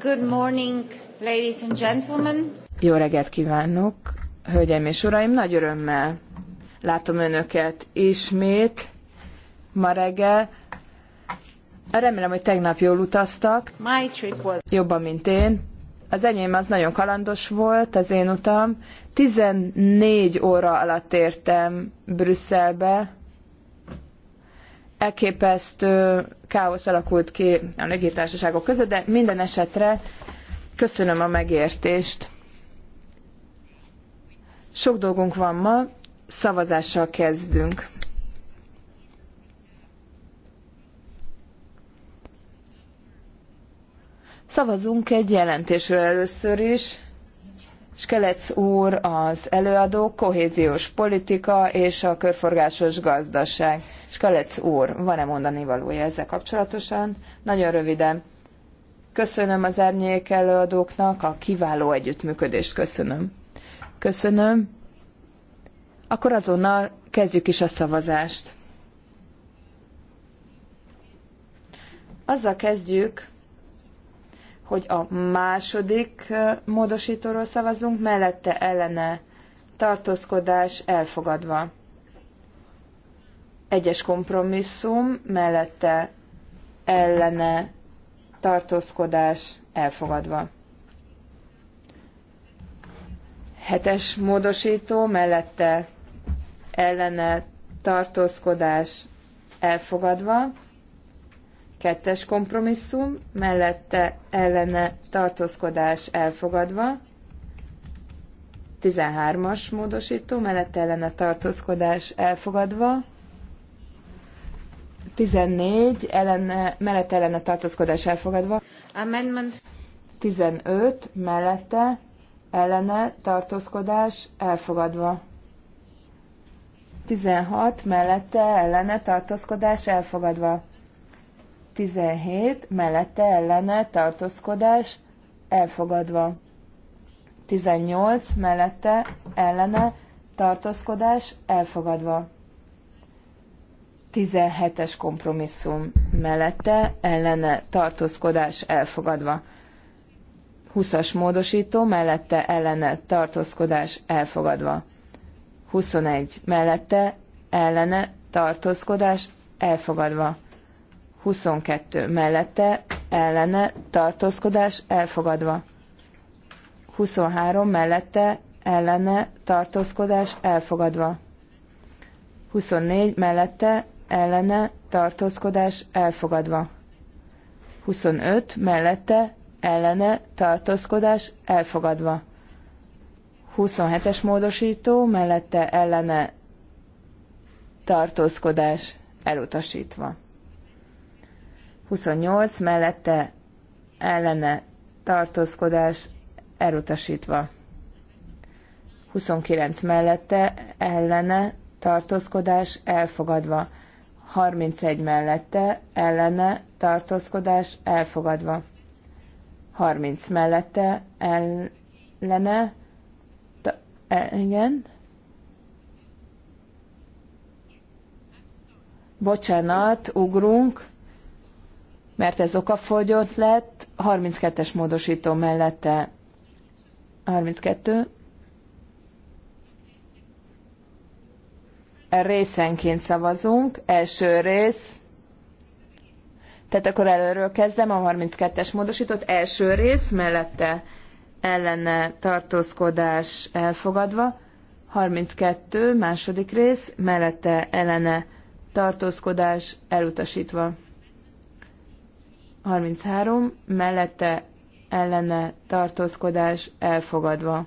Good morning, ladies and gentlemen. Jó reggelt kívánok, hölgyeim és uraim, nagy örömmel látom önöket ismét ma reggel. Remélem, hogy tegnap jól utaztak. My trip was... Jobban, mint én. Az enyém az nagyon kalandos volt, az én utam. 14 óra alatt értem Brüsszelbe, elképesztő káosz alakult ki a légitársaságok között, de minden esetre köszönöm a megértést. Sok dolgunk van ma, szavazással kezdünk. Szavazunk egy jelentésről először is. Skelec úr az előadó, kohéziós politika és a körforgásos gazdaság. Skelec úr, van-e mondani valója ezzel kapcsolatosan? Nagyon röviden. Köszönöm az árnyék előadóknak, a kiváló együttműködést köszönöm. Köszönöm. Akkor azonnal kezdjük is a szavazást. Azzal kezdjük, hogy a második módosítóról szavazunk, mellette ellene tartózkodás elfogadva. Egyes kompromisszum, mellette ellene tartózkodás elfogadva. Hetes módosító, mellette ellene tartózkodás elfogadva. Kettes kompromisszum, mellette ellene tartózkodás elfogadva. 13-as módosító, mellette ellene tartózkodás elfogadva. 14, ellene, mellette ellene tartózkodás elfogadva. Amendment. 15, mellette ellene tartózkodás elfogadva. 16, mellette ellene tartózkodás elfogadva. 17 mellette ellene tartózkodás elfogadva. 18 mellette ellene tartózkodás elfogadva. 17-es kompromisszum mellette ellene tartózkodás elfogadva. 20-as módosító mellette ellene tartózkodás elfogadva. 21 mellette ellene tartózkodás elfogadva. 22 mellette ellene tartózkodás elfogadva. 23 mellette ellene tartózkodás elfogadva. 24 mellette ellene tartózkodás elfogadva. 25 mellette ellene tartózkodás elfogadva. 27-es módosító mellette ellene tartózkodás elutasítva. 28 mellette ellene tartózkodás elutasítva. 29 mellette ellene tartózkodás elfogadva. 31 mellette ellene tartózkodás elfogadva. 30 mellette ellene ta, e, igen. Bocsánat, ugrunk mert ez okafogyott lett, 32-es módosító mellette 32, részenként szavazunk, első rész, tehát akkor előről kezdem a 32-es módosított első rész, mellette ellene tartózkodás elfogadva, 32 második rész, mellette ellene tartózkodás elutasítva. 33 mellette ellene tartózkodás elfogadva.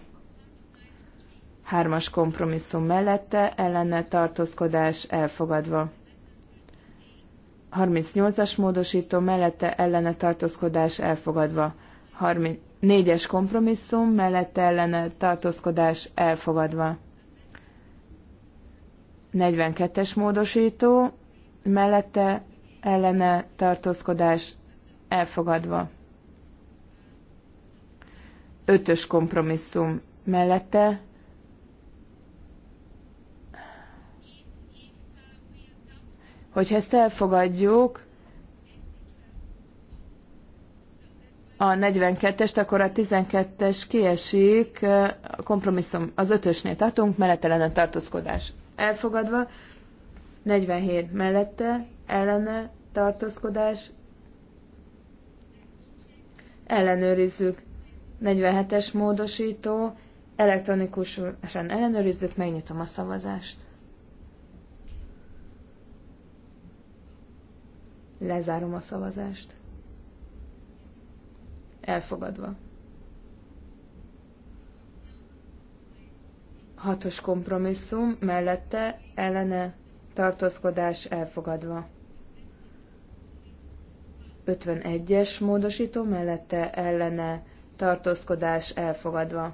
Hármas kompromisszum mellette ellene tartózkodás elfogadva. 38-as módosító mellette ellene tartózkodás elfogadva. 34-es kompromisszum mellette ellene tartózkodás elfogadva. 42-es módosító mellette ellene tartózkodás elfogadva. Ötös kompromisszum mellette hogyha ezt elfogadjuk, a 42-est, akkor a 12-es kiesik, a kompromisszum az ötösnél tartunk, mellette lenne tartózkodás elfogadva, 47 mellette ellene tartózkodás ellenőrizzük. 47-es módosító, elektronikusan ellenőrizzük, megnyitom a szavazást. Lezárom a szavazást. Elfogadva. Hatos kompromisszum, mellette ellene tartózkodás elfogadva. 51-es módosító mellette ellene tartózkodás elfogadva.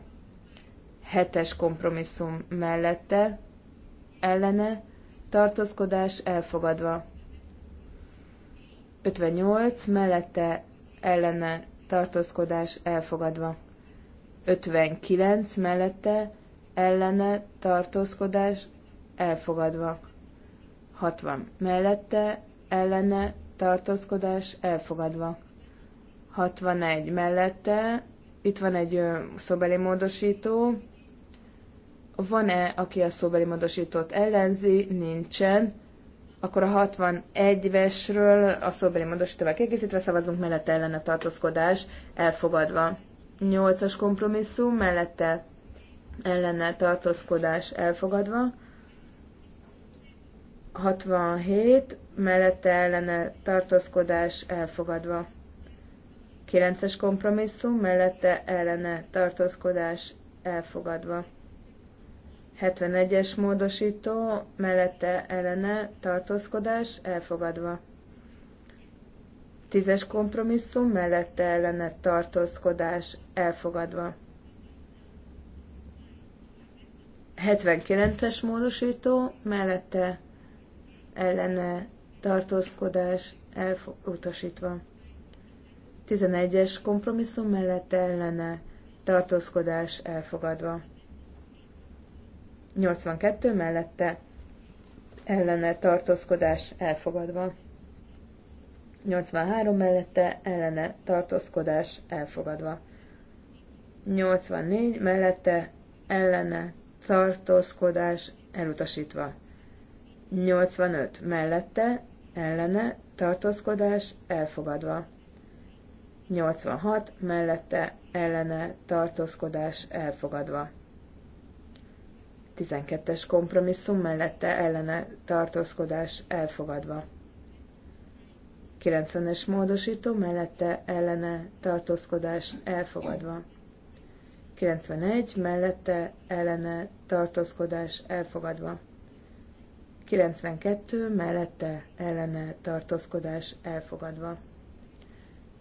7-es kompromisszum mellette ellene tartózkodás elfogadva. 58 mellette ellene tartózkodás elfogadva. 59 mellette ellene tartózkodás elfogadva. 60 mellette ellene tartózkodás elfogadva. 61 mellette, itt van egy szobeli módosító. Van-e, aki a szobeli módosítót ellenzi? Nincsen. Akkor a 61-esről a szobeli módosítóval kiegészítve szavazunk mellette a tartózkodás elfogadva. 8-as kompromisszum mellette ellene tartózkodás elfogadva. 67 mellette ellene tartózkodás elfogadva. 9-es kompromisszum mellette ellene tartózkodás elfogadva. 71-es módosító mellette ellene tartózkodás elfogadva. 10-es kompromisszum mellette ellene tartózkodás elfogadva. 79-es módosító mellette ellene tartózkodás elutasítva. 11-es kompromisszum mellette ellene tartózkodás elfogadva. 82 mellette ellene tartózkodás elfogadva. 83 mellette ellene tartózkodás elfogadva. 84 mellette ellene tartózkodás elutasítva. 85 mellette ellene, tartózkodás elfogadva. 86 mellette, ellene, tartózkodás elfogadva. 12-es kompromisszum mellette, ellene, tartózkodás elfogadva. 90-es módosító mellette, ellene, tartózkodás elfogadva. 91 mellette, ellene, tartózkodás elfogadva. 92 mellette ellene tartózkodás elfogadva.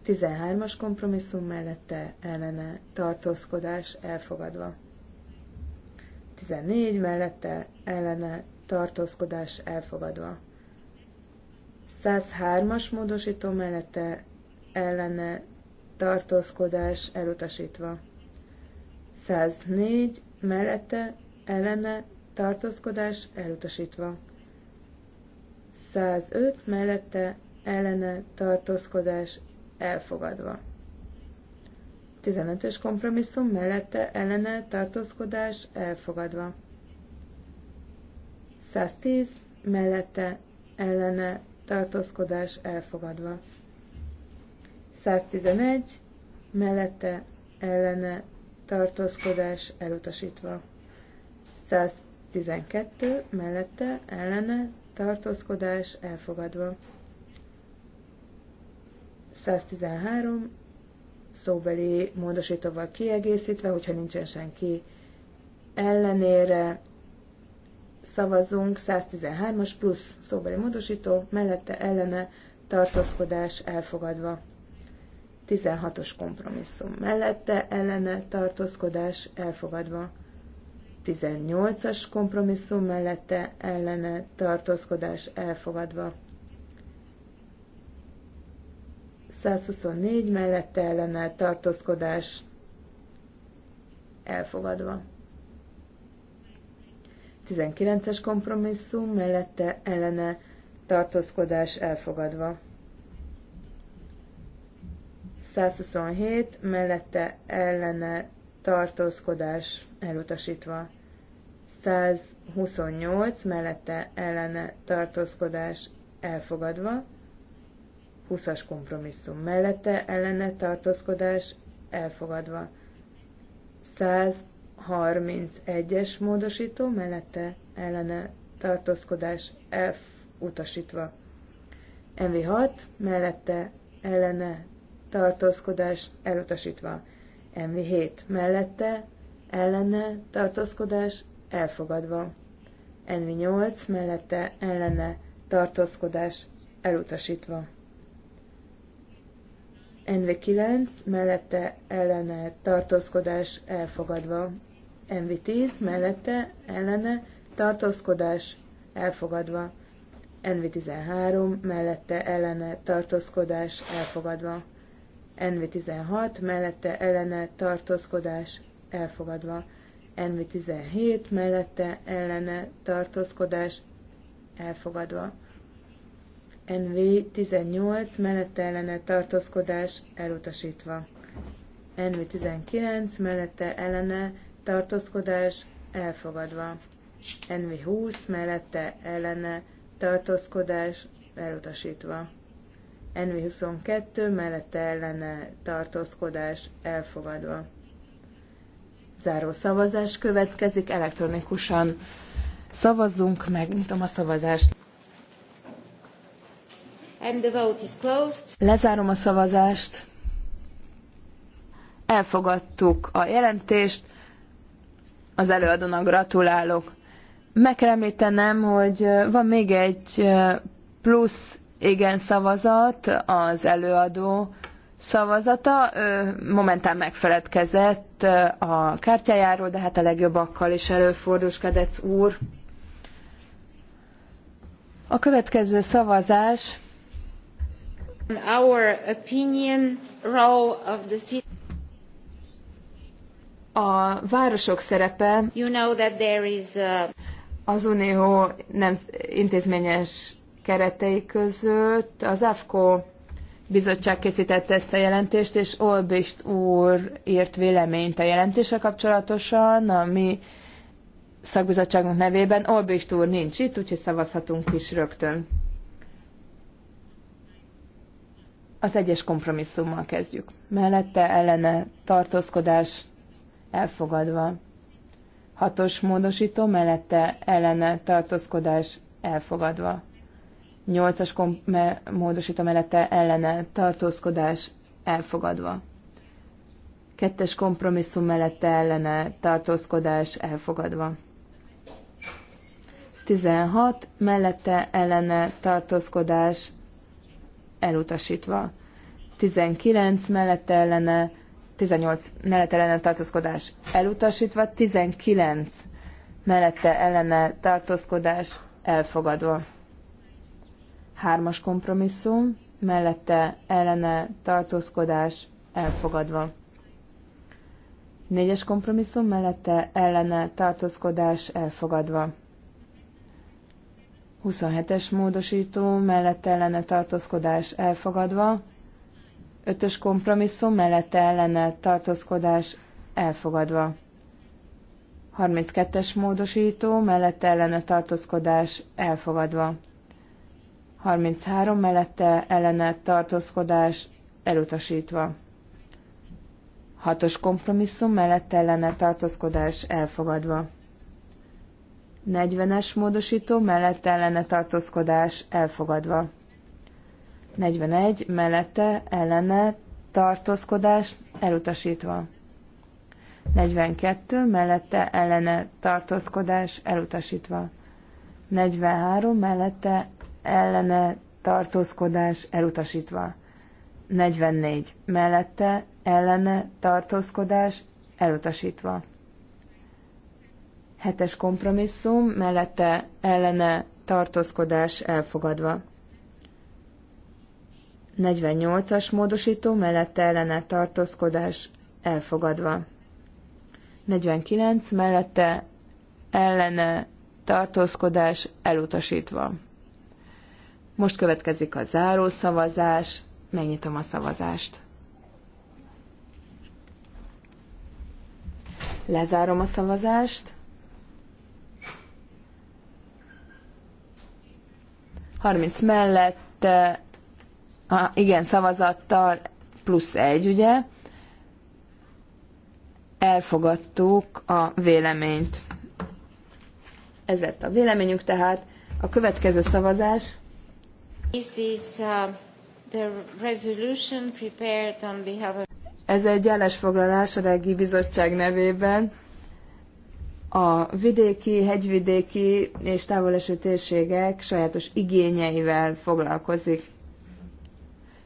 13-as kompromisszum mellette ellene tartózkodás elfogadva. 14 mellette ellene tartózkodás elfogadva. 103-as módosító mellette ellene tartózkodás elutasítva. 104 mellette ellene tartózkodás elutasítva. 105 mellette ellene tartózkodás elfogadva. 15-ös kompromisszum mellette ellene tartózkodás elfogadva. 110 mellette ellene tartózkodás elfogadva. 111 mellette ellene tartózkodás elutasítva. 112 mellette ellene tartózkodás elfogadva. 113 szóbeli módosítóval kiegészítve, hogyha nincsen senki ellenére szavazunk 113-as plusz szóbeli módosító, mellette ellene tartózkodás elfogadva. 16-os kompromisszum mellette ellene tartózkodás elfogadva. 18-as kompromisszum mellette ellene tartózkodás elfogadva. 124 mellette ellene tartózkodás elfogadva. 19-es kompromisszum mellette ellene tartózkodás elfogadva. 127 mellette ellene tartózkodás elutasítva. 128 mellette ellene tartózkodás elfogadva, 20-as kompromisszum mellette ellene tartózkodás elfogadva, 131-es módosító mellette ellene tartózkodás elutasítva, MV6 mellette ellene tartózkodás elutasítva, MV7 mellette ellene tartózkodás elfogadva. NV8 mellette ellene tartózkodás elutasítva. NV9 mellette ellene tartózkodás elfogadva. NV10 mellette ellene tartózkodás elfogadva. NV13 mellette ellene tartózkodás elfogadva. NV16 mellette ellene tartózkodás elfogadva. NV17 mellette ellene tartózkodás elfogadva. NV18 mellette ellene tartózkodás elutasítva. NV19 mellette ellene tartózkodás elfogadva. NV20 mellette ellene tartózkodás elutasítva. NV22 mellette ellene tartózkodás elfogadva. Záró szavazás következik elektronikusan. Szavazzunk meg, nyitom a szavazást. And the vote is closed. Lezárom a szavazást. Elfogadtuk a jelentést. Az előadónak gratulálok. Meg kell említenem, hogy van még egy plusz igen szavazat, az előadó szavazata. Ő momentán megfeledkezett beszélt a kártyájáról, de hát a legjobbakkal is előfordul, Skedec úr. A következő szavazás our opinion role of the city. A városok szerepe you know that there is a... az Unió nem intézményes keretei között az AFKO bizottság készítette ezt a jelentést, és Olbist úr írt véleményt a jelentése kapcsolatosan, a mi szakbizottságunk nevében. Olbist úr nincs itt, úgyhogy szavazhatunk is rögtön. Az egyes kompromisszummal kezdjük. Mellette ellene tartózkodás elfogadva. Hatos módosító mellette ellene tartózkodás elfogadva 8-as kom- módosító mellette ellene tartózkodás elfogadva. Kettes kompromisszum mellette ellene tartózkodás elfogadva. 16 mellette ellene tartózkodás elutasítva. 19 mellette ellene 18 mellette ellene tartózkodás elutasítva, 19 mellette ellene tartózkodás elfogadva. Hármas kompromisszum, mellette ellene tartózkodás elfogadva. Négyes kompromisszum, mellette ellene tartózkodás elfogadva. 27-es módosító, mellette ellene tartózkodás elfogadva. 5-ös kompromisszum, mellette ellene tartózkodás elfogadva. 32-es módosító, mellette ellene tartózkodás elfogadva. 33 mellette ellenet tartózkodás elutasítva. 6-os kompromisszum mellette ellene tartózkodás elfogadva. 40-es módosító mellette ellene tartózkodás elfogadva. 41 mellette ellene tartózkodás elutasítva. 42 mellette ellene tartózkodás elutasítva. 43 mellette ellene tartózkodás elutasítva. 44. Mellette ellene tartózkodás elutasítva. Hetes kompromisszum, mellette ellene tartózkodás elfogadva. 48-as módosító, mellette ellene tartózkodás elfogadva. 49. Mellette ellene tartózkodás elutasítva. Most következik a záró szavazás. Megnyitom a szavazást. Lezárom a szavazást. 30 mellett, a, igen, szavazattal plusz egy, ugye? Elfogadtuk a véleményt. Ez lett a véleményünk, tehát a következő szavazás Uh, Ez egy állásfoglalás a Regi Bizottság nevében a vidéki, hegyvidéki és távoleső térségek sajátos igényeivel foglalkozik.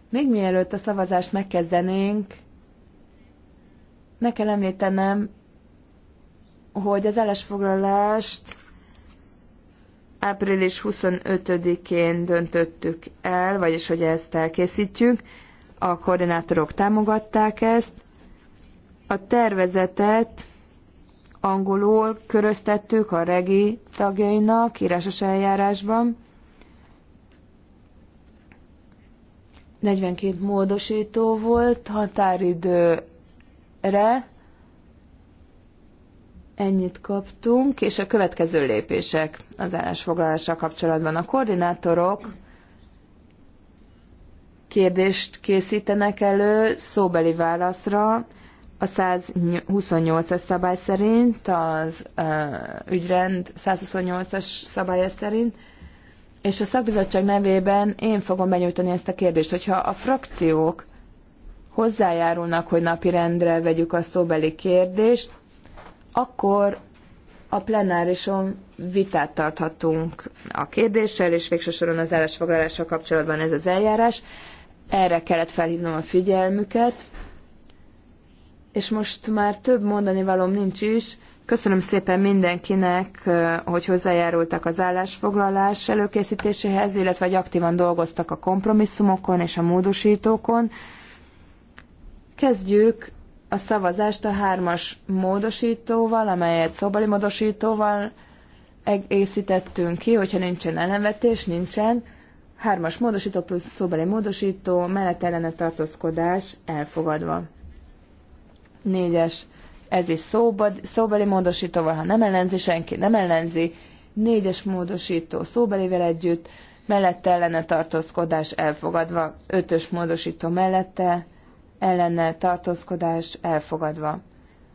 Még mielőtt a szavazást megkezdenénk, meg kell említenem, hogy az állásfoglalást április 25-én döntöttük el, vagyis hogy ezt elkészítjük, a koordinátorok támogatták ezt. A tervezetet angolul köröztettük a regi tagjainak írásos eljárásban. 42 módosító volt határidőre, Ennyit kaptunk, és a következő lépések az állásfoglalással kapcsolatban. A koordinátorok kérdést készítenek elő szóbeli válaszra a 128-as szabály szerint, az uh, ügyrend 128-as szabálya szerint, és a szakbizottság nevében én fogom benyújtani ezt a kérdést, hogyha a frakciók hozzájárulnak, hogy napirendre vegyük a szóbeli kérdést, akkor a plenárison vitát tarthatunk a kérdéssel, és végső soron az állásfoglalással kapcsolatban ez az eljárás. Erre kellett felhívnom a figyelmüket, és most már több mondani valóm nincs is. Köszönöm szépen mindenkinek, hogy hozzájárultak az állásfoglalás előkészítéséhez, illetve hogy aktívan dolgoztak a kompromisszumokon és a módosítókon. Kezdjük a szavazást a hármas módosítóval, amelyet szobali módosítóval egészítettünk ki, hogyha nincsen ellenvetés, nincsen. Hármas módosító plusz szóbeli módosító, mellett ellene tartózkodás elfogadva. Négyes, ez is szóbad, szóbeli módosítóval, ha nem ellenzi, senki nem ellenzi. Négyes módosító szóbelivel együtt, mellette ellene tartózkodás elfogadva. Ötös módosító mellette, ellennel tartózkodás elfogadva.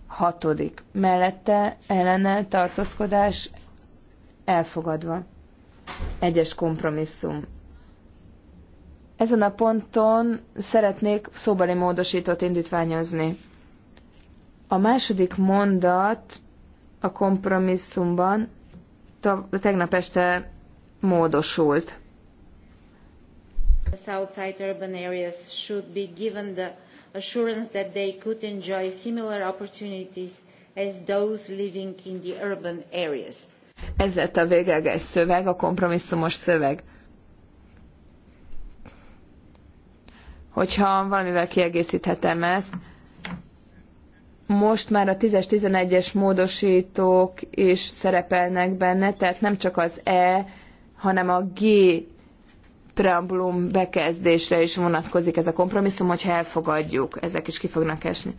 Hatodik. Mellette ellennel tartózkodás elfogadva. Egyes kompromisszum. Ezen a ponton szeretnék szóbeli módosítót indítványozni. A második mondat a kompromisszumban tegnap este módosult. The south side urban areas should be given the assurance that they could enjoy similar opportunities as those living in the urban areas. Ez lett a végleges szöveg, a kompromisszumos szöveg. Hogyha valamivel kiegészíthetem ezt, most már a 10-es, 11-es módosítók is szerepelnek benne, tehát nem csak az E, hanem a G preambulum bekezdésre is vonatkozik ez a kompromisszum, hogyha elfogadjuk, ezek is ki fognak esni.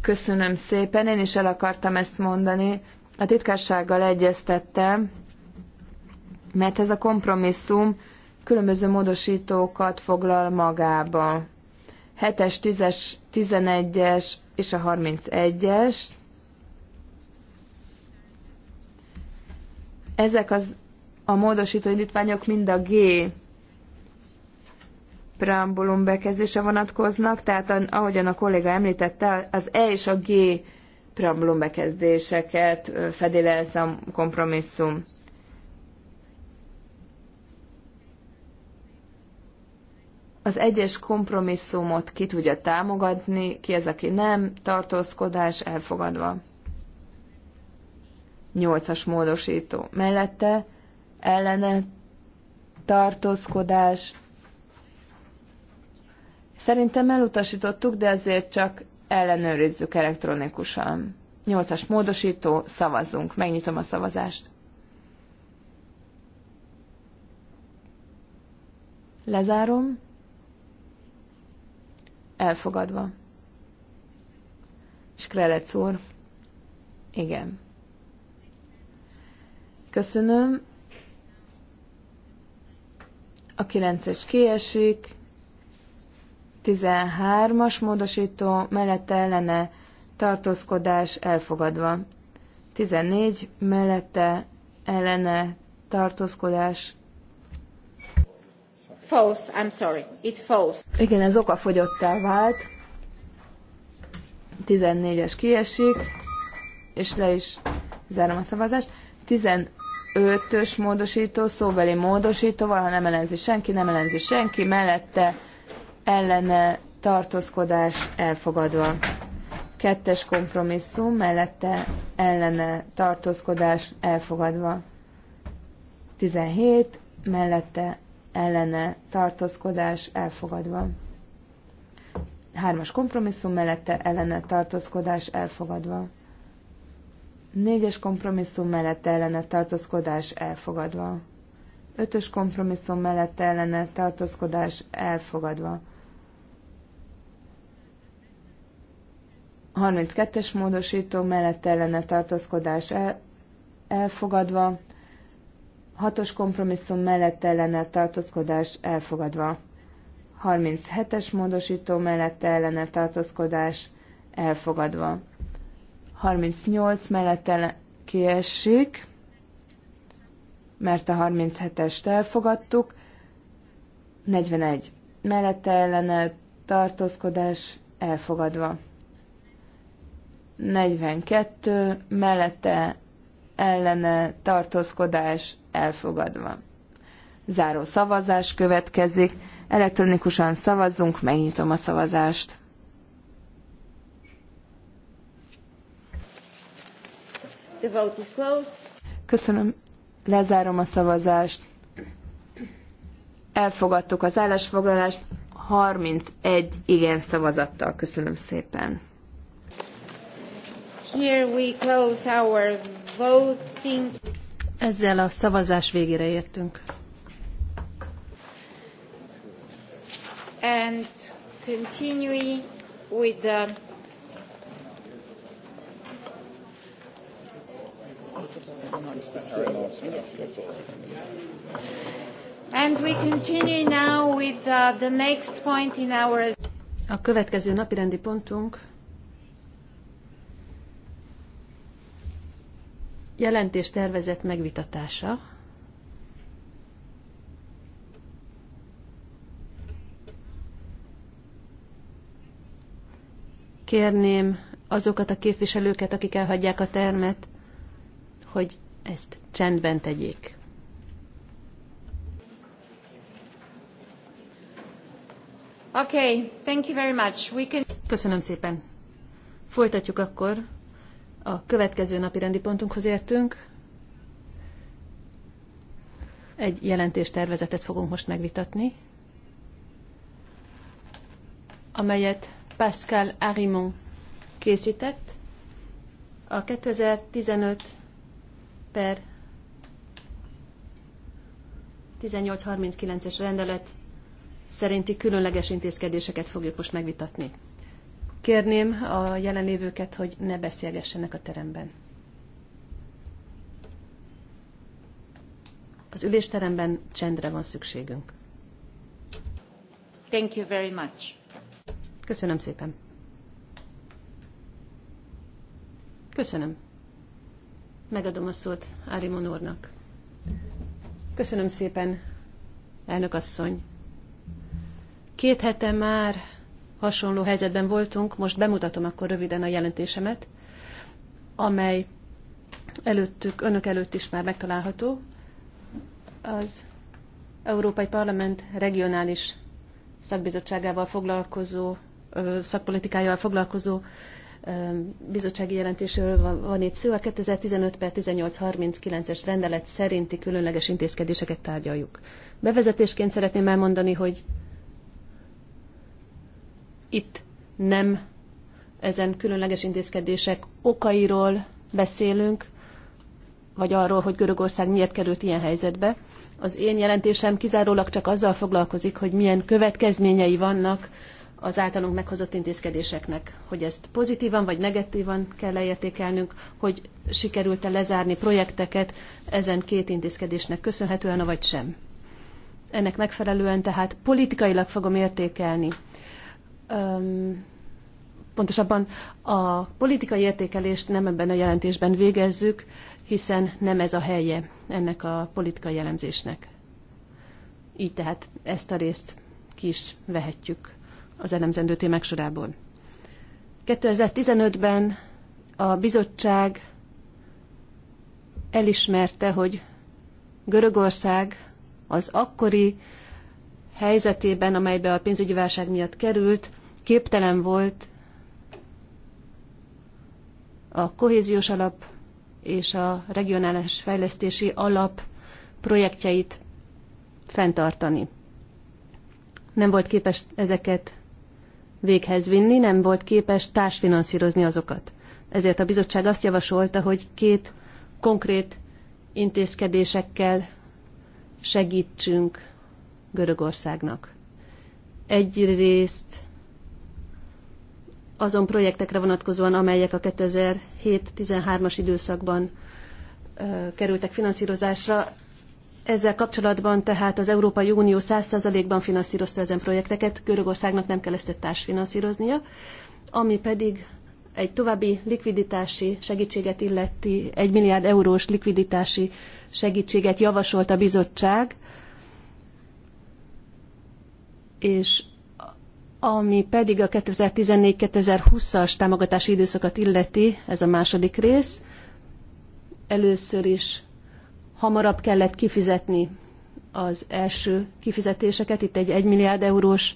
Köszönöm szépen, én is el akartam ezt mondani. A titkársággal egyeztettem, mert ez a kompromisszum különböző módosítókat foglal magába. 7-es, 10-es, 11-es és a 31-es. Ezek az a módosító indítványok mind a G preambulum bekezdése vonatkoznak, tehát ahogyan a kolléga említette, az E és a G preambulum bekezdéseket fedi le ez a kompromisszum. Az egyes kompromisszumot ki tudja támogatni, ki az, aki nem, tartózkodás elfogadva. Nyolcas módosító. Mellette ellene tartózkodás. Szerintem elutasítottuk, de ezért csak ellenőrizzük elektronikusan. Nyolcas módosító, szavazzunk. Megnyitom a szavazást. Lezárom. Elfogadva. Skrelec úr. Igen. Köszönöm a 9-es kiesik, 13-as módosító mellette ellene tartózkodás elfogadva. 14 mellette ellene tartózkodás. False, I'm sorry, it false. Igen, ez okafogyottá vált. 14-es kiesik, és le is zárom a szavazást ötös módosító, szóbeli módosítóval, ha nem ellenzi senki, nem ellenzi senki, mellette ellene tartózkodás elfogadva. Kettes kompromisszum, mellette ellene tartózkodás elfogadva. 17, mellette ellene tartózkodás elfogadva. Hármas kompromisszum mellette ellene tartózkodás elfogadva. Négyes kompromisszum mellett ellene tartózkodás elfogadva. Ötös kompromisszum mellett ellene tartózkodás elfogadva. 32-es módosító mellett ellene tartózkodás el, elfogadva. 6-os kompromisszum mellett ellene tartózkodás elfogadva. 37-es módosító mellett ellene tartózkodás elfogadva. 38 mellette kiesik, mert a 37-est elfogadtuk, 41 mellette ellene tartózkodás elfogadva. 42 mellette ellene tartózkodás elfogadva. Záró szavazás következik. Elektronikusan szavazzunk, megnyitom a szavazást. The vote is closed. Köszönöm. Lezárom a szavazást. Elfogadtuk az állásfoglalást 31 igen szavazattal. Köszönöm szépen. Here we close our voting. Ezzel a szavazás végére értünk. And continuing with the And we continue now with the, uh, the next point in our... A következő napirendi pontunk jelentés tervezett megvitatása. Kérném azokat a képviselőket, akik elhagyják a termet, hogy ezt csendben tegyék. Okay, thank you very much. We can... Köszönöm szépen. Folytatjuk akkor. A következő napi rendi pontunkhoz értünk. Egy jelentéstervezetet fogunk most megvitatni, amelyet Pascal Arimon készített. A 2015 per 1839-es rendelet szerinti különleges intézkedéseket fogjuk most megvitatni. Kérném a jelenlévőket, hogy ne beszélgessenek a teremben. Az ülésteremben csendre van szükségünk. Thank you very much. Köszönöm szépen. Köszönöm. Megadom a szót Árimon úrnak. Köszönöm szépen, elnök asszony. Két hete már hasonló helyzetben voltunk, most bemutatom akkor röviden a jelentésemet, amely előttük, önök előtt is már megtalálható. Az Európai Parlament regionális szakbizottságával foglalkozó, szakpolitikájával foglalkozó bizottsági jelentésről van, van itt szó. A 2015 per 1839-es rendelet szerinti különleges intézkedéseket tárgyaljuk. Bevezetésként szeretném elmondani, hogy itt nem ezen különleges intézkedések okairól beszélünk, vagy arról, hogy Görögország miért került ilyen helyzetbe. Az én jelentésem kizárólag csak azzal foglalkozik, hogy milyen következményei vannak az általunk meghozott intézkedéseknek, hogy ezt pozitívan vagy negatívan kell leértékelnünk, hogy sikerült-e lezárni projekteket ezen két intézkedésnek köszönhetően, vagy sem. Ennek megfelelően tehát politikailag fogom értékelni. Um, pontosabban a politikai értékelést nem ebben a jelentésben végezzük, hiszen nem ez a helye ennek a politikai elemzésnek. Így tehát ezt a részt ki is vehetjük az elemzendő témák sorából. 2015-ben a bizottság elismerte, hogy Görögország az akkori helyzetében, amelybe a pénzügyi válság miatt került, képtelen volt a kohéziós alap és a regionális fejlesztési alap projektjeit fenntartani. Nem volt képes ezeket véghez vinni, nem volt képes társfinanszírozni azokat. Ezért a bizottság azt javasolta, hogy két konkrét intézkedésekkel segítsünk Görögországnak. Egyrészt azon projektekre vonatkozóan, amelyek a 2007-13-as időszakban kerültek finanszírozásra, ezzel kapcsolatban tehát az Európai Unió 100%-ban finanszírozta ezen projekteket, Görögországnak nem kell ezt társfinanszíroznia, ami pedig egy további likviditási segítséget illeti, egy milliárd eurós likviditási segítséget javasolt a bizottság, és ami pedig a 2014-2020-as támogatási időszakot illeti, ez a második rész, először is hamarabb kellett kifizetni az első kifizetéseket. Itt egy 1 milliárd eurós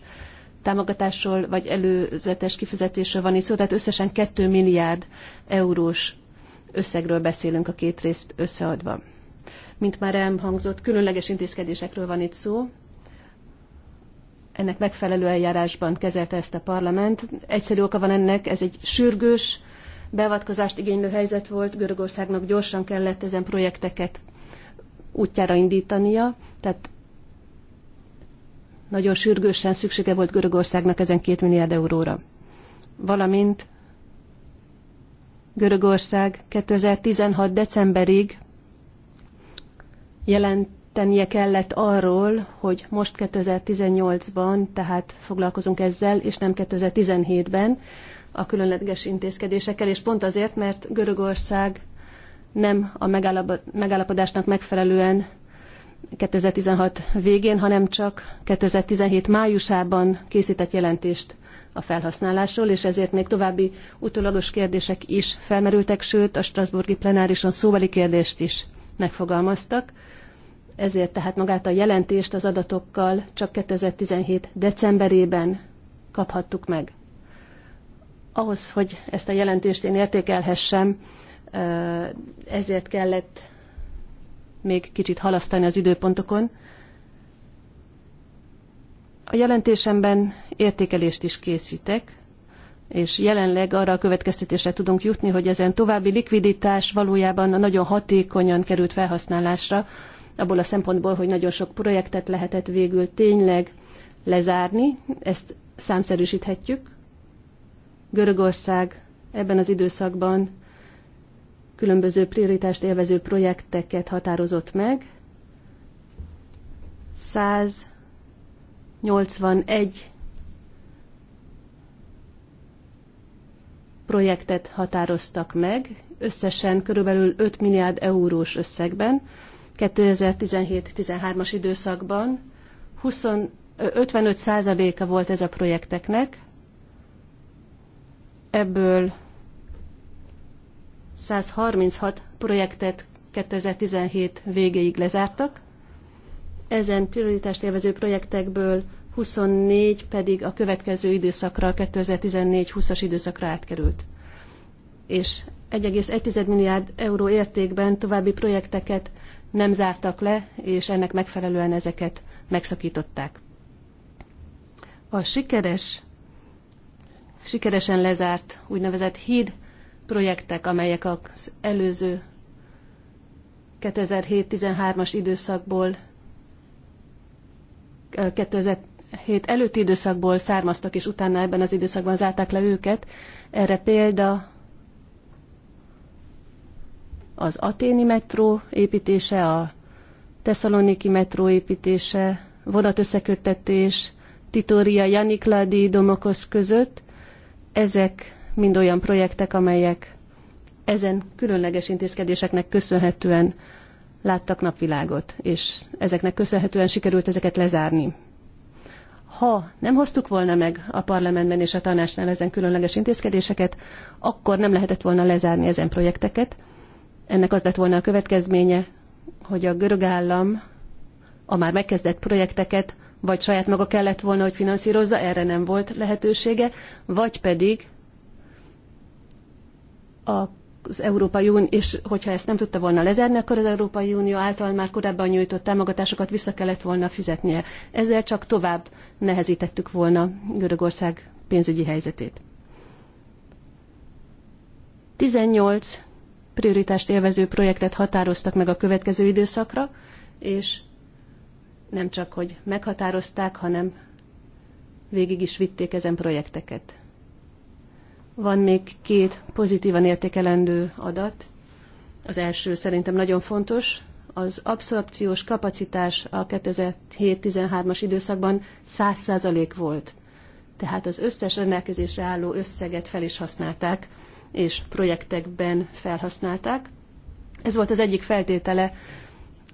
támogatásról vagy előzetes kifizetésről van itt szó, tehát összesen 2 milliárd eurós összegről beszélünk a két részt összeadva. Mint már elhangzott, különleges intézkedésekről van itt szó. Ennek megfelelő eljárásban kezelte ezt a parlament. Egyszerű oka van ennek, ez egy sürgős, beavatkozást igénylő helyzet volt, Görögországnak gyorsan kellett ezen projekteket útjára indítania, tehát nagyon sürgősen szüksége volt Görögországnak ezen két milliárd euróra. Valamint Görögország 2016. decemberig jelentenie kellett arról, hogy most 2018-ban, tehát foglalkozunk ezzel, és nem 2017-ben a különleges intézkedésekkel, és pont azért, mert Görögország nem a megállapodásnak megfelelően 2016 végén, hanem csak 2017 májusában készített jelentést a felhasználásról, és ezért még további utólagos kérdések is felmerültek, sőt a Strasburgi plenárison szóbeli kérdést is megfogalmaztak. Ezért tehát magát a jelentést az adatokkal csak 2017 decemberében kaphattuk meg. Ahhoz, hogy ezt a jelentést én értékelhessem, ezért kellett még kicsit halasztani az időpontokon. A jelentésemben értékelést is készítek, és jelenleg arra a következtetésre tudunk jutni, hogy ezen további likviditás valójában nagyon hatékonyan került felhasználásra, abból a szempontból, hogy nagyon sok projektet lehetett végül tényleg lezárni, ezt számszerűsíthetjük. Görögország ebben az időszakban különböző prioritást élvező projekteket határozott meg. 181 projektet határoztak meg, összesen körülbelül 5 milliárd eurós összegben, 2017-13-as időszakban 20, 55 százaléka volt ez a projekteknek, ebből 136 projektet 2017 végéig lezártak. Ezen prioritást élvező projektekből 24 pedig a következő időszakra, 2014-20-as időszakra átkerült. És 1,1 milliárd euró értékben további projekteket nem zártak le, és ennek megfelelően ezeket megszakították. A sikeres, sikeresen lezárt úgynevezett híd projektek, amelyek az előző 2007-13-as időszakból 2007 előtti időszakból származtak, és utána ebben az időszakban zárták le őket. Erre példa az aténi metró építése, a tesszaloniki metró építése, vonatösszeköttetés, Titoria Janikladi domokos között. Ezek mind olyan projektek, amelyek ezen különleges intézkedéseknek köszönhetően láttak napvilágot, és ezeknek köszönhetően sikerült ezeket lezárni. Ha nem hoztuk volna meg a parlamentben és a tanácsnál ezen különleges intézkedéseket, akkor nem lehetett volna lezárni ezen projekteket. Ennek az lett volna a következménye, hogy a görög állam a már megkezdett projekteket vagy saját maga kellett volna, hogy finanszírozza, erre nem volt lehetősége, vagy pedig az Európai Unió, és hogyha ezt nem tudta volna lezárni, akkor az Európai Unió által már korábban nyújtott támogatásokat vissza kellett volna fizetnie. Ezzel csak tovább nehezítettük volna Görögország pénzügyi helyzetét. 18 prioritást élvező projektet határoztak meg a következő időszakra, és nem csak, hogy meghatározták, hanem végig is vitték ezen projekteket. Van még két pozitívan értékelendő adat. Az első szerintem nagyon fontos, az abszorpciós kapacitás a 2007-13-as időszakban 100% volt. Tehát az összes rendelkezésre álló összeget fel is használták, és projektekben felhasználták. Ez volt az egyik feltétele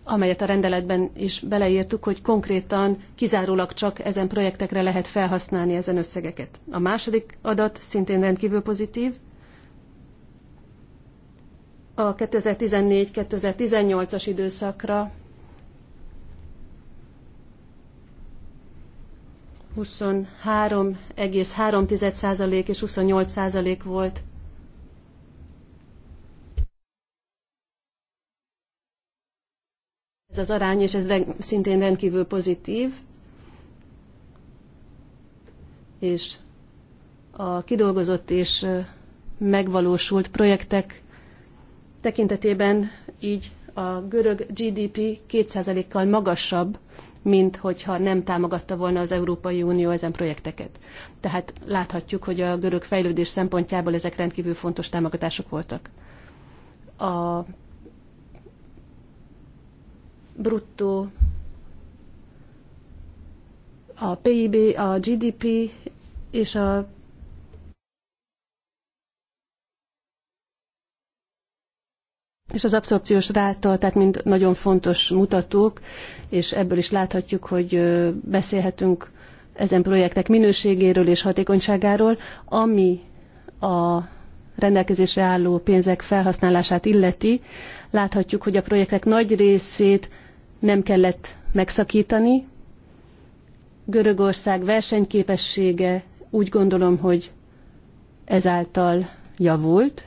amelyet a rendeletben is beleírtuk, hogy konkrétan kizárólag csak ezen projektekre lehet felhasználni ezen összegeket. A második adat szintén rendkívül pozitív. A 2014-2018-as időszakra 23,3% és 28% volt ez az arány, és ez szintén rendkívül pozitív. És a kidolgozott és megvalósult projektek tekintetében így a görög GDP 2%-kal magasabb, mint hogyha nem támogatta volna az Európai Unió ezen projekteket. Tehát láthatjuk, hogy a görög fejlődés szempontjából ezek rendkívül fontos támogatások voltak. A bruttó a PIB, a GDP és a és az abszorpciós ráta, tehát mind nagyon fontos mutatók, és ebből is láthatjuk, hogy beszélhetünk ezen projektek minőségéről és hatékonyságáról, ami a rendelkezésre álló pénzek felhasználását illeti. Láthatjuk, hogy a projektek nagy részét nem kellett megszakítani. Görögország versenyképessége úgy gondolom, hogy ezáltal javult,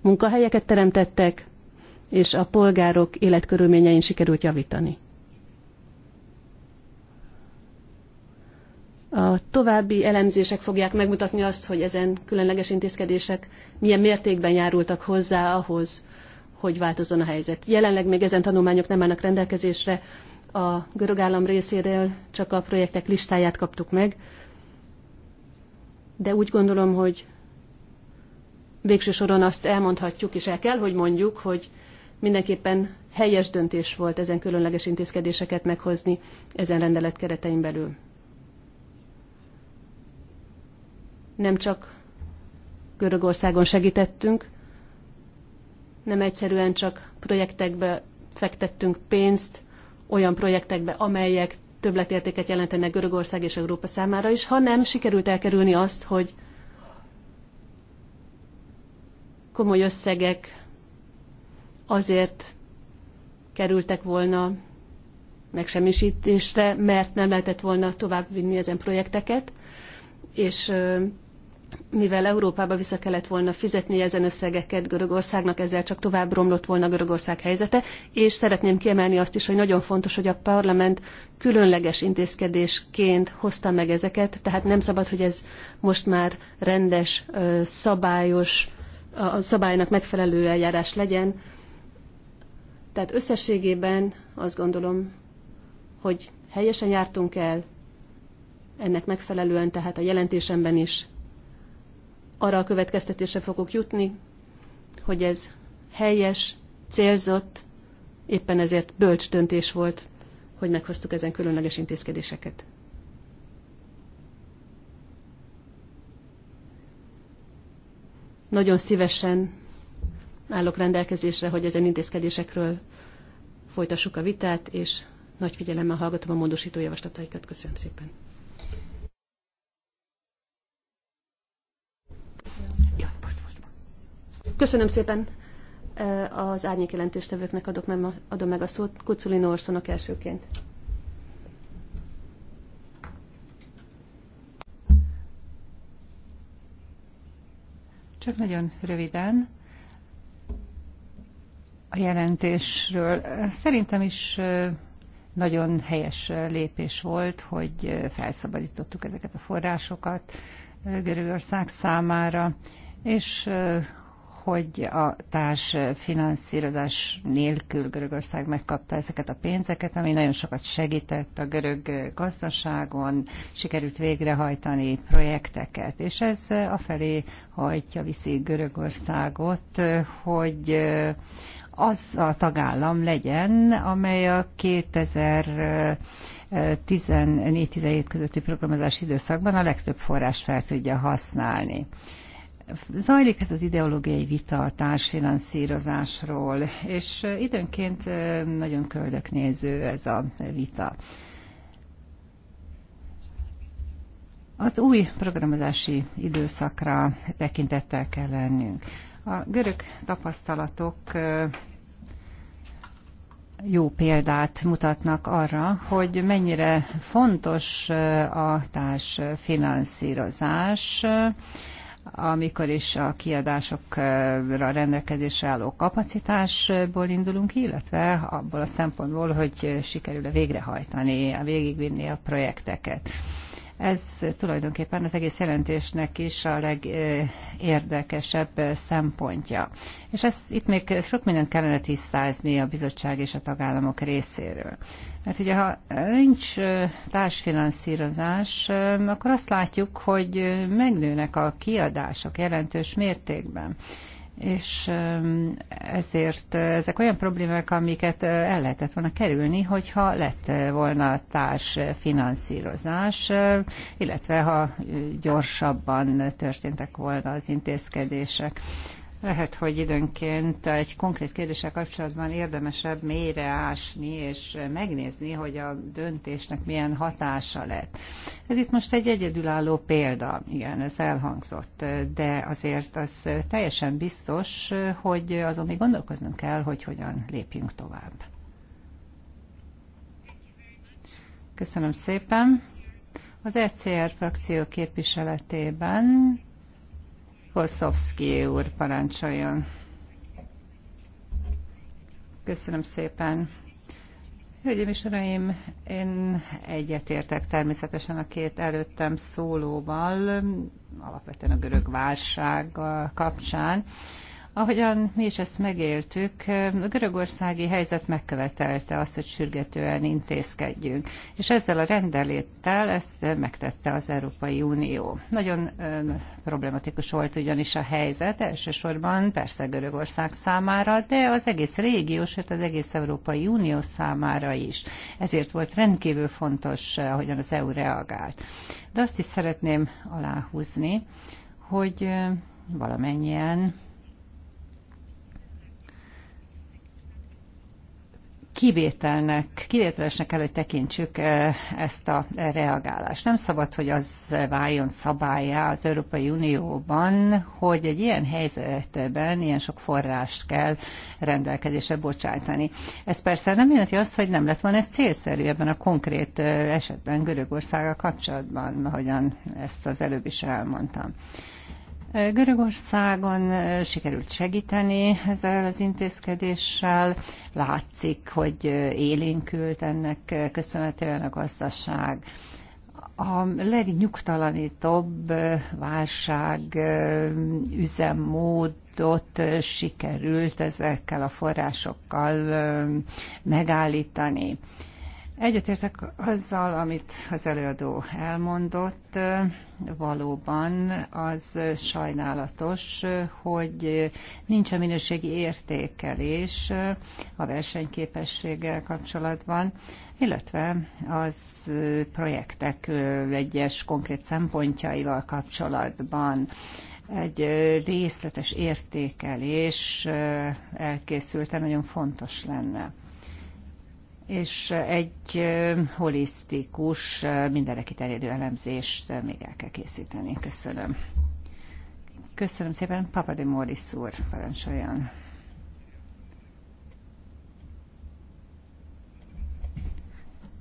munkahelyeket teremtettek, és a polgárok életkörülményein sikerült javítani. A további elemzések fogják megmutatni azt, hogy ezen különleges intézkedések milyen mértékben járultak hozzá ahhoz, hogy változzon a helyzet. Jelenleg még ezen tanulmányok nem állnak rendelkezésre, a görög állam részéről csak a projektek listáját kaptuk meg, de úgy gondolom, hogy végső soron azt elmondhatjuk, és el kell, hogy mondjuk, hogy mindenképpen helyes döntés volt ezen különleges intézkedéseket meghozni ezen rendelet keretein belül. Nem csak Görögországon segítettünk, nem egyszerűen csak projektekbe fektettünk pénzt, olyan projektekbe, amelyek többletértéket jelentenek Görögország és Európa számára is, hanem sikerült elkerülni azt, hogy komoly összegek azért kerültek volna megsemmisítésre, mert nem lehetett volna tovább vinni ezen projekteket, és mivel Európába vissza kellett volna fizetni ezen összegeket Görögországnak, ezzel csak tovább romlott volna Görögország helyzete, és szeretném kiemelni azt is, hogy nagyon fontos, hogy a parlament különleges intézkedésként hozta meg ezeket, tehát nem szabad, hogy ez most már rendes, szabályos, a szabálynak megfelelő eljárás legyen. Tehát összességében azt gondolom, hogy helyesen jártunk el, ennek megfelelően, tehát a jelentésemben is arra a következtetése fogok jutni, hogy ez helyes, célzott, éppen ezért bölcs döntés volt, hogy meghoztuk ezen különleges intézkedéseket. Nagyon szívesen állok rendelkezésre, hogy ezen intézkedésekről folytassuk a vitát, és nagy figyelemmel hallgatom a módosító javaslataikat. Köszönöm szépen. Köszönöm szépen az árnyék jelentéstevőknek adok meg, adom meg a szót, Kuculi Norsonok elsőként. Csak nagyon röviden a jelentésről. Szerintem is nagyon helyes lépés volt, hogy felszabadítottuk ezeket a forrásokat, Görögország számára, és hogy a társ finanszírozás nélkül Görögország megkapta ezeket a pénzeket, ami nagyon sokat segített a görög gazdaságon, sikerült végrehajtani projekteket, és ez afelé hajtja viszi Görögországot, hogy az a tagállam legyen, amely a 2000 14-17 közötti programozási időszakban a legtöbb forrás fel tudja használni. Zajlik ez az ideológiai vita a társfinanszírozásról, és időnként nagyon köldöknéző ez a vita. Az új programozási időszakra tekintettel kell lennünk. A görög tapasztalatok jó példát mutatnak arra, hogy mennyire fontos a társ finanszírozás, amikor is a kiadásokra rendelkezésre álló kapacitásból indulunk, illetve abból a szempontból, hogy sikerül-e végrehajtani, végigvinni a projekteket. Ez tulajdonképpen az egész jelentésnek is a legérdekesebb eh, szempontja. És ez, itt még sok mindent kellene tisztázni a bizottság és a tagállamok részéről. Mert ugye, ha nincs eh, társfinanszírozás, eh, akkor azt látjuk, hogy megnőnek a kiadások jelentős mértékben és ezért ezek olyan problémák, amiket el lehetett volna kerülni, hogyha lett volna társ finanszírozás, illetve ha gyorsabban történtek volna az intézkedések. Lehet, hogy időnként egy konkrét kérdéssel kapcsolatban érdemesebb mélyre ásni, és megnézni, hogy a döntésnek milyen hatása lett. Ez itt most egy egyedülálló példa, igen, ez elhangzott, de azért az teljesen biztos, hogy azon még gondolkoznunk kell, hogy hogyan lépjünk tovább. Köszönöm szépen. Az ECR frakció képviseletében Polszowski úr parancsoljon. Köszönöm szépen. Hölgyeim és Uraim, én egyetértek természetesen a két előttem szólóval, alapvetően a görög válság kapcsán. Ahogyan mi is ezt megéltük, a görögországi helyzet megkövetelte azt, hogy sürgetően intézkedjünk, és ezzel a rendeléttel ezt megtette az Európai Unió. Nagyon problematikus volt ugyanis a helyzet, elsősorban persze Görögország számára, de az egész régió, sőt az egész Európai Unió számára is. Ezért volt rendkívül fontos, ahogyan az EU reagált. De azt is szeretném aláhúzni, hogy valamennyien kivételnek, kivételesnek kell, hogy tekintsük eh, ezt a reagálást. Nem szabad, hogy az váljon szabályá az Európai Unióban, hogy egy ilyen helyzetben ilyen sok forrást kell rendelkezésre bocsájtani. Ez persze nem jelenti azt, hogy nem lett volna ez célszerű ebben a konkrét eh, esetben Görögországgal kapcsolatban, ahogyan ezt az előbb is elmondtam. Görögországon sikerült segíteni ezzel az intézkedéssel. Látszik, hogy élénkült ennek köszönhetően a gazdaság. A legnyugtalanítóbb válság üzemmódot sikerült ezekkel a forrásokkal megállítani. Egyetértek azzal, amit az előadó elmondott. Valóban az sajnálatos, hogy nincs a minőségi értékelés a versenyképességgel kapcsolatban, illetve az projektek egyes konkrét szempontjaival kapcsolatban egy részletes értékelés elkészülte, nagyon fontos lenne és egy holisztikus, mindenre kiterjedő elemzést még el kell készíteni. Köszönöm. Köszönöm szépen, Papadimoris úr, parancsoljon.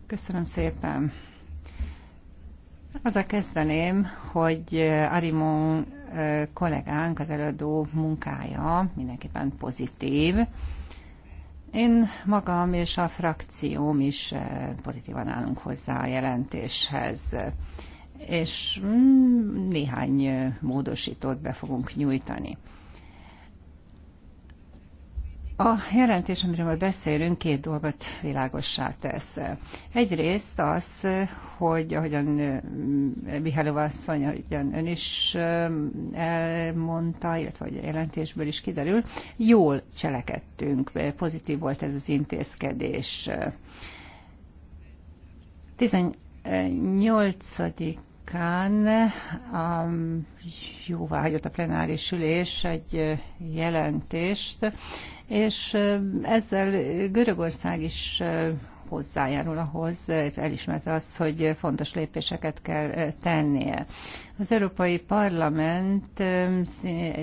Köszönöm szépen. Az a kezdeném, hogy Arimon kollégánk, az előadó munkája mindenképpen pozitív. Én magam és a frakcióm is eh, pozitívan állunk hozzá a jelentéshez, és mm, néhány eh, módosítót be fogunk nyújtani. A jelentés, amiről beszélünk, két dolgot világossá tesz. Egyrészt az, hogy ahogyan Mihály asszony, ahogyan ön is elmondta, illetve hogy a jelentésből is kiderül, jól cselekedtünk, pozitív volt ez az intézkedés. 18 án a jóvá hagyott a plenáris ülés egy jelentést, és ezzel Görögország is hozzájárul ahhoz, elismerte azt, hogy fontos lépéseket kell eh, tennie. Az Európai Parlament eh,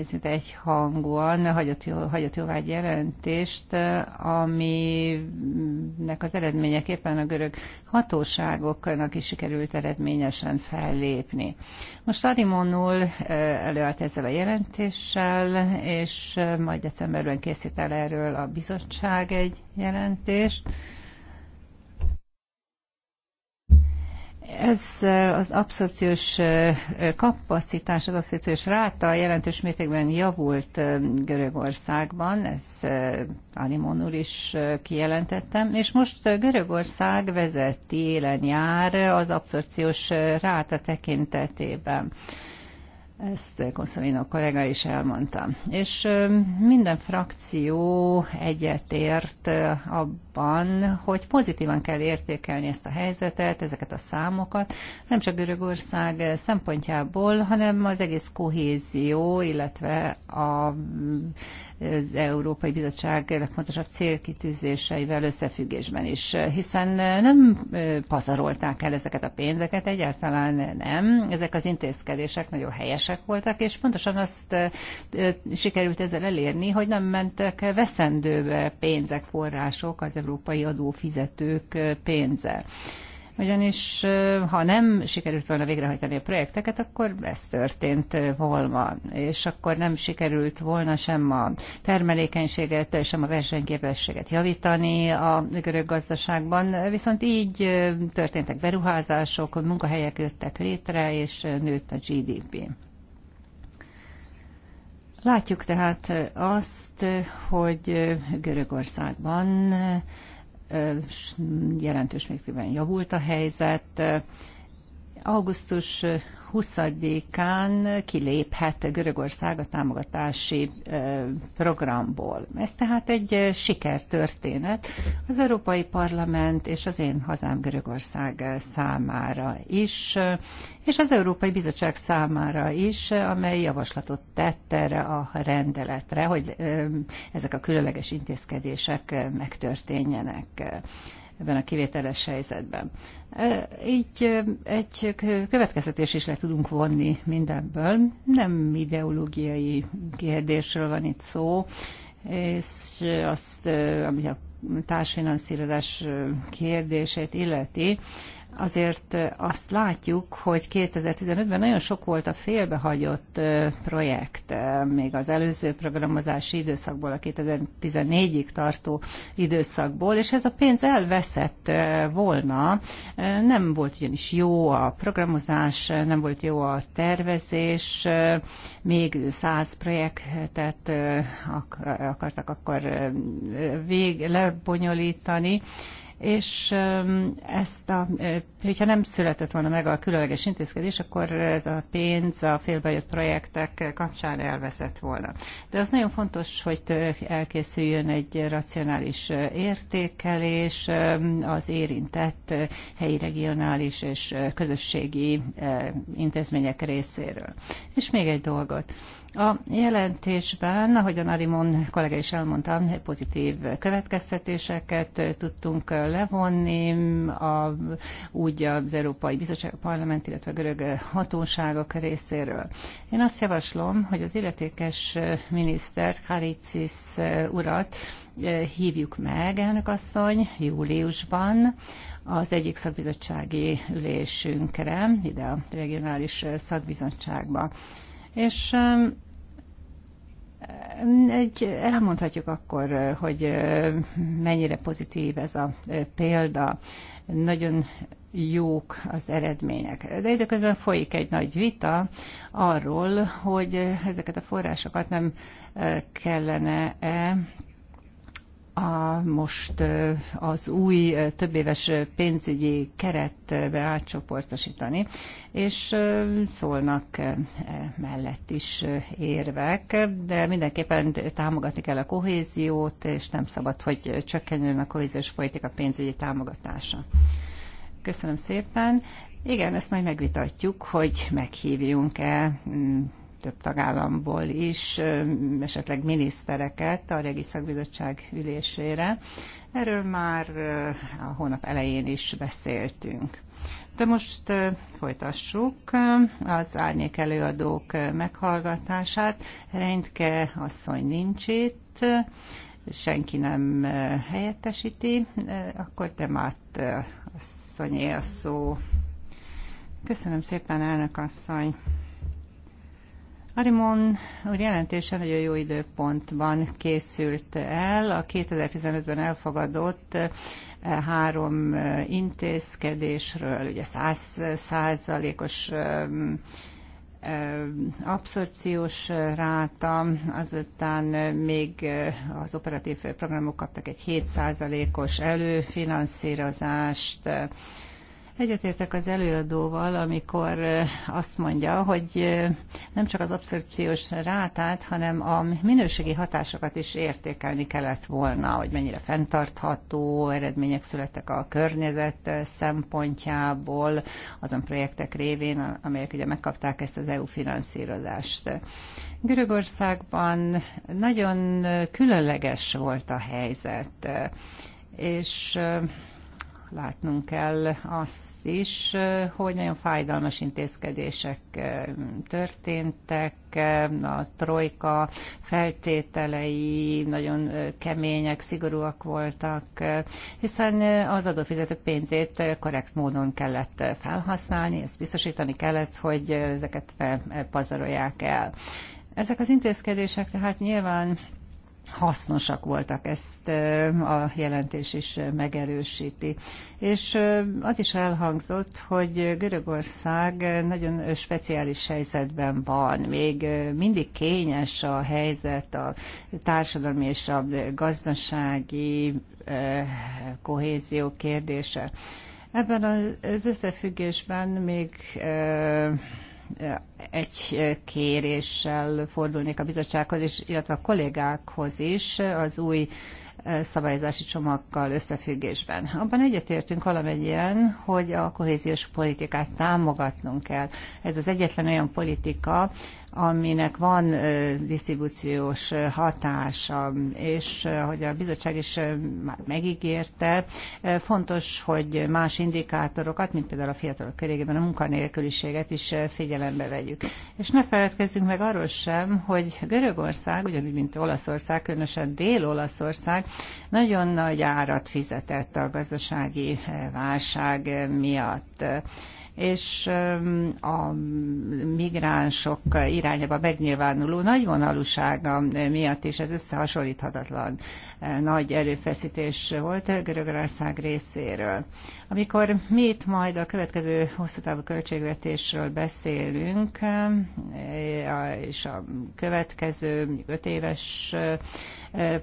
szinte hangúan hagyott, jó, hagyott jóvá egy jelentést, eh, aminek az eredményeképpen a görög hatóságoknak is sikerült eredményesen fellépni. Most Arimonul előállt ezzel a jelentéssel, és majd decemberben készít el erről a bizottság egy jelentést. Ezzel az abszorpciós kapacitás, az abszorpciós ráta jelentős mértékben javult Görögországban, Alimon úr is kijelentettem, és most Görögország vezeti élen jár az abszorpciós ráta tekintetében. Ezt Konszolino kollega is elmondta. És minden frakció egyetért abban, hogy pozitívan kell értékelni ezt a helyzetet, ezeket a számokat, nem csak Görögország szempontjából, hanem az egész kohézió, illetve a az Európai Bizottság legfontosabb célkitűzéseivel összefüggésben is, hiszen nem pazarolták el ezeket a pénzeket, egyáltalán nem. Ezek az intézkedések nagyon helyesek voltak, és pontosan azt sikerült ezzel elérni, hogy nem mentek veszendőbe pénzek, források az európai adófizetők pénze ugyanis ha nem sikerült volna végrehajtani a projekteket, akkor ez történt volna, és akkor nem sikerült volna sem a termelékenységet, sem a versenyképességet javítani a görög gazdaságban, viszont így történtek beruházások, munkahelyek jöttek létre, és nőtt a GDP. Látjuk tehát azt, hogy Görögországban jelentős mértékben javult a helyzet. Augusztus 20-án kiléphet Görögország a támogatási programból. Ez tehát egy sikertörténet az Európai Parlament és az én hazám Görögország számára is, és az Európai Bizottság számára is, amely javaslatot tett erre a rendeletre, hogy ezek a különleges intézkedések megtörténjenek ebben a kivételes helyzetben. Így egy következtetés is le tudunk vonni mindebből. Nem ideológiai kérdésről van itt szó, és azt, ami a társfinanszírozás kérdését illeti, azért azt látjuk, hogy 2015-ben nagyon sok volt a félbehagyott projekt, még az előző programozási időszakból, a 2014-ig tartó időszakból, és ez a pénz elveszett volna. Nem volt ugyanis jó a programozás, nem volt jó a tervezés, még száz projektet akartak akkor vég, lebonyolítani, és ezt a, hogyha nem született volna meg a különleges intézkedés, akkor ez a pénz a félbejött projektek kapcsán elveszett volna. De az nagyon fontos, hogy elkészüljön egy racionális értékelés az érintett helyi, regionális és közösségi intézmények részéről. És még egy dolgot. A jelentésben, a Narimon kollega is elmondta, pozitív következtetéseket tudtunk levonni, a, úgy az Európai Bizottság, a Parlament, illetve a görög hatóságok részéről. Én azt javaslom, hogy az illetékes minisztert, Karicis urat eh, hívjuk meg, elnökasszony, júliusban, az egyik szakbizottsági ülésünkre, ide a regionális szakbizottságba és egy, elmondhatjuk akkor, hogy mennyire pozitív ez a példa. Nagyon jók az eredmények. De időközben folyik egy nagy vita arról, hogy ezeket a forrásokat nem kellene-e a, most az új többéves pénzügyi keretbe átcsoportosítani, és szólnak e mellett is érvek, de mindenképpen támogatni kell a kohéziót, és nem szabad, hogy csökkenjen a kohéziós politika pénzügyi támogatása. Köszönöm szépen. Igen, ezt majd megvitatjuk, hogy meghívjunk-e több tagállamból is, esetleg minisztereket a Régi Szakbizottság ülésére. Erről már a hónap elején is beszéltünk. De most folytassuk az árnyék előadók meghallgatását. Reintke asszony nincs itt, senki nem helyettesíti, akkor te már asszonyé a szó. Köszönöm szépen, elnök asszony. Arimon úr jelentése nagyon jó időpontban készült el. A 2015-ben elfogadott eh, három eh, intézkedésről, ugye 100 százalékos eh, abszorpciós ráta, azután még az operatív programok kaptak egy 7%-os előfinanszírozást, Egyetértek az előadóval, amikor azt mondja, hogy nem csak az abszorpciós rátát, hanem a minőségi hatásokat is értékelni kellett volna, hogy mennyire fenntartható eredmények születtek a környezet szempontjából, azon projektek révén, amelyek ugye megkapták ezt az EU finanszírozást. Görögországban nagyon különleges volt a helyzet, és látnunk kell azt is, hogy nagyon fájdalmas intézkedések eh, történtek, eh, a trojka feltételei nagyon eh, kemények, szigorúak voltak, hiszen az adófizetők pénzét korrekt módon kellett felhasználni, ezt biztosítani kellett, hogy ezeket pazarolják el. Ezek az intézkedések tehát nyilván hasznosak voltak, ezt a jelentés is megerősíti. És az is elhangzott, hogy Görögország nagyon speciális helyzetben van, még mindig kényes a helyzet, a társadalmi és a gazdasági kohézió kérdése. Ebben az összefüggésben még egy kéréssel fordulnék a bizottsághoz, és, illetve a kollégákhoz is az új szabályozási csomagkal összefüggésben. Abban egyetértünk valamennyien, hogy a kohéziós politikát támogatnunk kell. Ez az egyetlen olyan politika, aminek van disztribúciós hatása, és hogy a bizottság is már megígérte, fontos, hogy más indikátorokat, mint például a fiatalok körében a munkanélküliséget is figyelembe vegyük. És ne feledkezzünk meg arról sem, hogy Görögország, ugyanúgy, mint Olaszország, különösen Dél-Olaszország, nagyon nagy árat fizetett a gazdasági válság miatt és a migránsok irányába megnyilvánuló nagyvonalúsága miatt is ez összehasonlíthatatlan nagy erőfeszítés volt Görögország részéről. Amikor mi itt majd a következő hosszú távú költségvetésről beszélünk, és a következő öt éves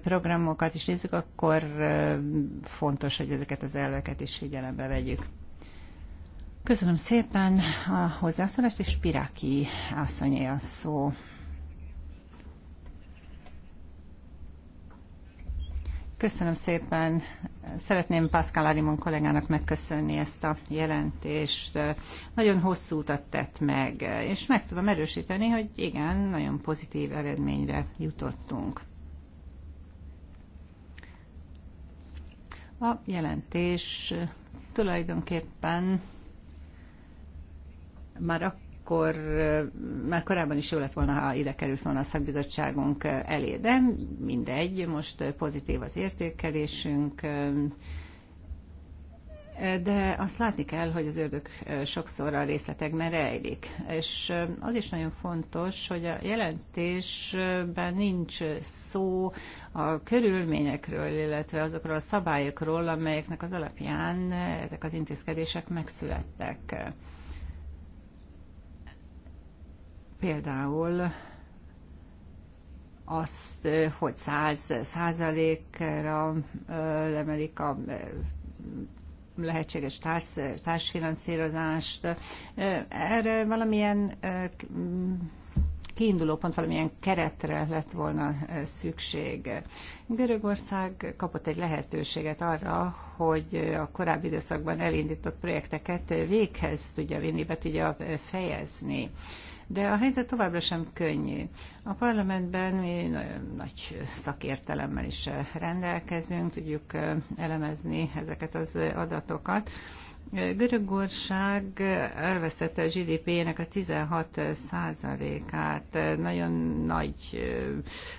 programokat is nézzük, akkor fontos, hogy ezeket az elveket is figyelembe vegyük. Köszönöm szépen a hozzászólást, és Piráki asszonyé a szó. Köszönöm szépen. Szeretném Pascal Arimon kollégának megköszönni ezt a jelentést. Nagyon hosszú utat tett meg, és meg tudom erősíteni, hogy igen, nagyon pozitív eredményre jutottunk. A jelentés tulajdonképpen már akkor már korábban is jó lett volna, ha ide került volna a szakbizottságunk elé, de mindegy, most pozitív az értékelésünk, de azt látni kell, hogy az ördög sokszor a részletekben rejlik. És az is nagyon fontos, hogy a jelentésben nincs szó a körülményekről, illetve azokról a szabályokról, amelyeknek az alapján ezek az intézkedések megszülettek Például azt, hogy száz százalékra emelik a lehetséges társ, társfinanszírozást. Erre valamilyen mm, kiinduló pont, valamilyen keretre lett volna szükség. Görögország kapott egy lehetőséget arra, hogy a korábbi időszakban elindított projekteket véghez tudja vinni, be tudja fejezni de a helyzet továbbra sem könnyű. A parlamentben mi nagyon nagy szakértelemmel is eh, rendelkezünk, tudjuk eh, elemezni ezeket az adatokat. Eh, Görögország elveszette a GDP-nek a 16 százalékát. Nagyon nagy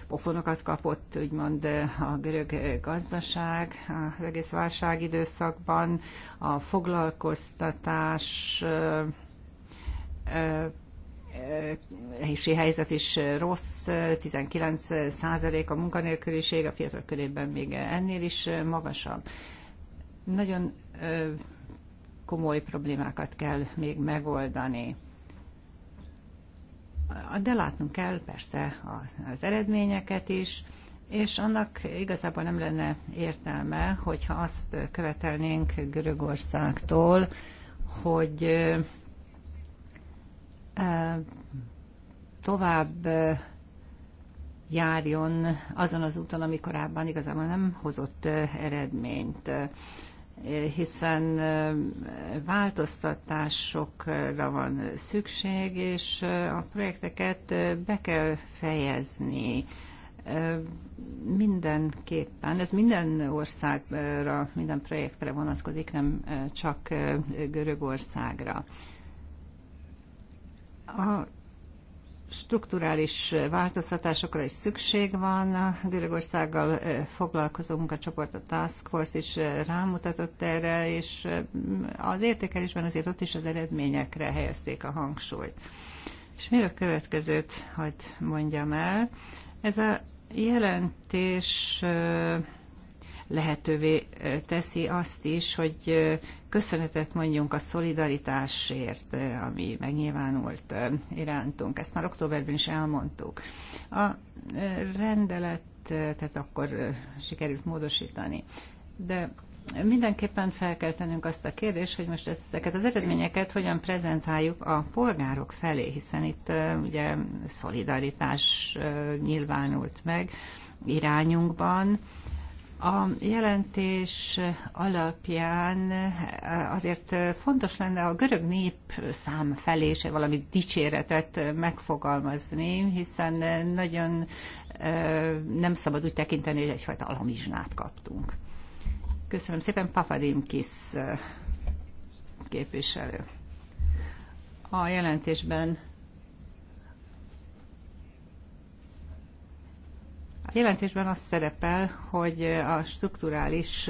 pofonokat kapott, úgymond a görög gazdaság az egész válságidőszakban. A foglalkoztatás munkahelyi helyzet is rossz, 19 százalék a munkanélküliség, a fiatalok körében még ennél is magasabb. Nagyon komoly problémákat kell még megoldani. De látnunk kell persze az eredményeket is, és annak igazából nem lenne értelme, hogyha azt követelnénk Görögországtól, hogy tovább járjon azon az úton, ami korábban igazából nem hozott eredményt hiszen változtatásokra van szükség, és a projekteket be kell fejezni mindenképpen. Ez minden országra, minden projektre vonatkozik, nem csak Görögországra. A strukturális változtatásokra is szükség van. A Görögországgal foglalkozó munkacsoport, a Task Force is rámutatott erre, és az értékelésben azért ott is az eredményekre helyezték a hangsúlyt. És még a következőt hagyd mondjam el. Ez a jelentés lehetővé teszi azt is, hogy köszönetet mondjunk a szolidaritásért, ami megnyilvánult irántunk. Ezt már októberben is elmondtuk. A rendelet tehát akkor sikerült módosítani. De mindenképpen fel kell tennünk azt a kérdést, hogy most ezeket az eredményeket hogyan prezentáljuk a polgárok felé, hiszen itt ugye szolidaritás nyilvánult meg irányunkban, a jelentés alapján eh, azért fontos lenne a görög nép szám felé se valami dicséretet megfogalmazni, hiszen nagyon eh, nem szabad úgy tekinteni, hogy egyfajta alamizsnát kaptunk. Köszönöm szépen, Papadimkis eh, képviselő. A jelentésben jelentésben az szerepel, hogy a strukturális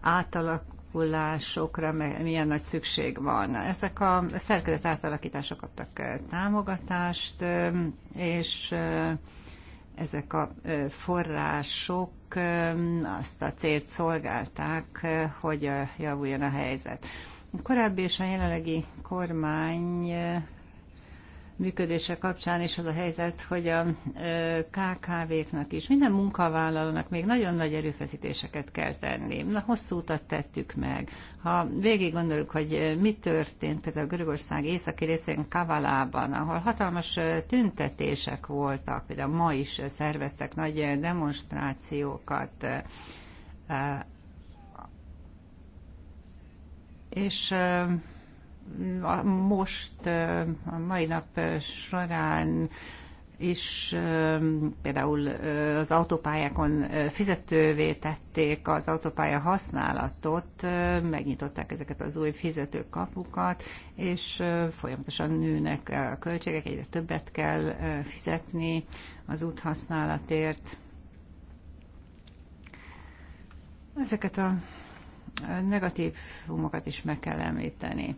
átalakulásokra milyen nagy szükség van. Ezek a szerkezet átalakítások kaptak támogatást, és ezek a források azt a célt szolgálták, hogy javuljon a helyzet. A korábbi és a jelenlegi kormány működése kapcsán is az a helyzet, hogy a KKV-knak is, minden munkavállalónak még nagyon nagy erőfeszítéseket kell tenni. Na, hosszú utat tettük meg. Ha végig gondoljuk, hogy mi történt például Görögország északi részén Kavalában, ahol hatalmas tüntetések voltak, például ma is szerveztek nagy demonstrációkat, és most, a mai nap során és például az autópályákon fizetővé tették az autópálya használatot, megnyitották ezeket az új fizetőkapukat, és folyamatosan nőnek a költségek, egyre többet kell fizetni az úthasználatért. Ezeket a negatív humokat is meg kell említeni.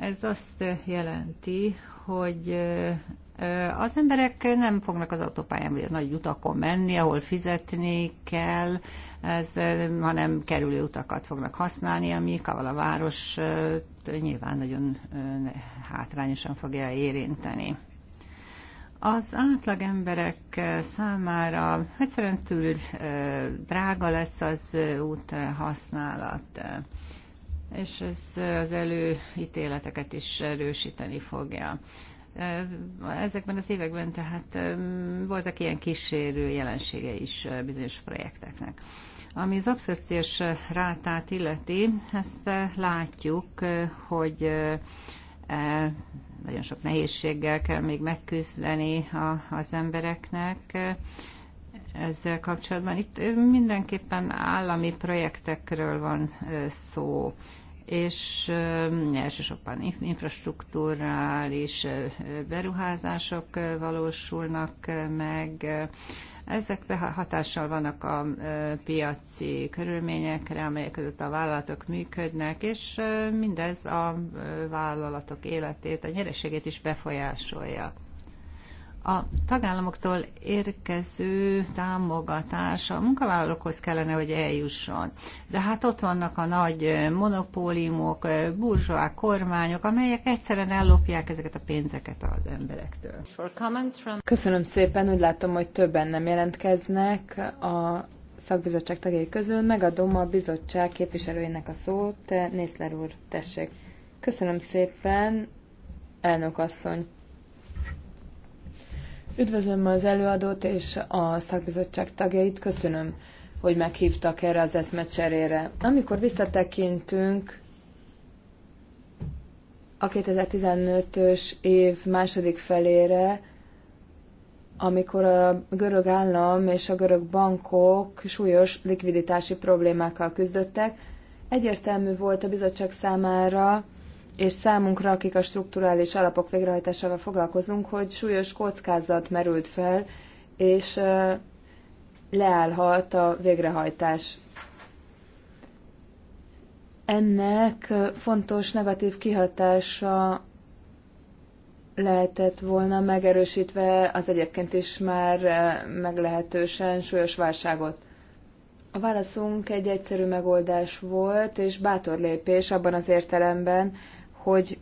Ez azt jelenti, hogy az emberek nem fognak az autópályán vagy a nagy utakon menni, ahol fizetni kell, ez, hanem kerülő utakat fognak használni, ami a város nyilván nagyon hátrányosan fogja érinteni. Az átlag emberek számára egyszerűen túl drága lesz az út használat és ez az előítéleteket is erősíteni fogja. Ezekben az években tehát voltak ilyen kísérő jelensége is bizonyos projekteknek. Ami az abszorciós rátát illeti, ezt látjuk, hogy e, nagyon sok nehézséggel kell még megküzdeni az embereknek, ezzel kapcsolatban. Itt mindenképpen állami projektekről van szó, és elsősorban infrastruktúrális beruházások valósulnak meg, ezek hatással vannak a piaci körülményekre, amelyek között a vállalatok működnek, és mindez a vállalatok életét, a nyereségét is befolyásolja a tagállamoktól érkező támogatás a munkavállalókhoz kellene, hogy eljusson. De hát ott vannak a nagy monopóliumok, burzsóák, kormányok, amelyek egyszerűen ellopják ezeket a pénzeket az emberektől. Köszönöm szépen, úgy látom, hogy többen nem jelentkeznek a szakbizottság tagjai közül. Megadom a bizottság képviselőjének a szót. Nészler úr, tessék. Köszönöm szépen, elnök asszony. Üdvözlöm az előadót és a szakbizottság tagjait. Köszönöm, hogy meghívtak erre az eszmecserére. Amikor visszatekintünk a 2015-ös év második felére, amikor a görög állam és a görög bankok súlyos likviditási problémákkal küzdöttek, egyértelmű volt a bizottság számára, és számunkra, akik a strukturális alapok végrehajtásával foglalkozunk, hogy súlyos kockázat merült fel, és leállhat a végrehajtás. Ennek fontos negatív kihatása lehetett volna megerősítve az egyébként is már meglehetősen súlyos válságot. A válaszunk egy egyszerű megoldás volt, és bátor lépés abban az értelemben, hogy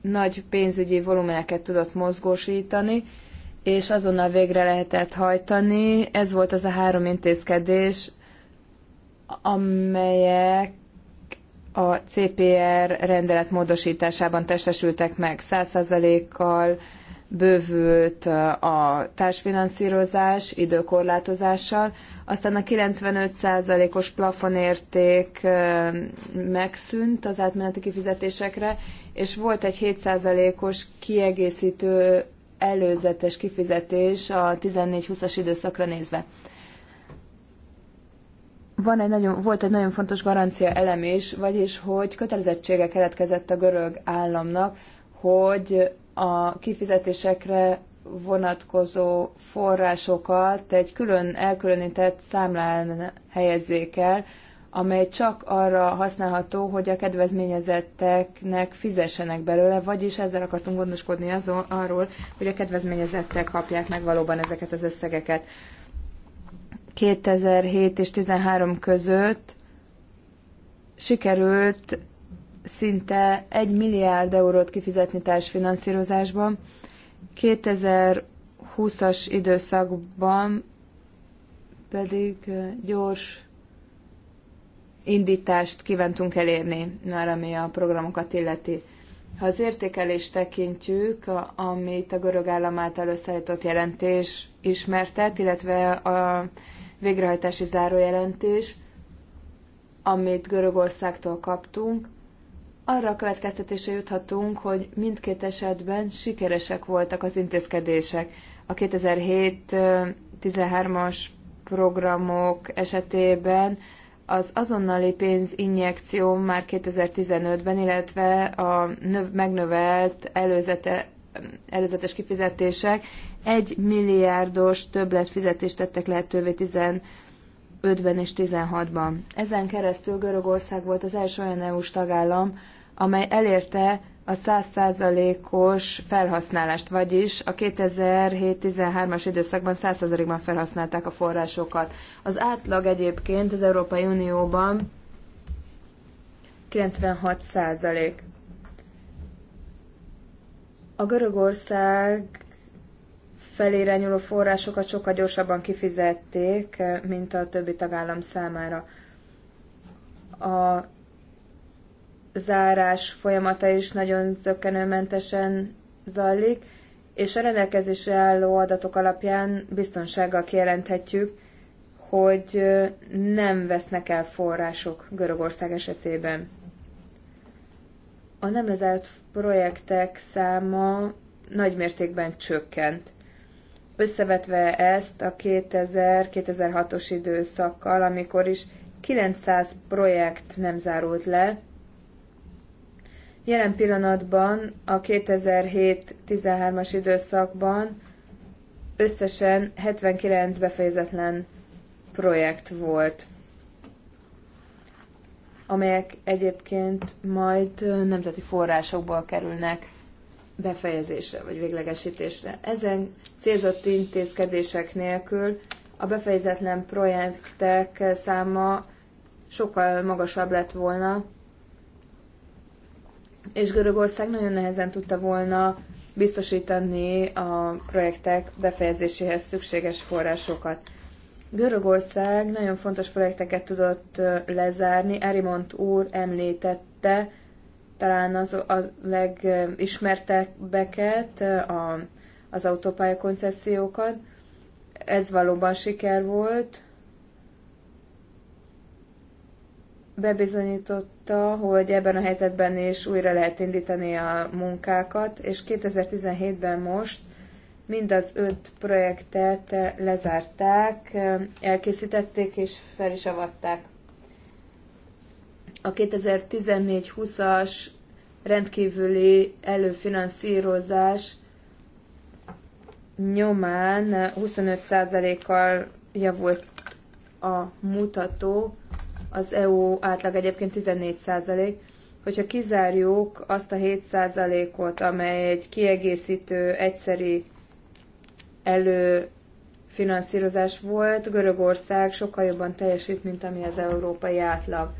nagy pénzügyi volumeneket tudott mozgósítani, és azonnal végre lehetett hajtani. Ez volt az a három intézkedés, amelyek a CPR rendelet módosításában testesültek meg 100%-kal, bővült a társfinanszírozás időkorlátozással, aztán a 95%-os plafonérték megszűnt az átmeneti kifizetésekre, és volt egy 7%-os kiegészítő előzetes kifizetés a 14-20-as időszakra nézve. Van egy nagyon, volt egy nagyon fontos garancia elem is, vagyis hogy kötelezettsége keletkezett a görög államnak, hogy a kifizetésekre vonatkozó forrásokat egy külön elkülönített számlán helyezzék el, amely csak arra használható, hogy a kedvezményezetteknek fizessenek belőle, vagyis ezzel akartunk gondoskodni azon, arról, hogy a kedvezményezettek kapják meg valóban ezeket az összegeket. 2007 és 2013 között sikerült szinte 1 milliárd eurót kifizetni társfinanszírozásban, 2020-as időszakban pedig gyors indítást kívántunk elérni, már ami a programokat illeti. Ha az értékelést tekintjük, amit a görög állam által összeállított jelentés ismertet, illetve a végrehajtási zárójelentés, amit Görögországtól kaptunk, arra a következtetése juthatunk, hogy mindkét esetben sikeresek voltak az intézkedések. A 2007-13-as programok esetében az azonnali pénzinjekció már 2015-ben, illetve a növ, megnövelt előzete, előzetes kifizetések 1 milliárdos többletfizetést tettek lehetővé 2015-ben és 16 ban Ezen keresztül Görögország volt az első olyan EU-s tagállam, amely elérte a 100%-os felhasználást, vagyis a 2007-13-as időszakban 100%-ban felhasználták a forrásokat. Az átlag egyébként az Európai Unióban 96%. A Görögország felére nyúló forrásokat sokkal gyorsabban kifizették, mint a többi tagállam számára. A zárás folyamata is nagyon zökkenőmentesen zajlik, és a rendelkezésre álló adatok alapján biztonsággal kijelenthetjük, hogy nem vesznek el források Görögország esetében. A nem lezárt projektek száma nagymértékben csökkent. Összevetve ezt a 2000-2006-os időszakkal, amikor is 900 projekt nem zárult le, Jelen pillanatban a 2007-13-as időszakban összesen 79 befejezetlen projekt volt, amelyek egyébként majd nemzeti forrásokból kerülnek befejezésre vagy véglegesítésre. Ezen célzott intézkedések nélkül a befejezetlen projektek száma sokkal magasabb lett volna, és Görögország nagyon nehezen tudta volna biztosítani a projektek befejezéséhez szükséges forrásokat. Görögország nagyon fontos projekteket tudott lezárni. Erimont úr említette talán az a legismertebbeket, a, az autópálya koncesziókat. Ez valóban siker volt. Bebizonyított mondta, hogy ebben a helyzetben is újra lehet indítani a munkákat, és 2017-ben most mind az öt projektet lezárták, elkészítették és fel is avatták. A 2014-20-as rendkívüli előfinanszírozás nyomán 25%-kal javult a mutató, az EU átlag egyébként 14 százalék, hogyha kizárjuk azt a 7 százalékot, amely egy kiegészítő, egyszeri előfinanszírozás volt, Görögország sokkal jobban teljesít, mint ami az európai átlag.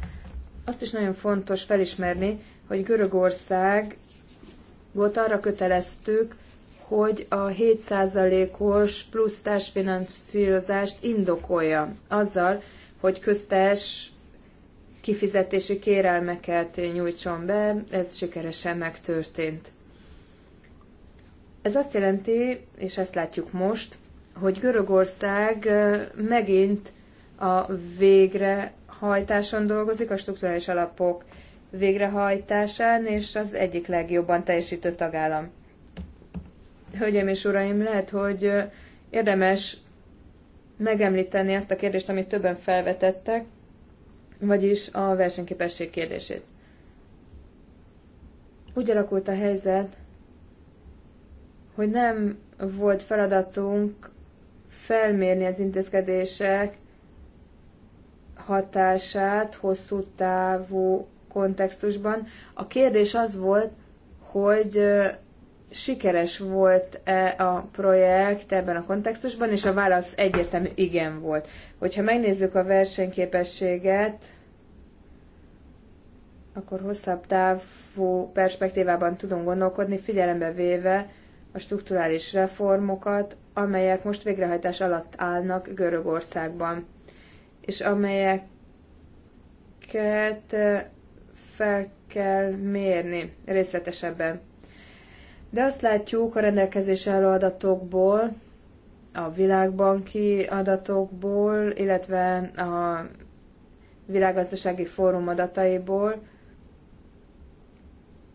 Azt is nagyon fontos felismerni, hogy Görögország volt arra köteleztük, hogy a 7%-os plusz társfinanszírozást indokolja azzal, hogy köztes kifizetési kérelmeket nyújtson be, ez sikeresen megtörtént. Ez azt jelenti, és ezt látjuk most, hogy Görögország megint a végrehajtáson dolgozik, a strukturális alapok végrehajtásán, és az egyik legjobban teljesítő tagállam. Hölgyeim és uraim, lehet, hogy érdemes megemlíteni azt a kérdést, amit többen felvetettek, vagyis a versenyképesség kérdését. Úgy alakult a helyzet, hogy nem volt feladatunk felmérni az intézkedések hatását hosszú távú kontextusban. A kérdés az volt, hogy sikeres volt-e a projekt ebben a kontextusban, és a válasz egyértelmű igen volt. Hogyha megnézzük a versenyképességet, akkor hosszabb távú perspektívában tudunk gondolkodni, figyelembe véve a strukturális reformokat, amelyek most végrehajtás alatt állnak Görögországban, és amelyeket eh, fel kell mérni részletesebben de azt látjuk a rendelkezés álló adatokból, a világbanki adatokból, illetve a világgazdasági fórum adataiból,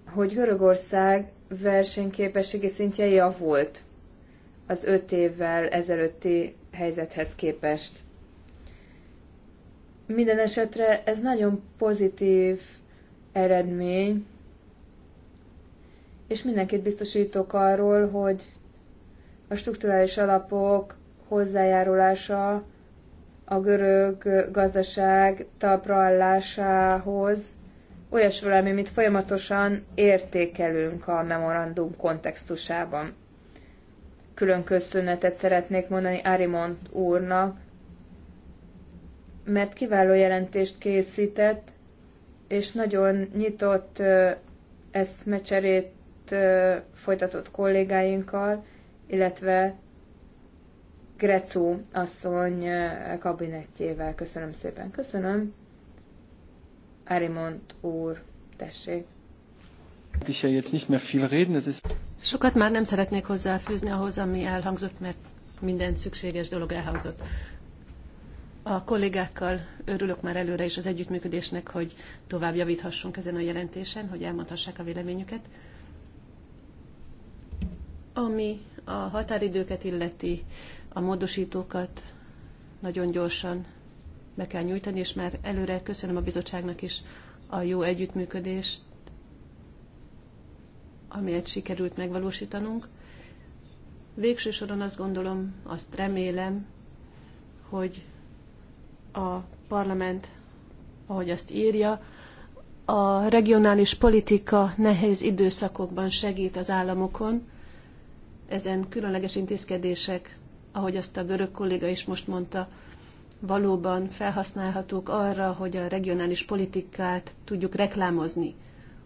hogy Görögország versenyképességi szintje javult az öt évvel ezelőtti helyzethez képest. Minden esetre ez nagyon pozitív eredmény, és mindenkit biztosítok arról, hogy a strukturális alapok hozzájárulása a görög gazdaság talpraállásához olyas valami, amit folyamatosan értékelünk a memorandum kontextusában. Külön köszönetet szeretnék mondani Arimont úrnak, mert kiváló jelentést készített, és nagyon nyitott eszmecserét együtt folytatott kollégáinkkal, illetve Grecó asszony kabinettjével. Köszönöm szépen. Köszönöm. Arimont úr, tessék. Sokat már nem szeretnék hozzáfűzni ahhoz, ami elhangzott, mert minden szükséges dolog elhangzott. A kollégákkal örülök már előre is az együttműködésnek, hogy tovább javíthassunk ezen a jelentésen, hogy elmondhassák a véleményüket. Ami a határidőket illeti, a módosítókat nagyon gyorsan be kell nyújtani, és már előre köszönöm a bizottságnak is a jó együttműködést, amelyet sikerült megvalósítanunk. Végső soron azt gondolom, azt remélem, hogy a parlament, ahogy azt írja, a regionális politika nehéz időszakokban segít az államokon, ezen különleges intézkedések, ahogy azt a görög kolléga is most mondta, valóban felhasználhatók arra, hogy a regionális politikát tudjuk reklámozni.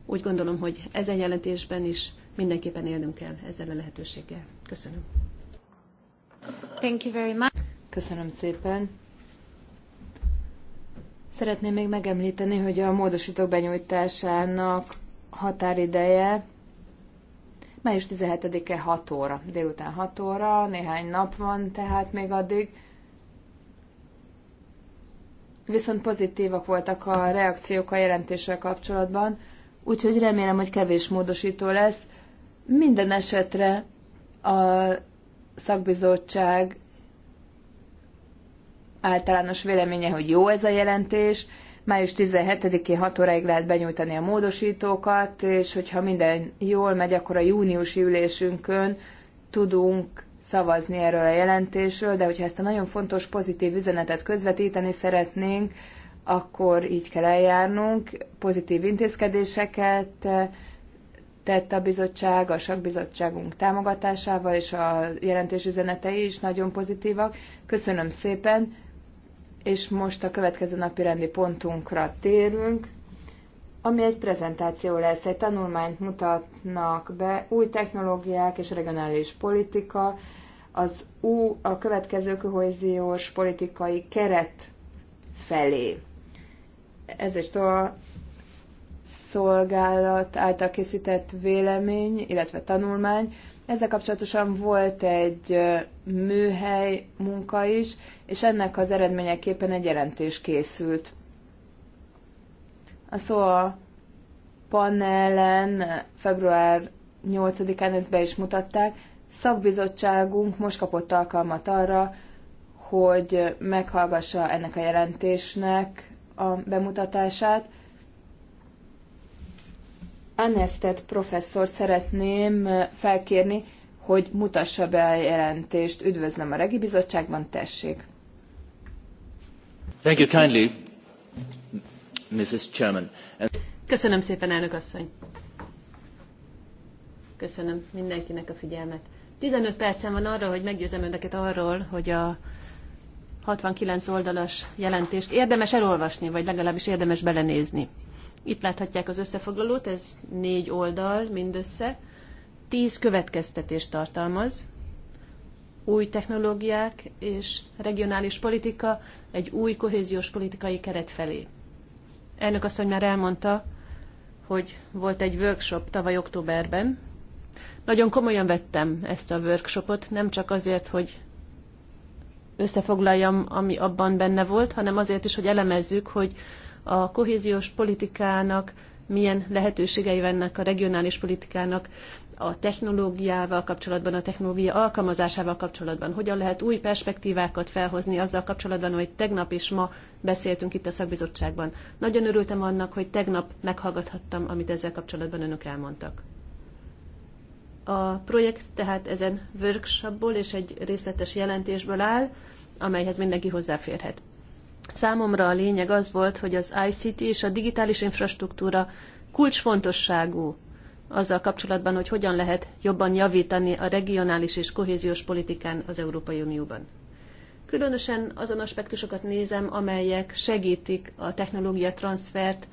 Úgy gondolom, hogy ezen jelentésben is mindenképpen élnünk kell ezzel a lehetőséggel. Köszönöm. Thank you very much. Köszönöm szépen. Szeretném még megemlíteni, hogy a módosítók benyújtásának határideje Május 17-e 6 óra, délután 6 óra, néhány nap van tehát még addig. Viszont pozitívak voltak a reakciók a jelentéssel kapcsolatban, úgyhogy remélem, hogy kevés módosító lesz. Minden esetre a szakbizottság általános véleménye, hogy jó ez a jelentés, Május 17-én 6 óráig lehet benyújtani a módosítókat, és hogyha minden jól megy, akkor a júniusi ülésünkön tudunk szavazni erről a jelentésről, de hogyha ezt a nagyon fontos pozitív üzenetet közvetíteni szeretnénk, akkor így kell eljárnunk. Pozitív intézkedéseket tett a bizottság, a sakbizottságunk támogatásával, és a jelentés üzenetei is nagyon pozitívak. Köszönöm szépen! és most a következő napi rendi pontunkra térünk, ami egy prezentáció lesz. Egy tanulmányt mutatnak be új technológiák és regionális politika, az U a következő kohéziós politikai keret felé. Ez is a szolgálat által készített vélemény, illetve tanulmány. Ezzel kapcsolatosan volt egy műhely munka is, és ennek az eredményeképpen egy jelentés készült. A szó a panelen február 8-án ezt be is mutatták. Szakbizottságunk most kapott alkalmat arra, hogy meghallgassa ennek a jelentésnek a bemutatását, Anerstedt professzor szeretném felkérni, hogy mutassa be a jelentést. Üdvözlöm a Regi Bizottságban, tessék! Thank you kindly, Mrs. Chairman. Köszönöm szépen, elnök asszony! Köszönöm mindenkinek a figyelmet. 15 percen van arra, hogy meggyőzem önöket arról, hogy a 69 oldalas jelentést érdemes elolvasni, vagy legalábbis érdemes belenézni. Itt láthatják az összefoglalót, ez négy oldal mindössze. Tíz következtetést tartalmaz. Új technológiák és regionális politika egy új kohéziós politikai keret felé. Elnök asszony már elmondta, hogy volt egy workshop tavaly októberben. Nagyon komolyan vettem ezt a workshopot, nem csak azért, hogy összefoglaljam, ami abban benne volt, hanem azért is, hogy elemezzük, hogy a kohéziós politikának milyen lehetőségei vannak a regionális politikának, a technológiával kapcsolatban, a technológia alkalmazásával kapcsolatban, hogyan lehet új perspektívákat felhozni azzal kapcsolatban, hogy tegnap és ma beszéltünk itt a szakbizottságban. Nagyon örültem annak, hogy tegnap meghallgathattam, amit ezzel kapcsolatban önök elmondtak. A projekt tehát ezen workshopból és egy részletes jelentésből áll, amelyhez mindenki hozzáférhet. Számomra a lényeg az volt, hogy az ICT és a digitális infrastruktúra kulcsfontosságú azzal kapcsolatban, hogy hogyan lehet jobban javítani a regionális és kohéziós politikán az Európai Unióban. Különösen azon aspektusokat nézem, amelyek segítik a technológia transfert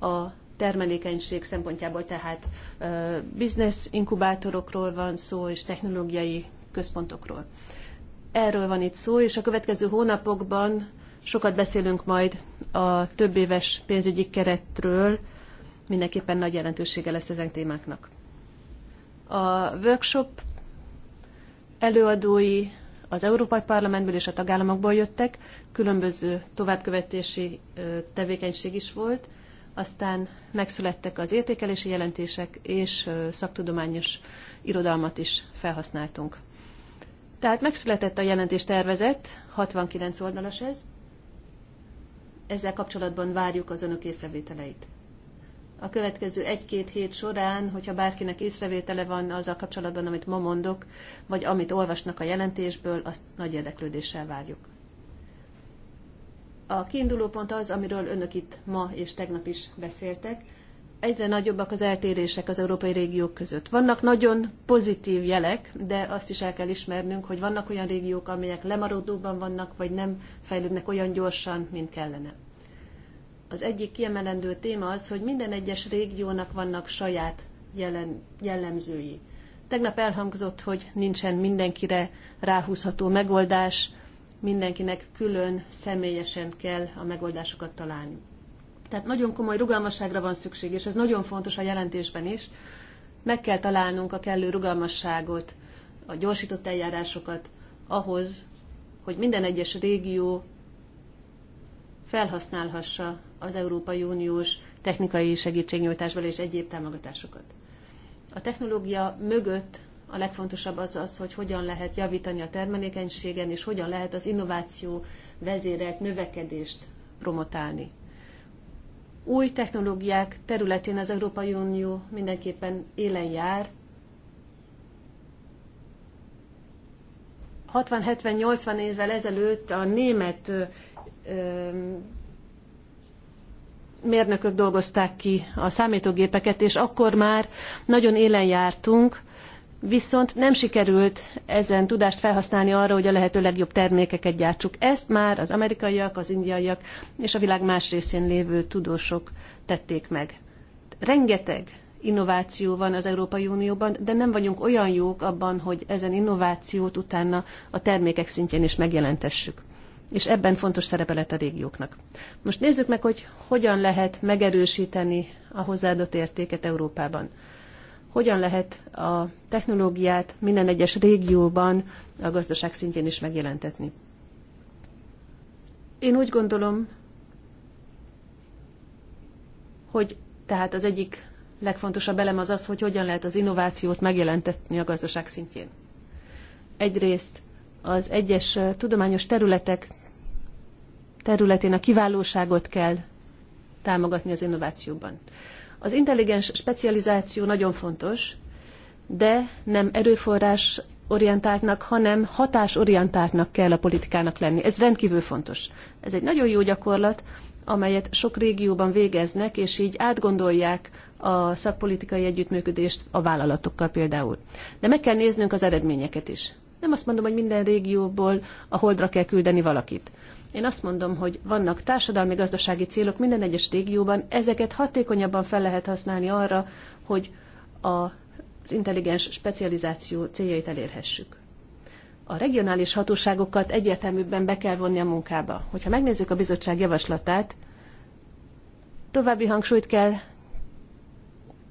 a termelékenység szempontjából, tehát business inkubátorokról van szó, és technológiai központokról. Erről van itt szó, és a következő hónapokban Sokat beszélünk majd a több éves pénzügyi keretről, mindenképpen nagy jelentősége lesz ezen témáknak. A workshop előadói az Európai Parlamentből és a tagállamokból jöttek, különböző továbbkövetési tevékenység is volt, aztán megszülettek az értékelési jelentések, és szaktudományos irodalmat is felhasználtunk. Tehát megszületett a jelentéstervezet, 69 oldalas ez, ezzel kapcsolatban várjuk az önök észrevételeit. A következő egy-két hét során, hogyha bárkinek észrevétele van azzal kapcsolatban, amit ma mondok, vagy amit olvasnak a jelentésből, azt nagy érdeklődéssel várjuk. A kiinduló pont az, amiről önök itt ma és tegnap is beszéltek, egyre nagyobbak az eltérések az európai régiók között. Vannak nagyon pozitív jelek, de azt is el kell ismernünk, hogy vannak olyan régiók, amelyek lemaradóban vannak, vagy nem fejlődnek olyan gyorsan, mint kellene. Az egyik kiemelendő téma az, hogy minden egyes régiónak vannak saját jelen, jellemzői. Tegnap elhangzott, hogy nincsen mindenkire ráhúzható megoldás, mindenkinek külön, személyesen kell a megoldásokat találni. Tehát nagyon komoly rugalmasságra van szükség, és ez nagyon fontos a jelentésben is. Meg kell találnunk a kellő rugalmasságot, a gyorsított eljárásokat ahhoz, hogy minden egyes régió felhasználhassa az Európai Uniós technikai segítségnyújtásból és egyéb támogatásokat. A technológia mögött a legfontosabb az az, hogy hogyan lehet javítani a termelékenységen, és hogyan lehet az innováció vezérelt növekedést promotálni új technológiák területén az Európai Unió mindenképpen élen jár. 60-70-80 évvel ezelőtt a német mérnökök dolgozták ki a számítógépeket, és akkor már nagyon élen jártunk, viszont nem sikerült ezen tudást felhasználni arra, hogy a lehető legjobb termékeket gyártsuk. Ezt már az amerikaiak, az indiaiak és a világ más részén lévő tudósok tették meg. Rengeteg innováció van az Európai Unióban, de nem vagyunk olyan jók abban, hogy ezen innovációt utána a termékek szintjén is megjelentessük. És ebben fontos szerepe lett a régióknak. Most nézzük meg, hogy hogyan lehet megerősíteni a hozzáadott értéket Európában hogyan lehet a technológiát minden egyes régióban a gazdaság szintjén is megjelentetni. Én úgy gondolom, hogy tehát az egyik legfontosabb elem az az, hogy hogyan lehet az innovációt megjelentetni a gazdaság szintjén. Egyrészt az egyes tudományos területek területén a kiválóságot kell támogatni az innovációban. Az intelligens specializáció nagyon fontos, de nem erőforrás orientáltnak, hanem hatás orientáltnak kell a politikának lenni. Ez rendkívül fontos. Ez egy nagyon jó gyakorlat, amelyet sok régióban végeznek, és így átgondolják a szakpolitikai együttműködést a vállalatokkal például. De meg kell néznünk az eredményeket is. Nem azt mondom, hogy minden régióból a holdra kell küldeni valakit. Én azt mondom, hogy vannak társadalmi-gazdasági célok minden egyes régióban, ezeket hatékonyabban fel lehet használni arra, hogy az intelligens specializáció céljait elérhessük. A regionális hatóságokat egyértelműbben be kell vonni a munkába. Hogyha megnézzük a bizottság javaslatát, további hangsúlyt kell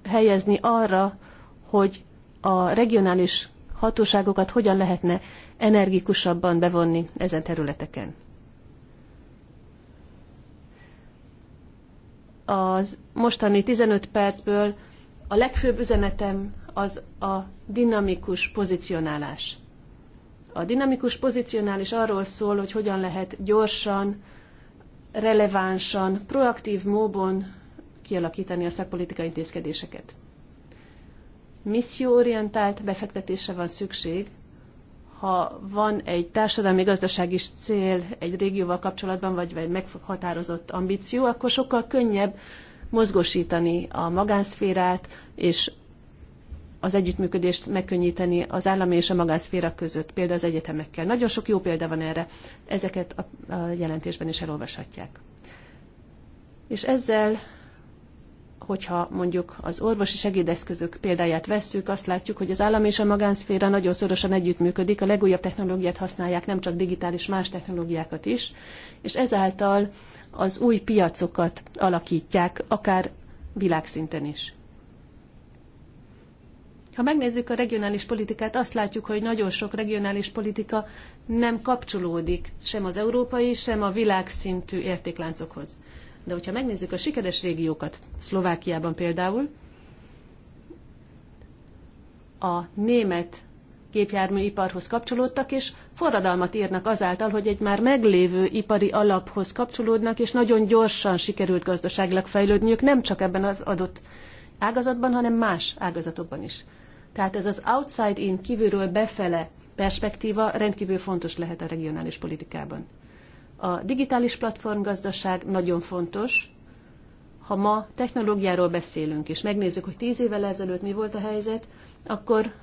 helyezni arra, hogy a regionális hatóságokat hogyan lehetne energikusabban bevonni ezen területeken. az mostani 15 percből a legfőbb üzenetem az a dinamikus pozicionálás. A dinamikus pozicionálás arról szól, hogy hogyan lehet gyorsan, relevánsan, proaktív módon kialakítani a szakpolitikai intézkedéseket. Misszióorientált befektetésre van szükség, ha van egy társadalmi gazdasági cél egy régióval kapcsolatban, vagy egy meghatározott ambíció, akkor sokkal könnyebb mozgósítani a magánszférát, és az együttműködést megkönnyíteni az állami és a magánszféra között, például az egyetemekkel. Nagyon sok jó példa van erre, ezeket a, jelentésben is elolvashatják. És ezzel hogyha mondjuk az orvosi segédeszközök példáját vesszük, azt látjuk, hogy az állam és a magánszféra nagyon szorosan együttműködik, a legújabb technológiát használják, nem csak digitális, más technológiákat is, és ezáltal az új piacokat alakítják, akár világszinten is. Ha megnézzük a regionális politikát, azt látjuk, hogy nagyon sok regionális politika nem kapcsolódik sem az európai, sem a világszintű értékláncokhoz. De hogyha megnézzük a sikeres régiókat, Szlovákiában például, a német gépjárműiparhoz kapcsolódtak, és forradalmat írnak azáltal, hogy egy már meglévő ipari alaphoz kapcsolódnak, és nagyon gyorsan sikerült gazdaságilag fejlődniük, nem csak ebben az adott ágazatban, hanem más ágazatokban is. Tehát ez az outside-in, kívülről befele perspektíva rendkívül fontos lehet a regionális politikában. A digitális platformgazdaság nagyon fontos. Ha ma technológiáról beszélünk, és megnézzük, hogy tíz évvel ezelőtt mi volt a helyzet, akkor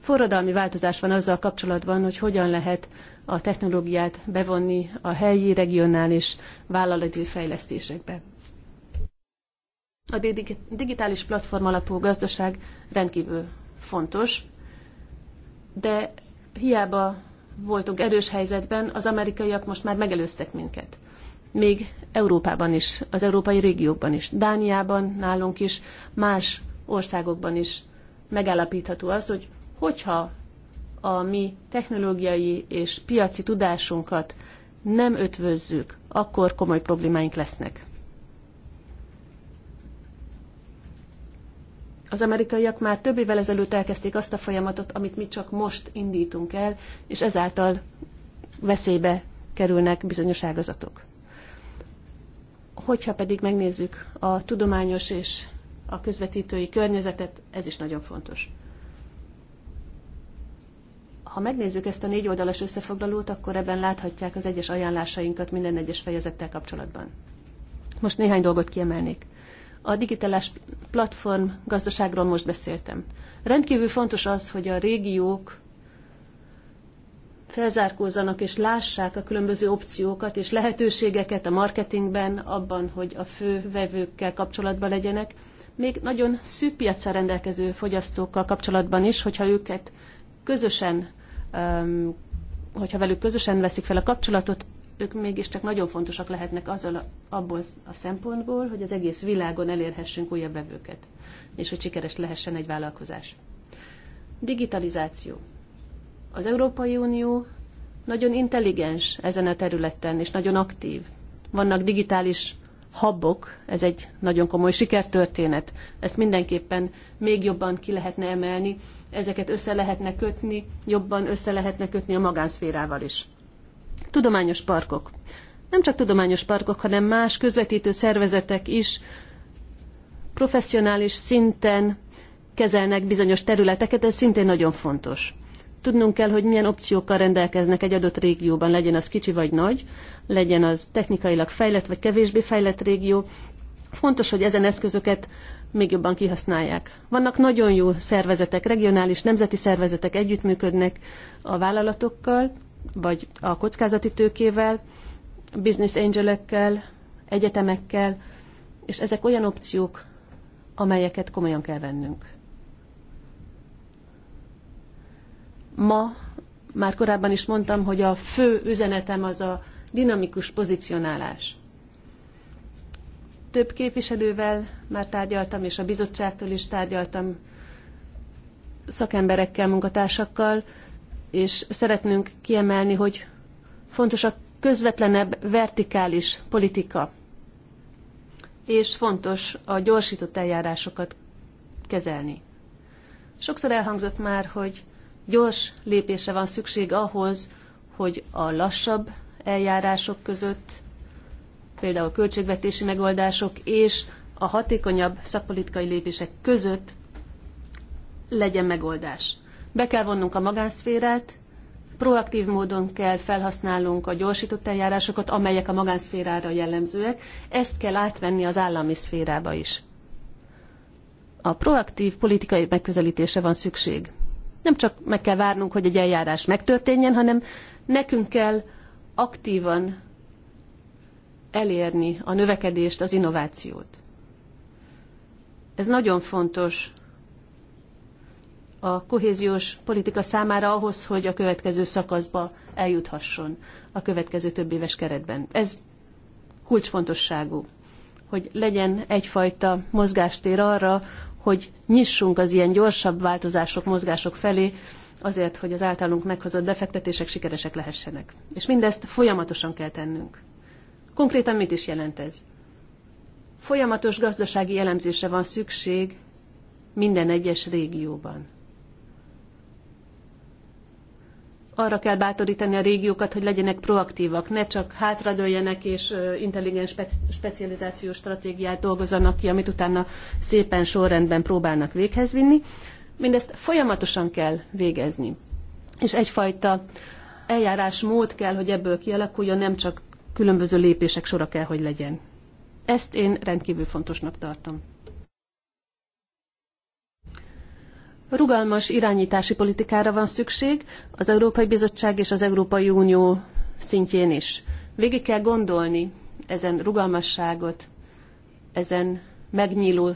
forradalmi változás van azzal kapcsolatban, hogy hogyan lehet a technológiát bevonni a helyi, regionális vállalati fejlesztésekbe. A digitális platform alapú gazdaság rendkívül fontos, de hiába voltunk erős helyzetben, az amerikaiak most már megelőztek minket. Még Európában is, az európai régiókban is, Dániában, nálunk is, más országokban is megállapítható az, hogy hogyha a mi technológiai és piaci tudásunkat nem ötvözzük, akkor komoly problémáink lesznek. Az amerikaiak már több évvel ezelőtt elkezdték azt a folyamatot, amit mi csak most indítunk el, és ezáltal veszélybe kerülnek bizonyos ágazatok. Hogyha pedig megnézzük a tudományos és a közvetítői környezetet, ez is nagyon fontos. Ha megnézzük ezt a négy oldalas összefoglalót, akkor ebben láthatják az egyes ajánlásainkat minden egyes fejezettel kapcsolatban. Most néhány dolgot kiemelnék. A digitális platform gazdaságról most beszéltem. Rendkívül fontos az, hogy a régiók felzárkózzanak és lássák a különböző opciókat és lehetőségeket a marketingben, abban, hogy a fő vevőkkel kapcsolatban legyenek, még nagyon szűk piacra rendelkező fogyasztókkal kapcsolatban is, hogyha őket közösen, hogyha velük közösen veszik fel a kapcsolatot, ők mégiscsak nagyon fontosak lehetnek azzal abból a szempontból, hogy az egész világon elérhessünk újabb vevőket, és hogy sikeres lehessen egy vállalkozás. Digitalizáció. Az Európai Unió nagyon intelligens ezen a területen, és nagyon aktív. Vannak digitális habok, ez egy nagyon komoly sikertörténet. Ezt mindenképpen még jobban ki lehetne emelni, ezeket össze lehetne kötni, jobban össze lehetne kötni a magánszférával is. Tudományos parkok. Nem csak tudományos parkok, hanem más közvetítő szervezetek is professzionális szinten kezelnek bizonyos területeket, ez szintén nagyon fontos. Tudnunk kell, hogy milyen opciókkal rendelkeznek egy adott régióban, legyen az kicsi vagy nagy, legyen az technikailag fejlett vagy kevésbé fejlett régió. Fontos, hogy ezen eszközöket még jobban kihasználják. Vannak nagyon jó szervezetek, regionális, nemzeti szervezetek együttműködnek a vállalatokkal, vagy a kockázati tőkével, business angelekkel, egyetemekkel, és ezek olyan opciók, amelyeket komolyan kell vennünk. Ma, már korábban is mondtam, hogy a fő üzenetem az a dinamikus pozicionálás. Több képviselővel már tárgyaltam, és a bizottságtól is tárgyaltam szakemberekkel, munkatársakkal, és szeretnünk kiemelni, hogy fontos a közvetlenebb vertikális politika, és fontos a gyorsított eljárásokat kezelni. Sokszor elhangzott már, hogy gyors lépése van szükség ahhoz, hogy a lassabb eljárások között, például költségvetési megoldások és a hatékonyabb szakpolitikai lépések között legyen megoldás. Be kell vonnunk a magánszférát, proaktív módon kell felhasználnunk a gyorsított eljárásokat, amelyek a magánszférára jellemzőek, ezt kell átvenni az állami szférába is. A proaktív politikai megközelítése van szükség. Nem csak meg kell várnunk, hogy egy eljárás megtörténjen, hanem nekünk kell aktívan elérni a növekedést, az innovációt. Ez nagyon fontos a kohéziós politika számára ahhoz, hogy a következő szakaszba eljuthasson a következő több éves keretben. Ez kulcsfontosságú, hogy legyen egyfajta mozgástér arra, hogy nyissunk az ilyen gyorsabb változások, mozgások felé, azért, hogy az általunk meghozott befektetések sikeresek lehessenek. És mindezt folyamatosan kell tennünk. Konkrétan mit is jelent ez? Folyamatos gazdasági elemzésre van szükség minden egyes régióban. arra kell bátorítani a régiókat, hogy legyenek proaktívak, ne csak hátradőljenek és intelligens specializációs stratégiát dolgozzanak ki, amit utána szépen sorrendben próbálnak véghez vinni. Mindezt folyamatosan kell végezni. És egyfajta eljárásmód kell, hogy ebből kialakuljon, nem csak különböző lépések sora kell, hogy legyen. Ezt én rendkívül fontosnak tartom. Rugalmas irányítási politikára van szükség az Európai Bizottság és az Európai Unió szintjén is. Végig kell gondolni ezen rugalmasságot, ezen megnyíló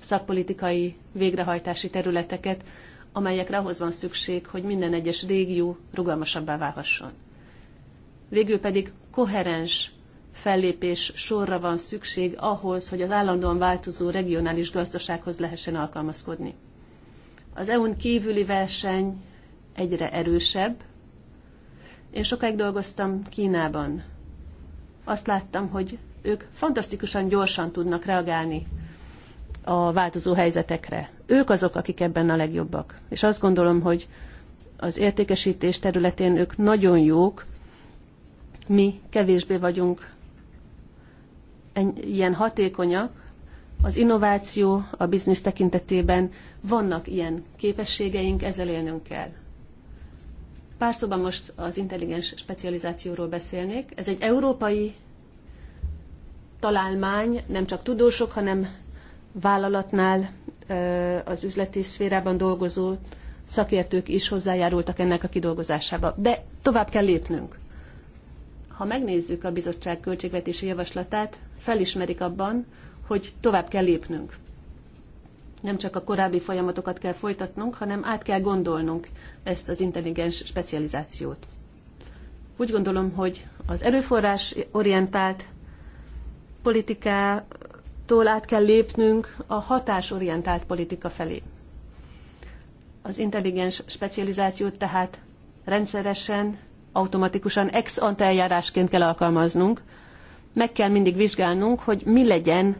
szakpolitikai végrehajtási területeket, amelyekre ahhoz van szükség, hogy minden egyes régió rugalmasabbá válhasson. Végül pedig koherens fellépés sorra van szükség ahhoz, hogy az állandóan változó regionális gazdasághoz lehessen alkalmazkodni. Az EU-n kívüli verseny egyre erősebb. Én sokáig dolgoztam Kínában. Azt láttam, hogy ők fantasztikusan gyorsan tudnak reagálni a változó helyzetekre. Ők azok, akik ebben a legjobbak. És azt gondolom, hogy az értékesítés területén ők nagyon jók, mi kevésbé vagyunk ilyen hatékonyak, az innováció a biznisz tekintetében vannak ilyen képességeink, ezzel élnünk kell. Pár szóban most az intelligens specializációról beszélnék. Ez egy európai találmány, nem csak tudósok, hanem vállalatnál az üzleti szférában dolgozó szakértők is hozzájárultak ennek a kidolgozásába. De tovább kell lépnünk. Ha megnézzük a bizottság költségvetési javaslatát, felismerik abban, hogy tovább kell lépnünk. Nem csak a korábbi folyamatokat kell folytatnunk, hanem át kell gondolnunk ezt az intelligens specializációt. Úgy gondolom, hogy az erőforrás orientált politikától át kell lépnünk a hatásorientált politika felé. Az intelligens specializációt tehát rendszeresen, automatikusan ex ante eljárásként kell alkalmaznunk. Meg kell mindig vizsgálnunk, hogy mi legyen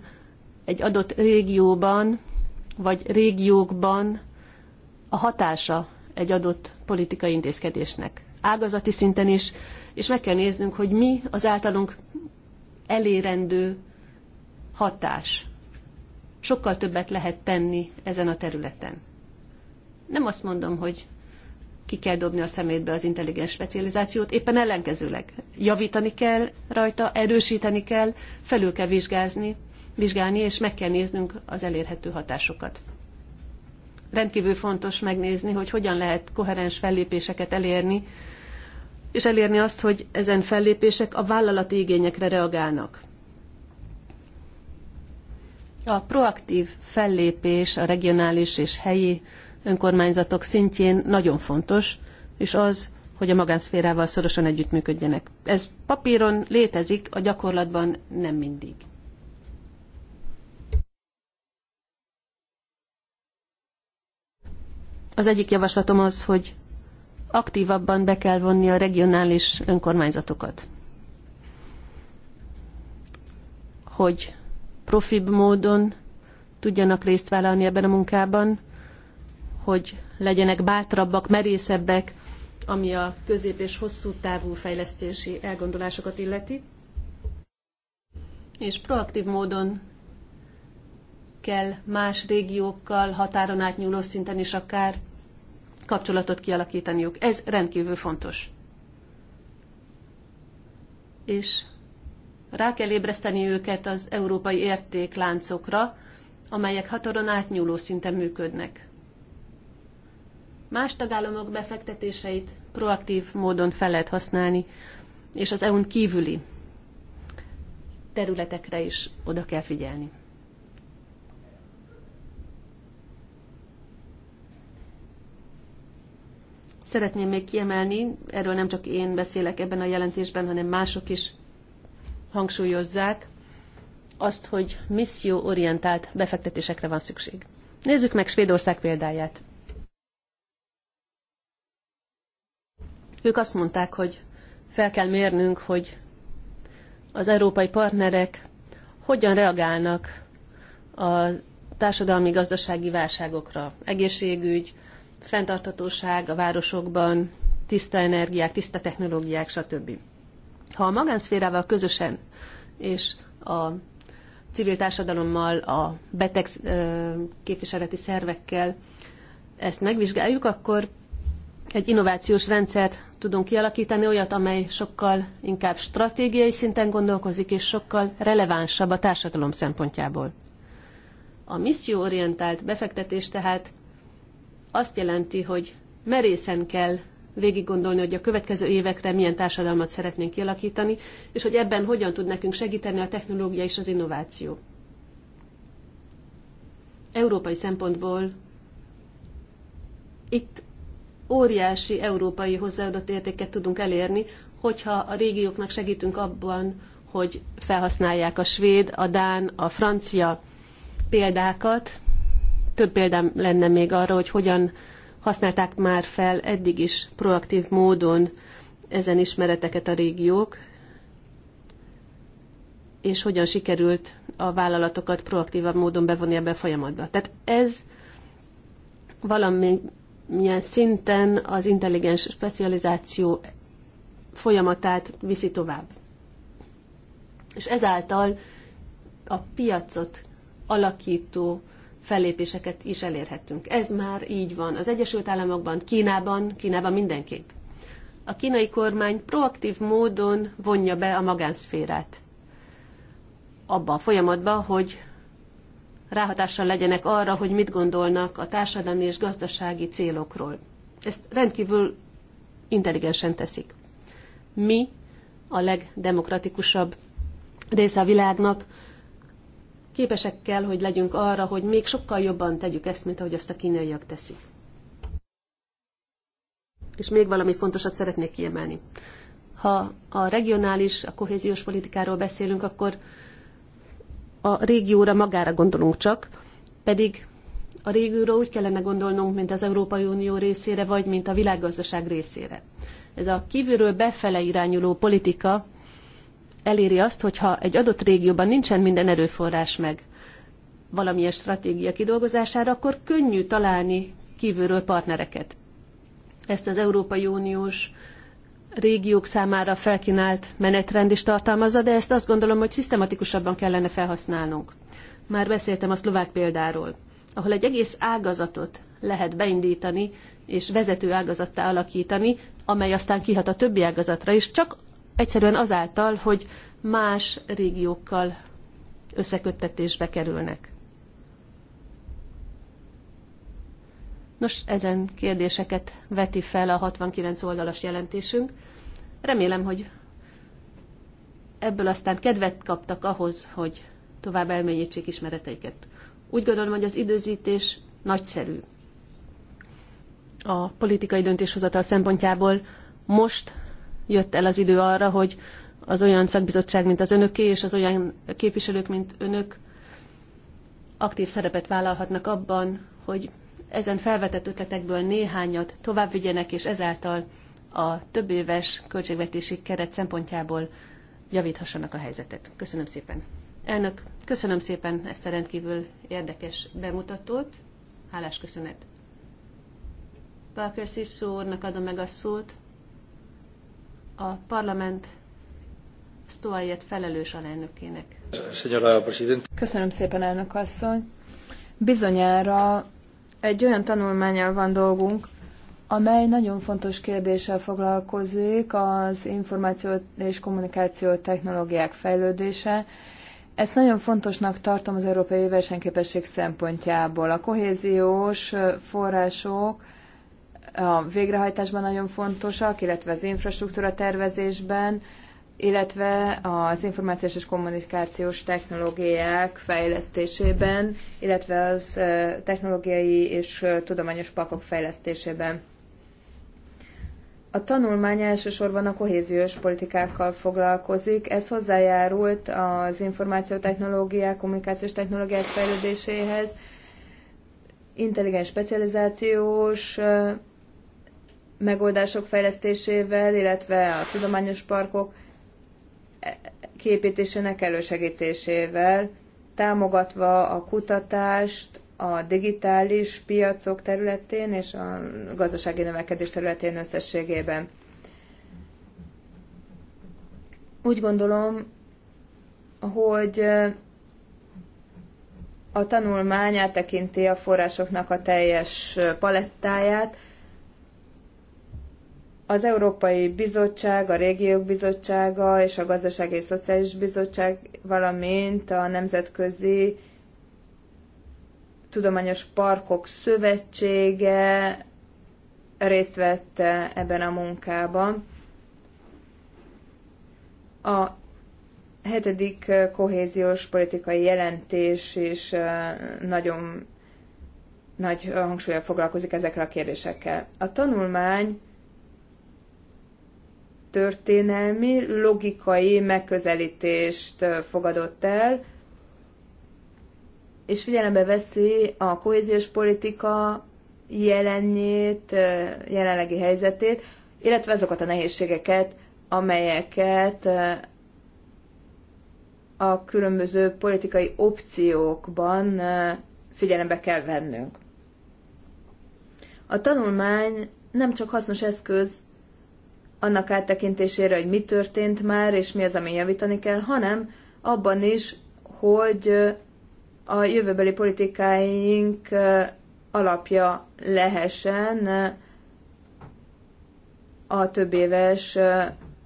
egy adott régióban vagy régiókban a hatása egy adott politikai intézkedésnek. Ágazati szinten is, és meg kell néznünk, hogy mi az általunk elérendő hatás. Sokkal többet lehet tenni ezen a területen. Nem azt mondom, hogy ki kell dobni a szemétbe az intelligens specializációt, éppen ellenkezőleg javítani kell rajta, erősíteni kell, felül kell vizsgázni, vizsgálni, és meg kell néznünk az elérhető hatásokat. Rendkívül fontos megnézni, hogy hogyan lehet koherens fellépéseket elérni, és elérni azt, hogy ezen fellépések a vállalati igényekre reagálnak. A proaktív fellépés a regionális és helyi önkormányzatok szintjén nagyon fontos, és az, hogy a magánszférával szorosan együttműködjenek. Ez papíron létezik, a gyakorlatban nem mindig. Az egyik javaslatom az, hogy aktívabban be kell vonni a regionális önkormányzatokat. Hogy profibb módon tudjanak részt vállalni ebben a munkában, hogy legyenek bátrabbak, merészebbek, ami a közép- és hosszú távú fejlesztési elgondolásokat illeti. És proaktív módon kell más régiókkal, határon átnyúló szinten is akár kapcsolatot kialakítaniuk. Ez rendkívül fontos. És rá kell ébreszteni őket az európai értékláncokra, amelyek hatoron átnyúló szinten működnek. Más tagállamok befektetéseit proaktív módon fel lehet használni, és az EU-n kívüli területekre is oda kell figyelni. Szeretném még kiemelni, erről nem csak én beszélek ebben a jelentésben, hanem mások is hangsúlyozzák, azt, hogy misszióorientált befektetésekre van szükség. Nézzük meg Svédország példáját. Ők azt mondták, hogy fel kell mérnünk, hogy az európai partnerek hogyan reagálnak a társadalmi-gazdasági válságokra. Egészségügy, fenntarthatóság a városokban, tiszta energiák, tiszta technológiák, stb. Ha a magánszférával közösen és a civil társadalommal, a beteg képviseleti szervekkel ezt megvizsgáljuk, akkor egy innovációs rendszert tudunk kialakítani, olyat, amely sokkal inkább stratégiai szinten gondolkozik, és sokkal relevánsabb a társadalom szempontjából. A misszióorientált befektetés tehát azt jelenti, hogy merészen kell végig gondolni, hogy a következő évekre milyen társadalmat szeretnénk kialakítani, és hogy ebben hogyan tud nekünk segíteni a technológia és az innováció. Európai szempontból itt óriási európai hozzáadott értéket tudunk elérni, hogyha a régióknak segítünk abban, hogy felhasználják a svéd, a dán, a francia példákat, több példám lenne még arra, hogy hogyan használták már fel eddig is proaktív módon ezen ismereteket a régiók, és hogyan sikerült a vállalatokat proaktívabb módon bevonni ebbe a folyamatba. Tehát ez valamilyen szinten az intelligens specializáció folyamatát viszi tovább. És ezáltal a piacot alakító fellépéseket is elérhetünk. Ez már így van. Az Egyesült Államokban, Kínában, Kínában mindenképp. A kínai kormány proaktív módon vonja be a magánszférát abba a folyamatba, hogy ráhatással legyenek arra, hogy mit gondolnak a társadalmi és gazdasági célokról. Ezt rendkívül intelligensen teszik. Mi a legdemokratikusabb része a világnak, képesek kell, hogy legyünk arra, hogy még sokkal jobban tegyük ezt, mint ahogy azt a kínaiak teszik. És még valami fontosat szeretnék kiemelni. Ha a regionális, a kohéziós politikáról beszélünk, akkor a régióra magára gondolunk csak, pedig a régióra úgy kellene gondolnunk, mint az Európai Unió részére, vagy mint a világgazdaság részére. Ez a kívülről befele irányuló politika eléri azt, hogyha egy adott régióban nincsen minden erőforrás meg valamilyen stratégia kidolgozására, akkor könnyű találni kívülről partnereket. Ezt az Európai Uniós régiók számára felkínált menetrend is tartalmazza, de ezt azt gondolom, hogy szisztematikusabban kellene felhasználnunk. Már beszéltem a szlovák példáról, ahol egy egész ágazatot lehet beindítani és vezető ágazattá alakítani, amely aztán kihat a többi ágazatra is, csak egyszerűen azáltal, hogy más régiókkal összeköttetésbe kerülnek. Nos, ezen kérdéseket veti fel a 69 oldalas jelentésünk. Remélem, hogy ebből aztán kedvet kaptak ahhoz, hogy tovább elmélyítsék ismereteiket. Úgy gondolom, hogy az időzítés nagyszerű. A politikai döntéshozatal szempontjából most jött el az idő arra, hogy az olyan szakbizottság, mint az önöké, és az olyan képviselők, mint önök aktív szerepet vállalhatnak abban, hogy ezen felvetett ötletekből néhányat tovább vigyenek, és ezáltal a több éves költségvetési keret szempontjából javíthassanak a helyzetet. Köszönöm szépen. Elnök, köszönöm szépen ezt a rendkívül érdekes bemutatót. Hálás köszönet. Parker Sissó adom meg a szót, a parlament Stoaiet felelős alelnökének. Köszönöm szépen, elnök asszony. Bizonyára egy olyan tanulmányal van dolgunk, amely nagyon fontos kérdéssel foglalkozik, az információ és kommunikáció technológiák fejlődése. Ezt nagyon fontosnak tartom az európai versenyképesség szempontjából. A kohéziós források a végrehajtásban nagyon fontosak, illetve az infrastruktúra tervezésben, illetve az információs és kommunikációs technológiák fejlesztésében, illetve az technológiai és tudományos pakok fejlesztésében. A tanulmány elsősorban a kohéziós politikákkal foglalkozik. Ez hozzájárult az információtechnológiák, kommunikációs technológiák fejlődéséhez, intelligens specializációs megoldások fejlesztésével, illetve a tudományos parkok képítésének elősegítésével, támogatva a kutatást a digitális piacok területén és a gazdasági növekedés területén összességében. Úgy gondolom, hogy a tanulmány áttekinti a forrásoknak a teljes palettáját, az Európai Bizottság, a Régiók Bizottsága és a Gazdasági és Szociális Bizottság, valamint a Nemzetközi Tudományos Parkok Szövetsége részt vett ebben a munkában. A hetedik kohéziós politikai jelentés is nagyon nagy hangsúlyal foglalkozik ezekkel a kérdésekkel. A tanulmány történelmi, logikai megközelítést fogadott el, és figyelembe veszi a kohéziós politika jelenjét, jelenlegi helyzetét, illetve azokat a nehézségeket, amelyeket a különböző politikai opciókban figyelembe kell vennünk. A tanulmány nem csak hasznos eszköz annak áttekintésére, hogy mi történt már, és mi az, ami javítani kell, hanem abban is, hogy a jövőbeli politikáink alapja lehessen a több éves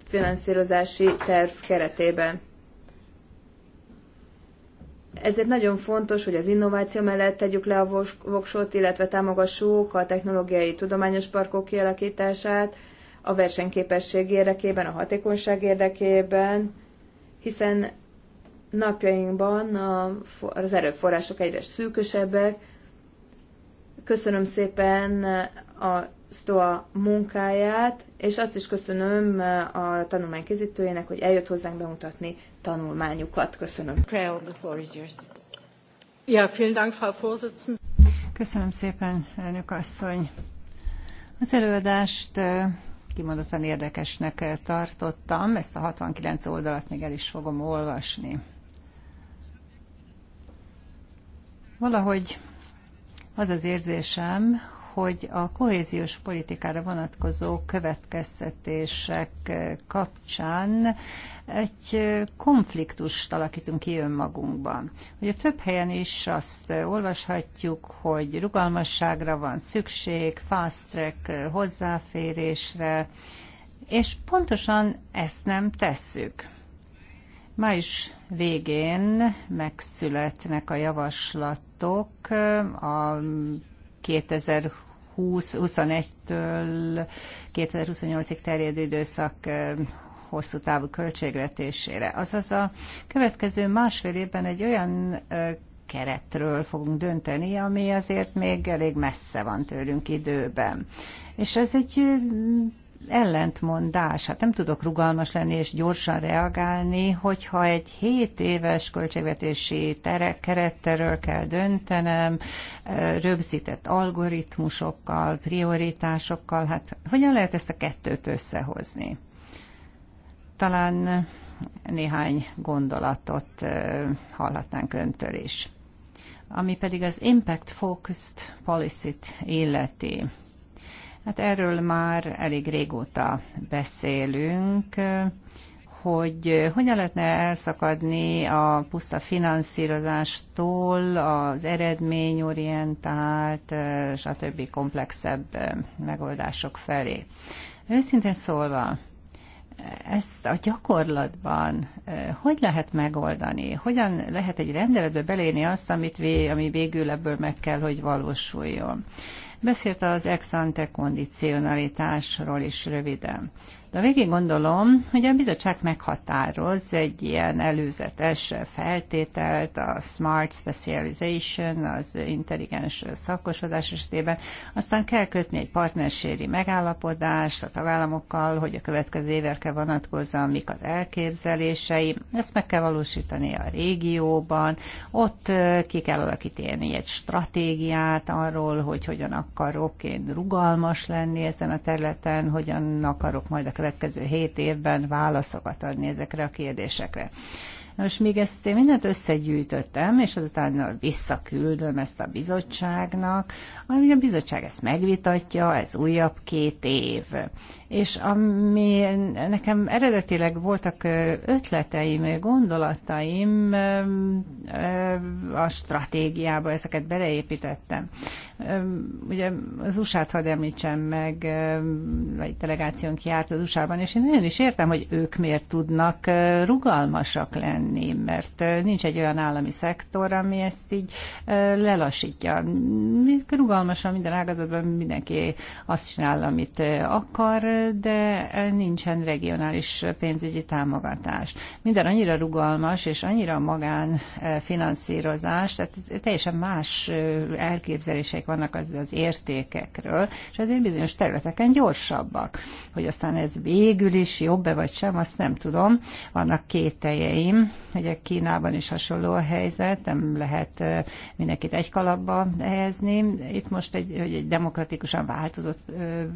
finanszírozási terv keretében. Ezért nagyon fontos, hogy az innováció mellett tegyük le a voksot, illetve támogassuk a technológiai tudományos parkok kialakítását, a versenyképesség érdekében, a hatékonyság érdekében, hiszen napjainkban az erőforrások egyre szűkösebbek. Köszönöm szépen a STOA munkáját, és azt is köszönöm a tanulmány készítőjének, hogy eljött hozzánk bemutatni tanulmányukat. Köszönöm. Ja, vielen Dank, Frau Köszönöm szépen, elnök asszony. Az előadást kimondottan érdekesnek tartottam. Ezt a 69 oldalat még el is fogom olvasni. Valahogy az az érzésem, hogy a kohéziós politikára vonatkozó következtetések kapcsán egy konfliktust alakítunk ki önmagunkban. Ugye több helyen is azt olvashatjuk, hogy rugalmasságra van szükség, fast track hozzáférésre, és pontosan ezt nem tesszük. Május végén megszületnek a javaslatok a 2020-21-től 2028-ig terjedő időszak hosszú távú költségvetésére. Azaz a következő másfél évben egy olyan keretről fogunk dönteni, ami azért még elég messze van tőlünk időben. És ez egy ellentmondás. Hát nem tudok rugalmas lenni és gyorsan reagálni, hogyha egy 7 éves költségvetési keretterről kell döntenem, rögzített algoritmusokkal, prioritásokkal, hát hogyan lehet ezt a kettőt összehozni? talán néhány gondolatot hallhatnánk öntől is. Ami pedig az Impact Focused Policy-t illeti. Hát erről már elég régóta beszélünk, hogy hogyan lehetne elszakadni a puszta finanszírozástól, az eredményorientált, stb. komplexebb megoldások felé. Őszintén szólva, ezt a gyakorlatban eh, hogy lehet megoldani? Hogyan lehet egy rendeletbe belérni azt, amit vé, ami végül ebből meg kell, hogy valósuljon? Beszélt az ex ante kondicionalitásról is röviden. De végig gondolom, hogy a bizottság meghatároz egy ilyen előzetes feltételt a smart specialization, az intelligens szakosodás esetében, aztán kell kötni egy partnerséri megállapodást a tagállamokkal, hogy a következő éverke vonatkozzon, mik az elképzelései, ezt meg kell valósítani a régióban, ott ki kell alakítani egy stratégiát arról, hogy hogyan akarok én rugalmas lenni ezen a területen, hogyan akarok majd a következő hét évben válaszokat adni ezekre a kérdésekre. Most még ezt én mindent összegyűjtöttem, és azután visszaküldöm ezt a bizottságnak, amíg a bizottság ezt megvitatja, ez újabb két év és ami nekem eredetileg voltak ötleteim, gondolataim, a stratégiába ezeket beleépítettem. Ugye az USA-t hadd említsem meg, egy delegációnk járt az USA-ban, és én nagyon is értem, hogy ők miért tudnak rugalmasak lenni, mert nincs egy olyan állami szektor, ami ezt így lelassítja. Rugalmasan minden ágazatban mindenki azt csinál, amit akar, de nincsen regionális pénzügyi támogatás. Minden annyira rugalmas, és annyira magán eh, finanszírozás, tehát teljesen más eh, elképzelések vannak az, az értékekről, és azért bizonyos területeken gyorsabbak. Hogy aztán ez végül is jobb-e vagy sem, azt nem tudom. Vannak kételjeim, ugye Kínában is hasonló a helyzet, nem lehet eh, mindenkit egy kalapba helyezni. Itt most egy, hogy egy demokratikusan változott,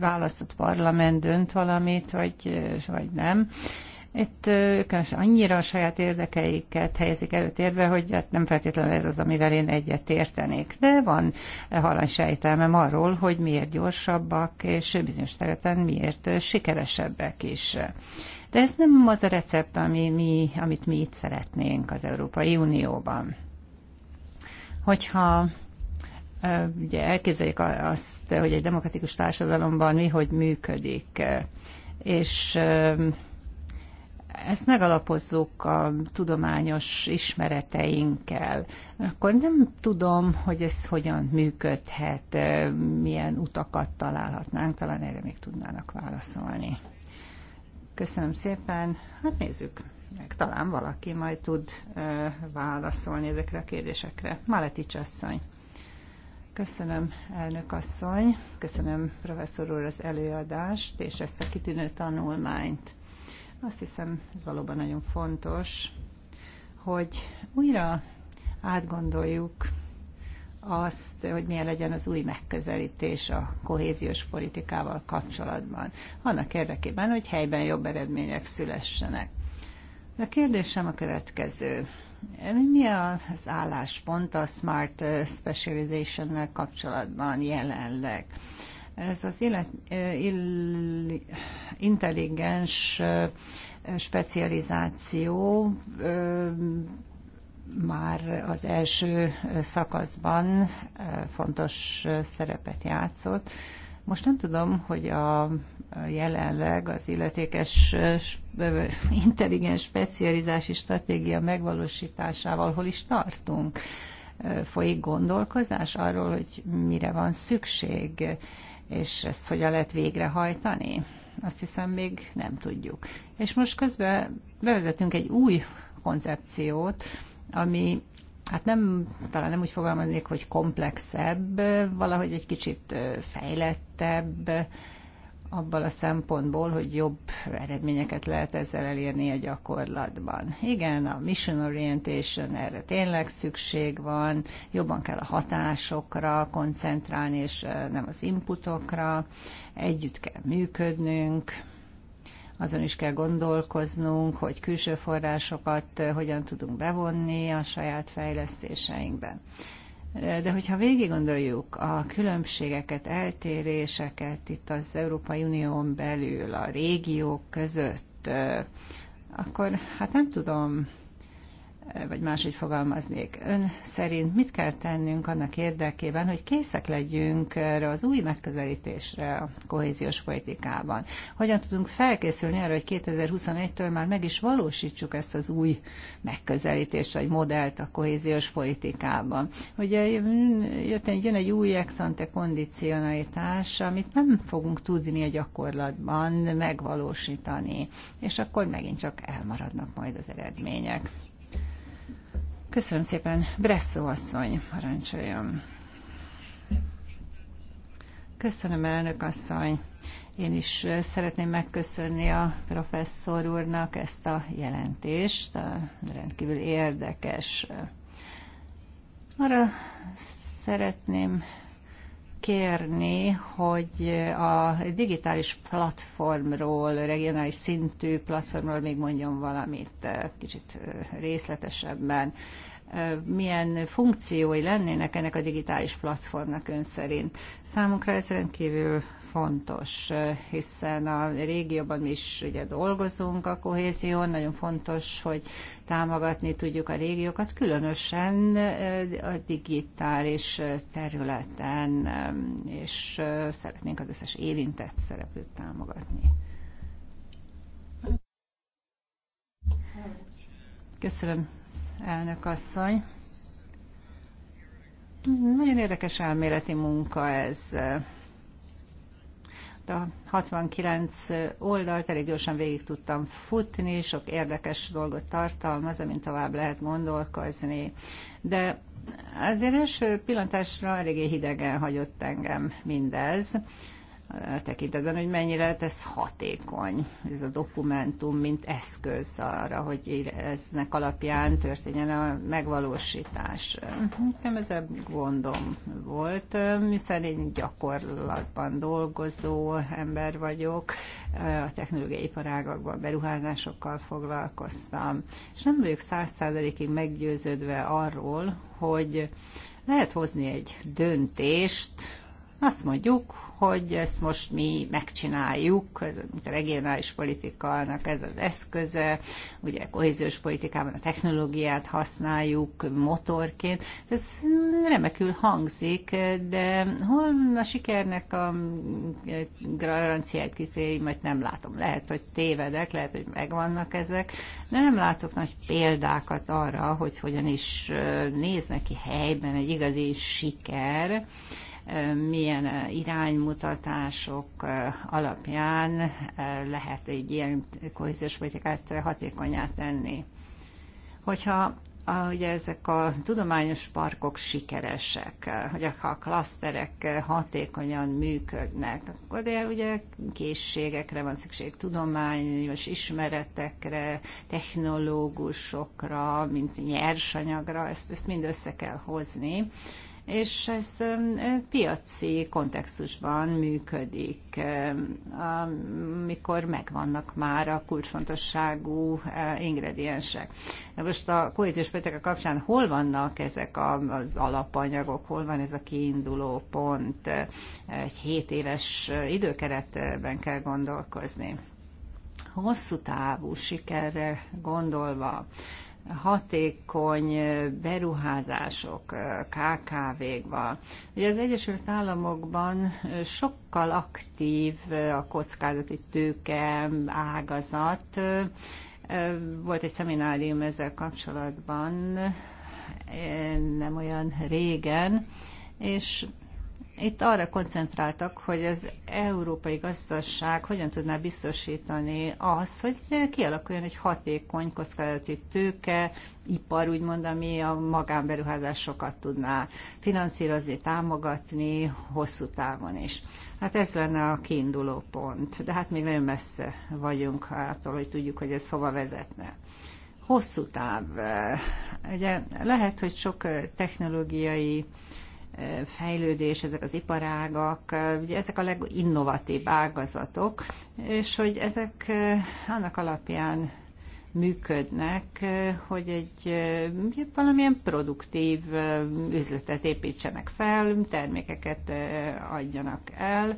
választott parlament dönt valamit, vagy, vagy nem. Itt ők annyira a saját érdekeiket helyezik előtérbe, hogy hát nem feltétlenül ez az, amivel én egyet értenék. De van sejtelmem arról, hogy miért gyorsabbak, és bizonyos területen miért sikeresebbek is. De ez nem az a recept, ami mi, amit mi itt szeretnénk az Európai Unióban. Hogyha ugye elképzeljük azt, hogy egy demokratikus társadalomban mi hogy működik, és ezt megalapozzuk a tudományos ismereteinkkel, akkor nem tudom, hogy ez hogyan működhet, milyen utakat találhatnánk, talán erre még tudnának válaszolni. Köszönöm szépen, hát nézzük meg, talán valaki majd tud válaszolni ezekre a kérdésekre. Maleti asszony. Köszönöm, elnök asszony, köszönöm professzor úr az előadást és ezt a kitűnő tanulmányt. Azt hiszem, ez valóban nagyon fontos, hogy újra átgondoljuk azt, hogy milyen legyen az új megközelítés a kohéziós politikával kapcsolatban, annak érdekében, hogy helyben jobb eredmények szülessenek. De a kérdésem a következő. Mi az álláspont a Smart eh, specialization kapcsolatban jelenleg? Ez az illet, eh, ill, intelligens eh, specializáció már az első szakaszban fontos szerepet játszott. Most nem tudom, hogy a jelenleg az illetékes intelligens specializási stratégia megvalósításával hol is tartunk. Folyik gondolkozás arról, hogy mire van szükség, és ezt hogyan lehet végrehajtani. Azt hiszem még nem tudjuk. És most közben bevezetünk egy új koncepciót, ami hát nem, talán nem úgy fogalmaznék, hogy komplexebb, valahogy egy kicsit fejlettebb, abban a szempontból, hogy jobb eredményeket lehet ezzel elérni a gyakorlatban. Igen, a mission orientation erre tényleg szükség van, jobban kell a hatásokra koncentrálni, és nem az inputokra, együtt kell működnünk, azon is kell gondolkoznunk, hogy külső forrásokat eh, hogyan tudunk bevonni a saját fejlesztéseinkben. Eh, de hogyha végig gondoljuk a különbségeket, eltéréseket itt az Európai Unión belül, a régiók között, eh, akkor hát nem tudom, vagy máshogy fogalmaznék. Ön szerint mit kell tennünk annak érdekében, hogy készek legyünk erre az új megközelítésre a kohéziós politikában? Hogyan tudunk felkészülni arra, hogy 2021-től már meg is valósítsuk ezt az új megközelítést, vagy modellt a kohéziós politikában? Ugye jött, jön egy új exante kondicionalitás, amit nem fogunk tudni a gyakorlatban megvalósítani, és akkor megint csak elmaradnak majd az eredmények. Köszönöm szépen. Bresszó asszony, parancsoljon. Köszönöm, elnök asszony. Én is szeretném megköszönni a professzor úrnak ezt a jelentést, a rendkívül érdekes. Arra szeretném kérni, hogy a digitális platformról, regionális szintű platformról még mondjon valamit kicsit részletesebben milyen funkciói lennének ennek a digitális platformnak ön szerint. Számunkra ez rendkívül fontos, hiszen a régióban mi is ugye dolgozunk a kohézión, nagyon fontos, hogy támogatni tudjuk a régiókat, különösen a digitális területen, és szeretnénk az összes érintett szereplőt támogatni. Köszönöm elnök asszony. Nagyon érdekes elméleti munka ez. A 69 oldalt elég gyorsan végig tudtam futni, sok érdekes dolgot tartalmaz, amint tovább lehet gondolkozni. De azért első pillantásra eléggé hidegen hagyott engem mindez tekintetben, hogy mennyire ez hatékony, ez a dokumentum, mint eszköz arra, hogy eznek alapján történjen a megvalósítás. Nekem ez a gondom volt, hiszen én gyakorlatban dolgozó ember vagyok, a technológiai iparágakban beruházásokkal foglalkoztam, és nem vagyok száz százalékig meggyőződve arról, hogy lehet hozni egy döntést, azt mondjuk, hogy ezt most mi megcsináljuk, mint a regionális politikának ez az eszköze, ugye kohéziós politikában a technológiát használjuk motorként. Ez remekül hangzik, de hol a sikernek a garanciáit majd nem látom. Lehet, hogy tévedek, lehet, hogy megvannak ezek, de nem látok nagy példákat arra, hogy hogyan is néz neki helyben egy igazi siker milyen eh, iránymutatások eh, alapján eh, lehet egy ilyen kohéziós politikát hatékonyá tenni. Hogyha ah, ugye ezek a tudományos parkok sikeresek, hogy a klaszterek hatékonyan működnek, akkor de ugye készségekre van szükség, tudományos ismeretekre, technológusokra, mint nyersanyagra, ezt, ezt mind össze kell hozni, és ez piaci kontextusban működik, amikor megvannak már a kulcsfontosságú e, ingrediensek. De most a kohéziós politika kapcsán hol vannak ezek az alapanyagok, hol van ez a kiinduló pont, egy 7 éves időkeretben kell gondolkozni hosszú távú sikerre gondolva, hatékony beruházások KKV-kba. Ugye az Egyesült Államokban sokkal aktív a kockázati tőke ágazat. Volt egy szeminárium ezzel kapcsolatban, nem olyan régen, és itt arra koncentráltak, hogy az európai gazdaság hogyan tudná biztosítani azt, hogy kialakuljon egy hatékony kockázati tőke, ipar, úgymond, ami a magánberuházásokat tudná finanszírozni, támogatni hosszú távon is. Hát ez lenne a kiinduló pont, de hát még nagyon messze vagyunk attól, hogy tudjuk, hogy ez hova vezetne hosszú táv. Ugye lehet, hogy sok eh, technológiai fejlődés, ezek az iparágak, ugye ezek a leginnovatív ágazatok, és hogy ezek annak alapján működnek, hogy egy valamilyen produktív üzletet építsenek fel, termékeket adjanak el,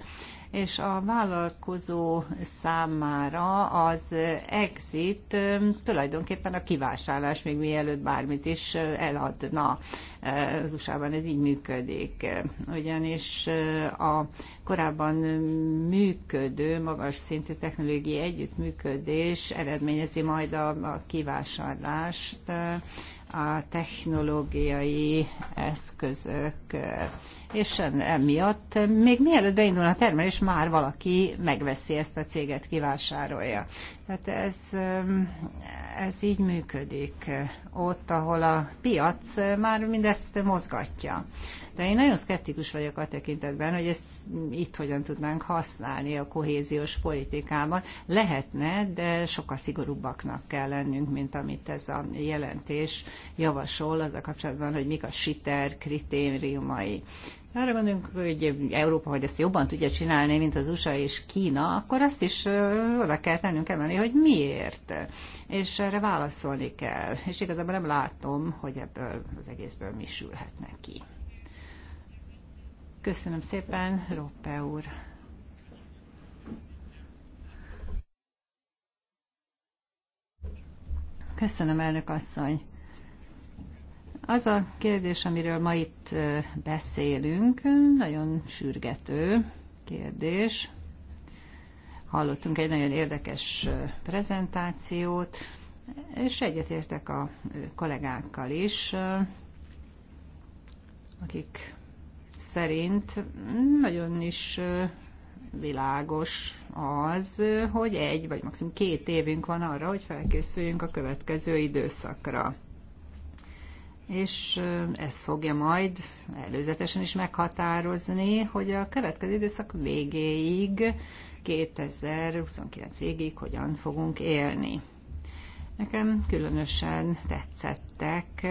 és a vállalkozó számára az exit tulajdonképpen a kivásárlás, még mielőtt bármit is eladna. Az USA-ban ez így működik. Ugyanis a korábban működő, magas szintű technológiai együttműködés eredményezi majd a, kivásárlást, a technológiai eszközök, és emiatt még mielőtt beindulna a termelés, már valaki megveszi ezt a céget, kivásárolja. Tehát ez, um, ez így működik ott, ahol a piac már mindezt mozgatja. De én nagyon szkeptikus vagyok a tekintetben, hogy ezt itt hogyan tudnánk használni a kohéziós politikában. Lehetne, de sokkal szigorúbbaknak kell lennünk, mint amit ez a jelentés javasol az a kapcsolatban, hogy mik a siter kritériumai arra gondolunk, hogy Európa, hogy ezt jobban tudja csinálni, mint az USA és Kína, akkor azt is oda kell tennünk emelni, hogy miért. És erre válaszolni kell. És igazából nem látom, hogy ebből az egészből mi sülhetne ki. Köszönöm szépen, Roppe úr. Köszönöm, elnök asszony. Az a kérdés, amiről ma itt beszélünk, nagyon sürgető kérdés. Hallottunk egy nagyon érdekes prezentációt, és egyetértek a kollégákkal is, akik szerint nagyon is világos az, hogy egy vagy maximum két évünk van arra, hogy felkészüljünk a következő időszakra. És ez fogja majd előzetesen is meghatározni, hogy a következő időszak végéig, 2029 végéig hogyan fogunk élni. Nekem különösen tetszettek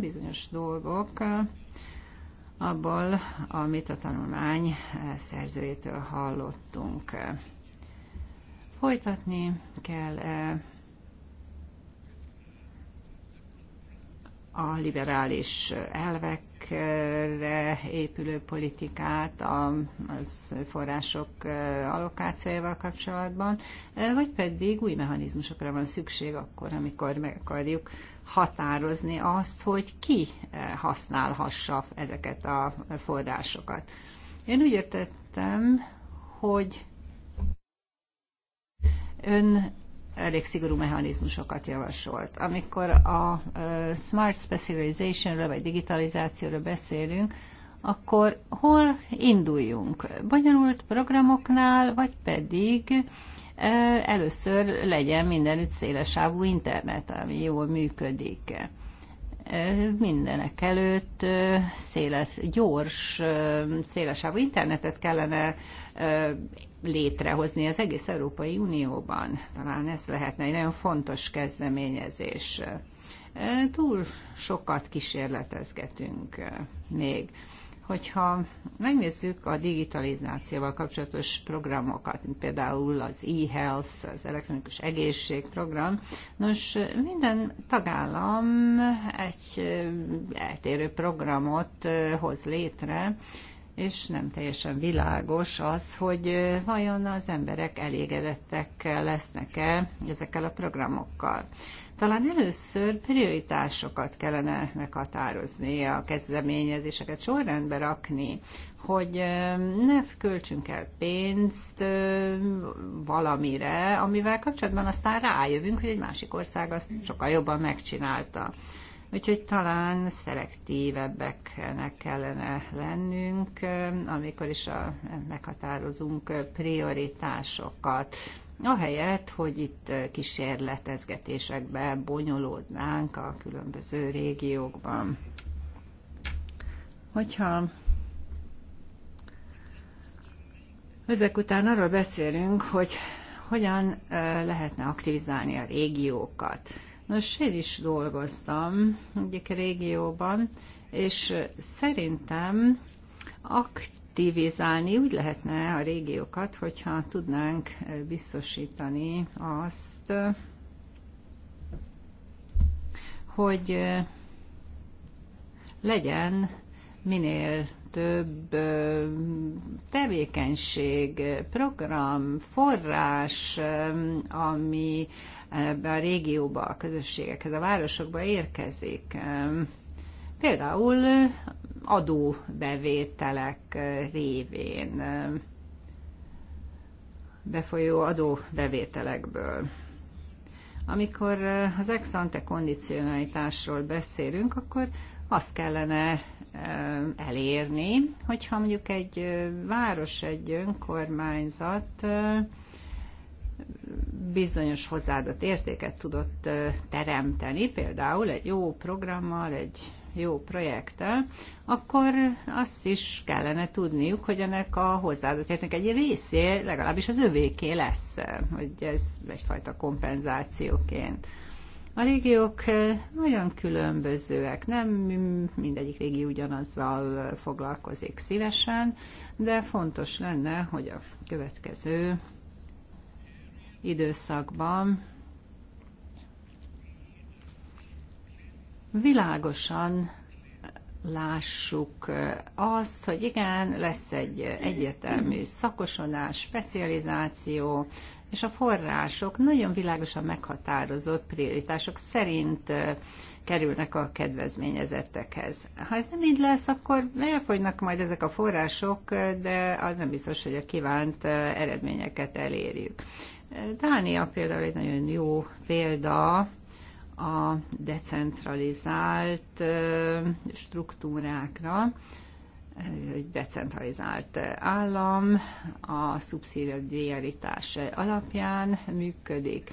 bizonyos dolgok, abból, amit a tanulmány szerzőjétől hallottunk. Folytatni kell -e a liberális elvekre épülő politikát az források allokációjával kapcsolatban, vagy pedig új mechanizmusokra van szükség akkor, amikor meg akarjuk határozni azt, hogy ki eh, használhassa ezeket a forrásokat. Én úgy értettem, hogy ön elég szigorú mechanizmusokat javasolt. Amikor a eh, smart specializationről vagy digitalizációról beszélünk, akkor hol induljunk? Bonyolult programoknál, vagy pedig először legyen mindenütt szélesávú internet, ami jól működik. Mindenek előtt széles, gyors, szélesávú internetet kellene létrehozni az egész Európai Unióban. Talán ez lehetne egy nagyon fontos kezdeményezés. Túl sokat kísérletezgetünk még. Hogyha megnézzük a digitalizációval kapcsolatos programokat, mint például az e-health, az elektronikus egészség program, nos, minden tagállam egy eltérő programot hoz létre, és nem teljesen világos az, hogy vajon az emberek elégedettek lesznek-e ezekkel a programokkal talán először prioritásokat kellene meghatározni, a kezdeményezéseket sorrendbe rakni, hogy ne költsünk el pénzt valamire, amivel kapcsolatban aztán rájövünk, hogy egy másik ország azt sokkal jobban megcsinálta. Úgyhogy talán szelektívebbeknek kellene lennünk, amikor is a, meghatározunk prioritásokat ahelyett, hogy itt eh, kísérletezgetésekbe bonyolódnánk a különböző régiókban. Hogyha ezek után arról beszélünk, hogy hogyan eh, lehetne aktivizálni a régiókat. Nos, én is dolgoztam egyik régióban, és eh, szerintem aktivizálni, kollektivizálni, úgy lehetne a régiókat, hogyha tudnánk eh, biztosítani azt, hogy eh, legyen minél több eh, tevékenység, program, forrás, ami a régióba, a közösségekhez, a városokba érkezik. Például adóbevételek révén, befolyó adóbevételekből. Amikor az ex ante kondicionalitásról beszélünk, akkor azt kellene elérni, hogyha mondjuk egy város, egy önkormányzat bizonyos hozzáadott értéket tudott teremteni, például egy jó programmal, egy jó projekttel, akkor azt is kellene tudniuk, hogy ennek a hozzáadott értéknek egy részé legalábbis az övéké lesz, hogy ez egyfajta kompenzációként. A régiók nagyon különbözőek, nem mindegyik régió ugyanazzal foglalkozik szívesen, de fontos lenne, hogy a következő időszakban világosan lássuk azt, hogy igen, lesz egy egyértelmű szakosodás, specializáció, és a források nagyon világosan meghatározott prioritások szerint kerülnek a kedvezményezettekhez. Ha ez nem így lesz, akkor elfogynak majd ezek a források, de az nem biztos, hogy a kívánt eredményeket elérjük. Dánia például egy nagyon jó példa, a decentralizált struktúrákra, egy decentralizált állam a szubszidiaritás alapján működik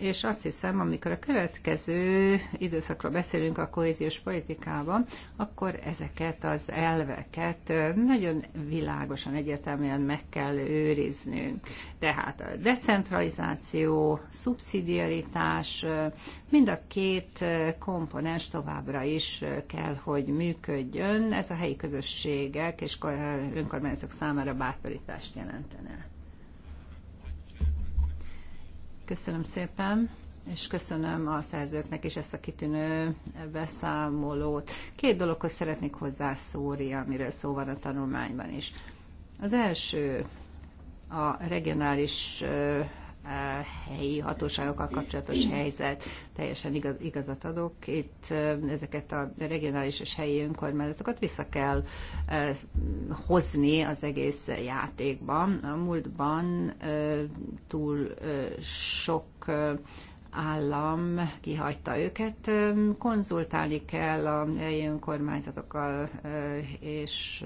és azt hiszem, amikor a következő időszakra beszélünk a kohéziós politikában, akkor ezeket az elveket nagyon világosan, egyértelműen meg kell őriznünk. Tehát a decentralizáció, szubszidiaritás, mind a két komponens továbbra is kell, hogy működjön. Ez a helyi közösségek és önkormányzatok számára bátorítást jelentene. Köszönöm szépen, és köszönöm a szerzőknek is ezt a kitűnő beszámolót. Két dologhoz szeretnék hozzászólni, amiről szó van a tanulmányban is. Az első a regionális helyi hatóságokkal kapcsolatos helyzet, teljesen igaz, igazat adok. Itt ezeket a regionális és helyi önkormányzatokat vissza kell hozni az egész játékban. A múltban túl sok állam kihagyta őket. Konzultálni kell a helyi önkormányzatokkal, és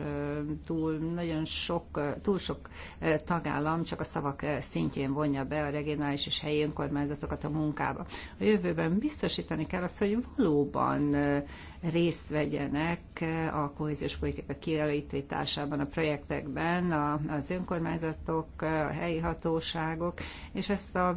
túl, nagyon sok, túl sok tagállam csak a szavak szintjén vonja be a regionális és helyi önkormányzatokat a munkába. A jövőben biztosítani kell azt, hogy valóban részt vegyenek a kohéziós politika kialakításában, a projektekben az önkormányzatok, a helyi hatóságok, és ezt a,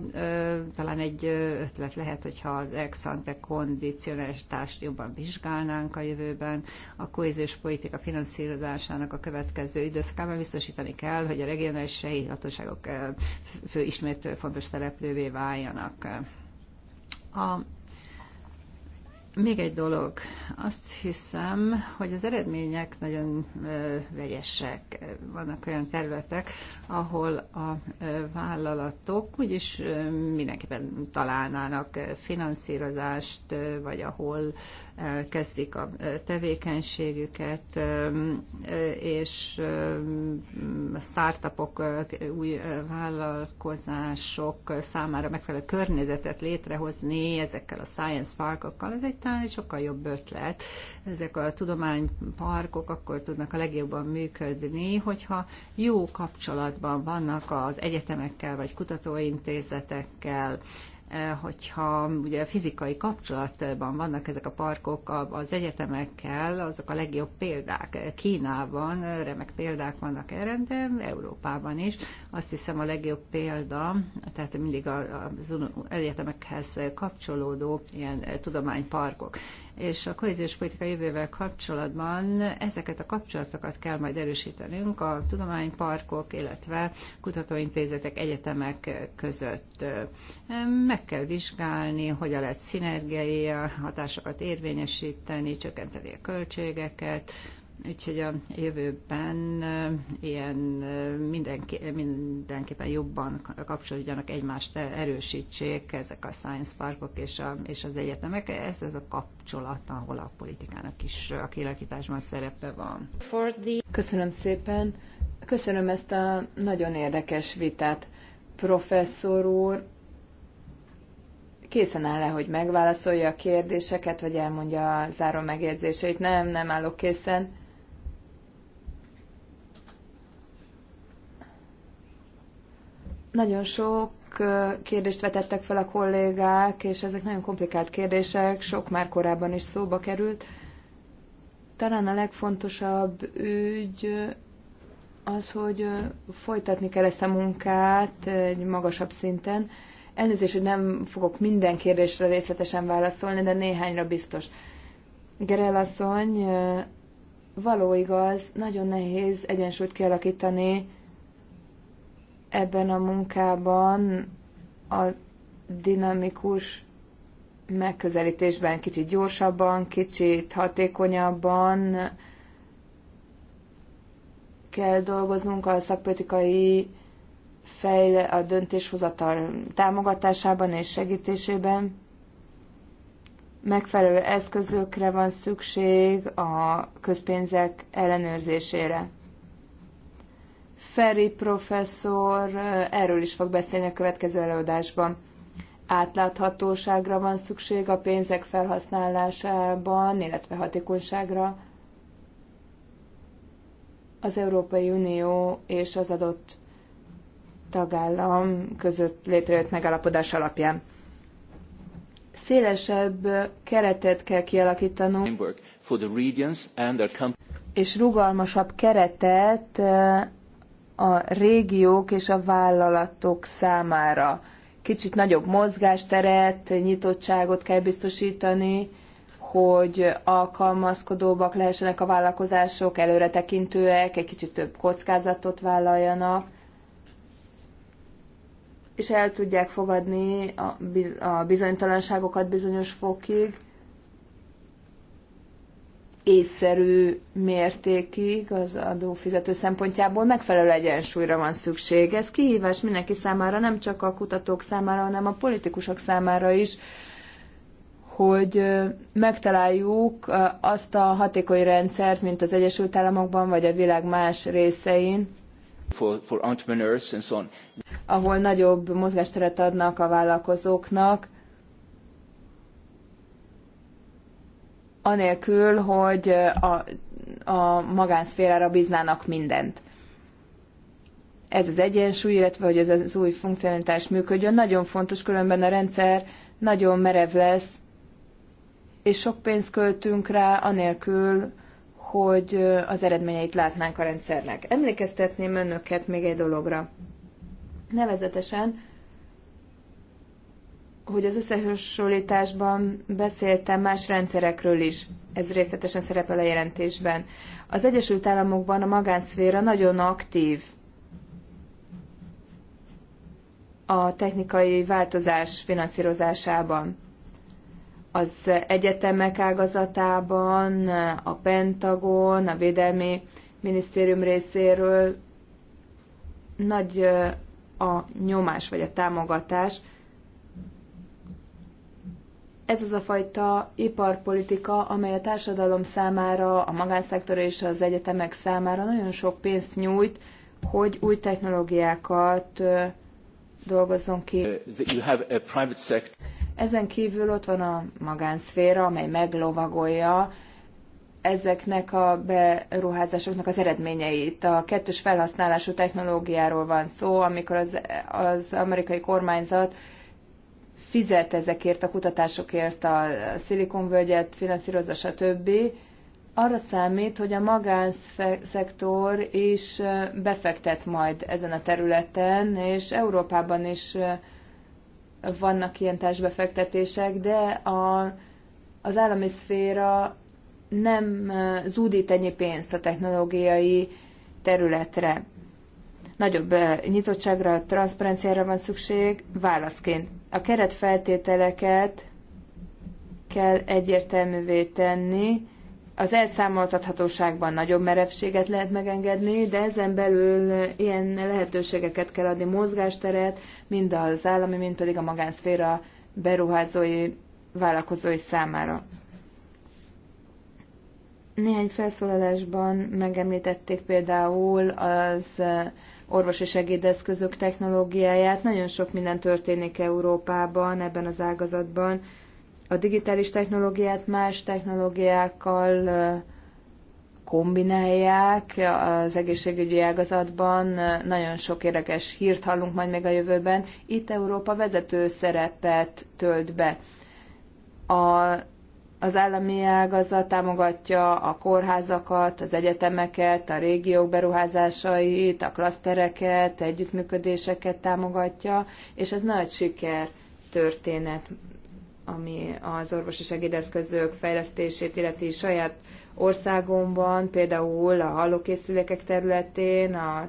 talán egy ötlet lehet, hogyha az ex ante kondicionalitást jobban vizsgálnánk a jövőben, a kohéziós politika finanszírozásának a következő időszakában biztosítani kell, hogy a regionális helyi hatóságok fő ismét fontos szereplővé váljanak. A még egy dolog. Azt hiszem, hogy az eredmények nagyon vegyesek. Vannak olyan területek, ahol a vállalatok úgyis mindenképpen találnának finanszírozást, vagy ahol elkezdik a tevékenységüket, és a startupok, új vállalkozások számára megfelelő környezetet létrehozni ezekkel a science parkokkal, ez egy talán egy sokkal jobb ötlet. Ezek a tudományparkok akkor tudnak a legjobban működni, hogyha jó kapcsolatban vannak az egyetemekkel vagy kutatóintézetekkel, Eh, hogyha ugye fizikai kapcsolatban vannak ezek a parkok az egyetemekkel, azok a legjobb példák. Kínában remek példák vannak erre, de Európában is. Azt hiszem a legjobb példa, tehát mindig az egyetemekhez kapcsolódó ilyen tudományparkok és a kohéziós politika jövővel kapcsolatban ezeket a kapcsolatokat kell majd erősítenünk a tudományparkok, illetve kutatóintézetek, egyetemek között. Meg kell vizsgálni, hogyan lehet szinergiai hatásokat érvényesíteni, csökkenteni a költségeket, Úgyhogy a jövőben ilyen mindenki, mindenképpen jobban kapcsolódjanak egymást, e, erősítsék ezek a science parkok és, a, és az egyetemek. Ez, ez a kapcsolat, ahol a politikának is a kialakításban szerepe van. Köszönöm szépen. Köszönöm ezt a nagyon érdekes vitát. Professzor úr, készen áll-e, hogy megválaszolja a kérdéseket, vagy elmondja a záró megjegyzéseit? Nem, nem állok készen. Nagyon sok kérdést vetettek fel a kollégák, és ezek nagyon komplikált kérdések, sok már korábban is szóba került. Talán a legfontosabb ügy az, hogy folytatni kell ezt a munkát egy magasabb szinten. Elnézést, hogy nem fogok minden kérdésre részletesen válaszolni, de néhányra biztos. Gerel asszony, való igaz, nagyon nehéz egyensúlyt kialakítani ebben a munkában a dinamikus megközelítésben kicsit gyorsabban, kicsit hatékonyabban kell dolgoznunk a szakpolitikai fejle a döntéshozatal támogatásában és segítésében. Megfelelő eszközökre van szükség a közpénzek ellenőrzésére. Ferri professzor erről is fog beszélni a következő előadásban. Átláthatóságra van szükség a pénzek felhasználásában, illetve hatékonyságra. Az Európai Unió és az adott tagállam között létrejött megállapodás alapján. Szélesebb keretet kell kialakítanunk, és rugalmasabb keretet a régiók és a vállalatok számára. Kicsit nagyobb mozgásteret, nyitottságot kell biztosítani, hogy alkalmazkodóbbak lehessenek a vállalkozások, előretekintőek, egy kicsit több kockázatot vállaljanak, és el tudják fogadni a bizonytalanságokat bizonyos fokig, észszerű mértékig az adófizető szempontjából megfelelő egyensúlyra van szükség. Ez kihívás mindenki számára, nem csak a kutatók számára, hanem a politikusok számára is, hogy megtaláljuk azt a hatékony rendszert, mint az Egyesült Államokban vagy a világ más részein, for, for entrepreneurs and so on. ahol nagyobb mozgásteret adnak a vállalkozóknak, anélkül, hogy a, a magánszférára bíznának mindent. Ez az egyensúly, illetve hogy ez az új funkcionalitás működjön, nagyon fontos, különben a rendszer nagyon merev lesz, és sok pénzt költünk rá, anélkül, hogy az eredményeit látnánk a rendszernek. Emlékeztetném önöket még egy dologra. Nevezetesen, hogy az összehasonlításban beszéltem más rendszerekről is. Ez részletesen szerepel a jelentésben. Az Egyesült Államokban a magánszféra nagyon aktív a technikai változás finanszírozásában. Az egyetemek ágazatában, a Pentagon, a Védelmi Minisztérium részéről nagy a nyomás vagy a támogatás, ez az a fajta iparpolitika, amely a társadalom számára, a magánszektor és az egyetemek számára nagyon sok pénzt nyújt, hogy új technológiákat dolgozzon ki. Uh, Ezen kívül ott van a magánszféra, amely meglovagolja ezeknek a beruházásoknak az eredményeit. A kettős felhasználású technológiáról van szó, amikor az, az amerikai kormányzat fizet ezekért a kutatásokért, a szilikonvölgyet finanszírozza, stb. Arra számít, hogy a magánszektor is befektet majd ezen a területen, és Európában is vannak ilyen társbefektetések, de a, az állami szféra nem zúdít ennyi pénzt a technológiai területre. Nagyobb eh, nyitottságra, transzparenciára van szükség válaszként. A keretfeltételeket kell egyértelművé tenni, az elszámoltathatóságban nagyobb merevséget lehet megengedni, de ezen belül eh, ilyen lehetőségeket kell adni, mozgásteret, mind az állami, mind pedig a magánszféra beruházói, vállalkozói számára. Néhány felszólalásban megemlítették például az eh, orvosi segédeszközök technológiáját. Nagyon sok minden történik Európában ebben az ágazatban. A digitális technológiát más technológiákkal kombinálják az egészségügyi ágazatban. Nagyon sok érdekes hírt hallunk majd még a jövőben. Itt Európa vezető szerepet tölt be. A az állami ágazat támogatja a kórházakat, az egyetemeket, a régiók beruházásait, a klasztereket, együttműködéseket támogatja, és ez nagy siker történet, ami az orvosi segédeszközök fejlesztését illeti saját országomban, például a hallókészülékek területén, a,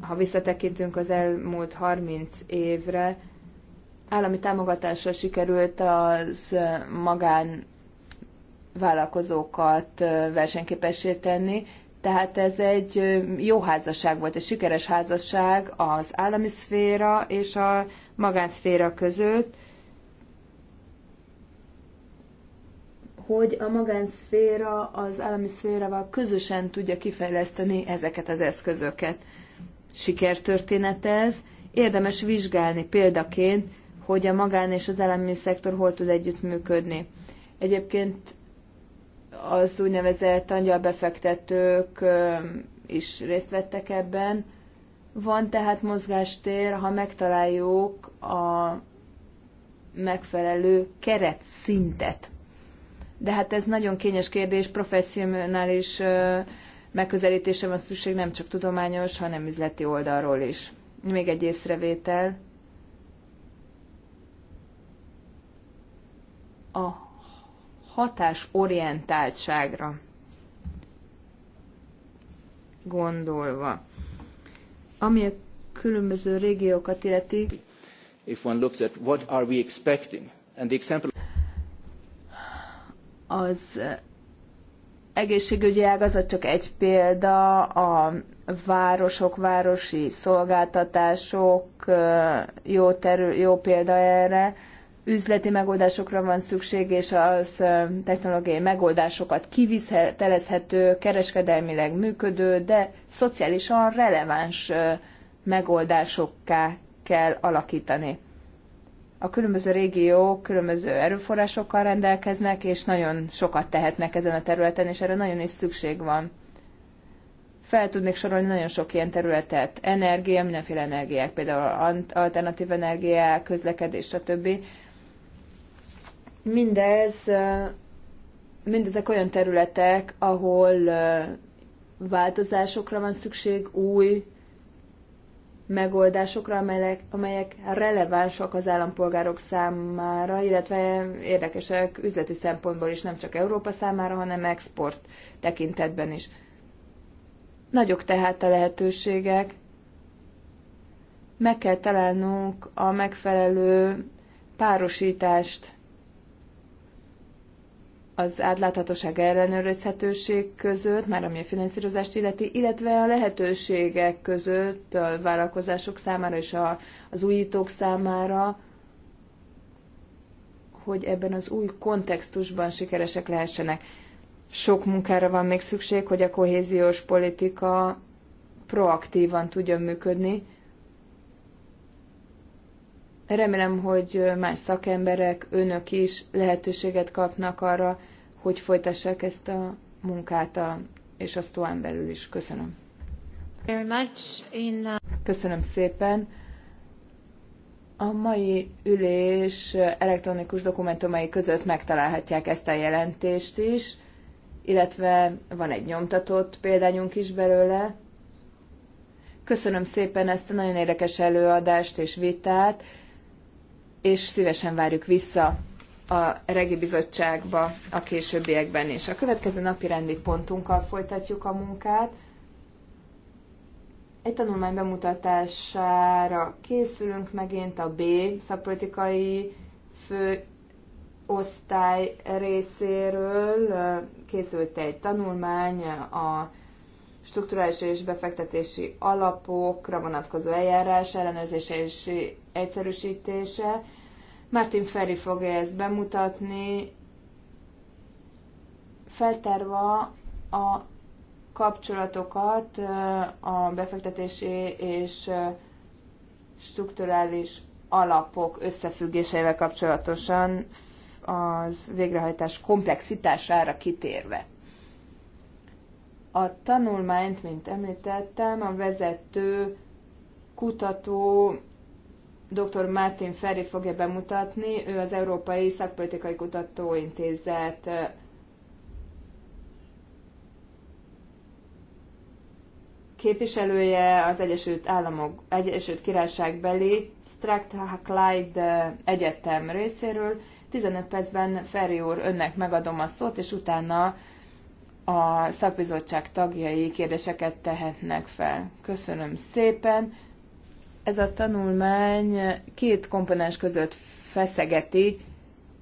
ha visszatekintünk az elmúlt 30 évre, állami támogatásra sikerült az magán vállalkozókat versenyképessé tenni. Tehát ez egy jó házasság volt, egy sikeres házasság az állami szféra és a magánszféra között, hogy a magánszféra az állami szférával közösen tudja kifejleszteni ezeket az eszközöket. Sikertörténet ez, érdemes vizsgálni példaként, hogy a magán és az állami szektor hol tud együttműködni. Egyébként az úgynevezett angyalbefektetők is részt vettek ebben. Van tehát mozgástér, ha megtaláljuk a megfelelő keret szintet, De hát ez nagyon kényes kérdés, professzionális megközelítése van szükség nem csak tudományos, hanem üzleti oldalról is. Még egy észrevétel. A hatásorientáltságra gondolva. Ami a különböző régiókat illeti, if one looks at what are we expecting, and the example az egészségügyi ágazat csak egy példa, a városok, városi szolgáltatások jó, terül, jó példa erre üzleti megoldásokra van szükség, és az technológiai megoldásokat kivitelezhető, kereskedelmileg működő, de szociálisan releváns megoldásokká kell alakítani. A különböző régiók különböző erőforrásokkal rendelkeznek, és nagyon sokat tehetnek ezen a területen, és erre nagyon is szükség van. Fel tudnék sorolni nagyon sok ilyen területet. Energia, mindenféle energiák, például alternatív energiák, közlekedés, stb Mindez, mindezek olyan területek, ahol változásokra van szükség, új megoldásokra, amelyek, amelyek relevánsak az állampolgárok számára, illetve érdekesek üzleti szempontból is, nem csak Európa számára, hanem export tekintetben is. Nagyok tehát a lehetőségek. Meg kell találnunk a megfelelő párosítást az átláthatóság ellenőrizhetőség között, már ami a finanszírozást illeti, illetve a lehetőségek között a vállalkozások számára és a, az újítók számára, hogy ebben az új kontextusban sikeresek lehessenek. Sok munkára van még szükség, hogy a kohéziós politika proaktívan tudjon működni, Remélem, hogy más szakemberek, önök is lehetőséget kapnak arra, hogy folytassák ezt a munkát, a, és a sztoán belül is. Köszönöm. Uh, Köszönöm szépen. A mai ülés elektronikus dokumentumai között megtalálhatják ezt a jelentést is, illetve van egy nyomtatott példányunk is belőle. Köszönöm szépen ezt a nagyon érdekes előadást és vitát és szívesen várjuk vissza a regi bizottságba a későbbiekben is. A következő napi rendi pontunkkal folytatjuk a munkát. Egy tanulmány bemutatására készülünk megint a B szakpolitikai fő osztály részéről. Készült egy tanulmány a strukturális és befektetési alapokra vonatkozó eljárás ellenőrzése és egyszerűsítése. Martin Ferry fogja ezt bemutatni, feltárva a kapcsolatokat a befektetési és strukturális alapok összefüggéseivel kapcsolatosan az végrehajtás komplexitására kitérve. A tanulmányt, mint említettem, a vezető kutató dr. Martin Ferri fogja bemutatni, ő az Európai Szakpolitikai Kutatóintézet képviselője az Egyesült Államok, Egyesült Királyságbeli Strachtha Clyde Egyetem részéről. 15 percben Ferri úr, önnek megadom a szót, és utána a szakbizottság tagjai kérdéseket tehetnek fel. Köszönöm szépen. Ez a tanulmány két komponens között feszegeti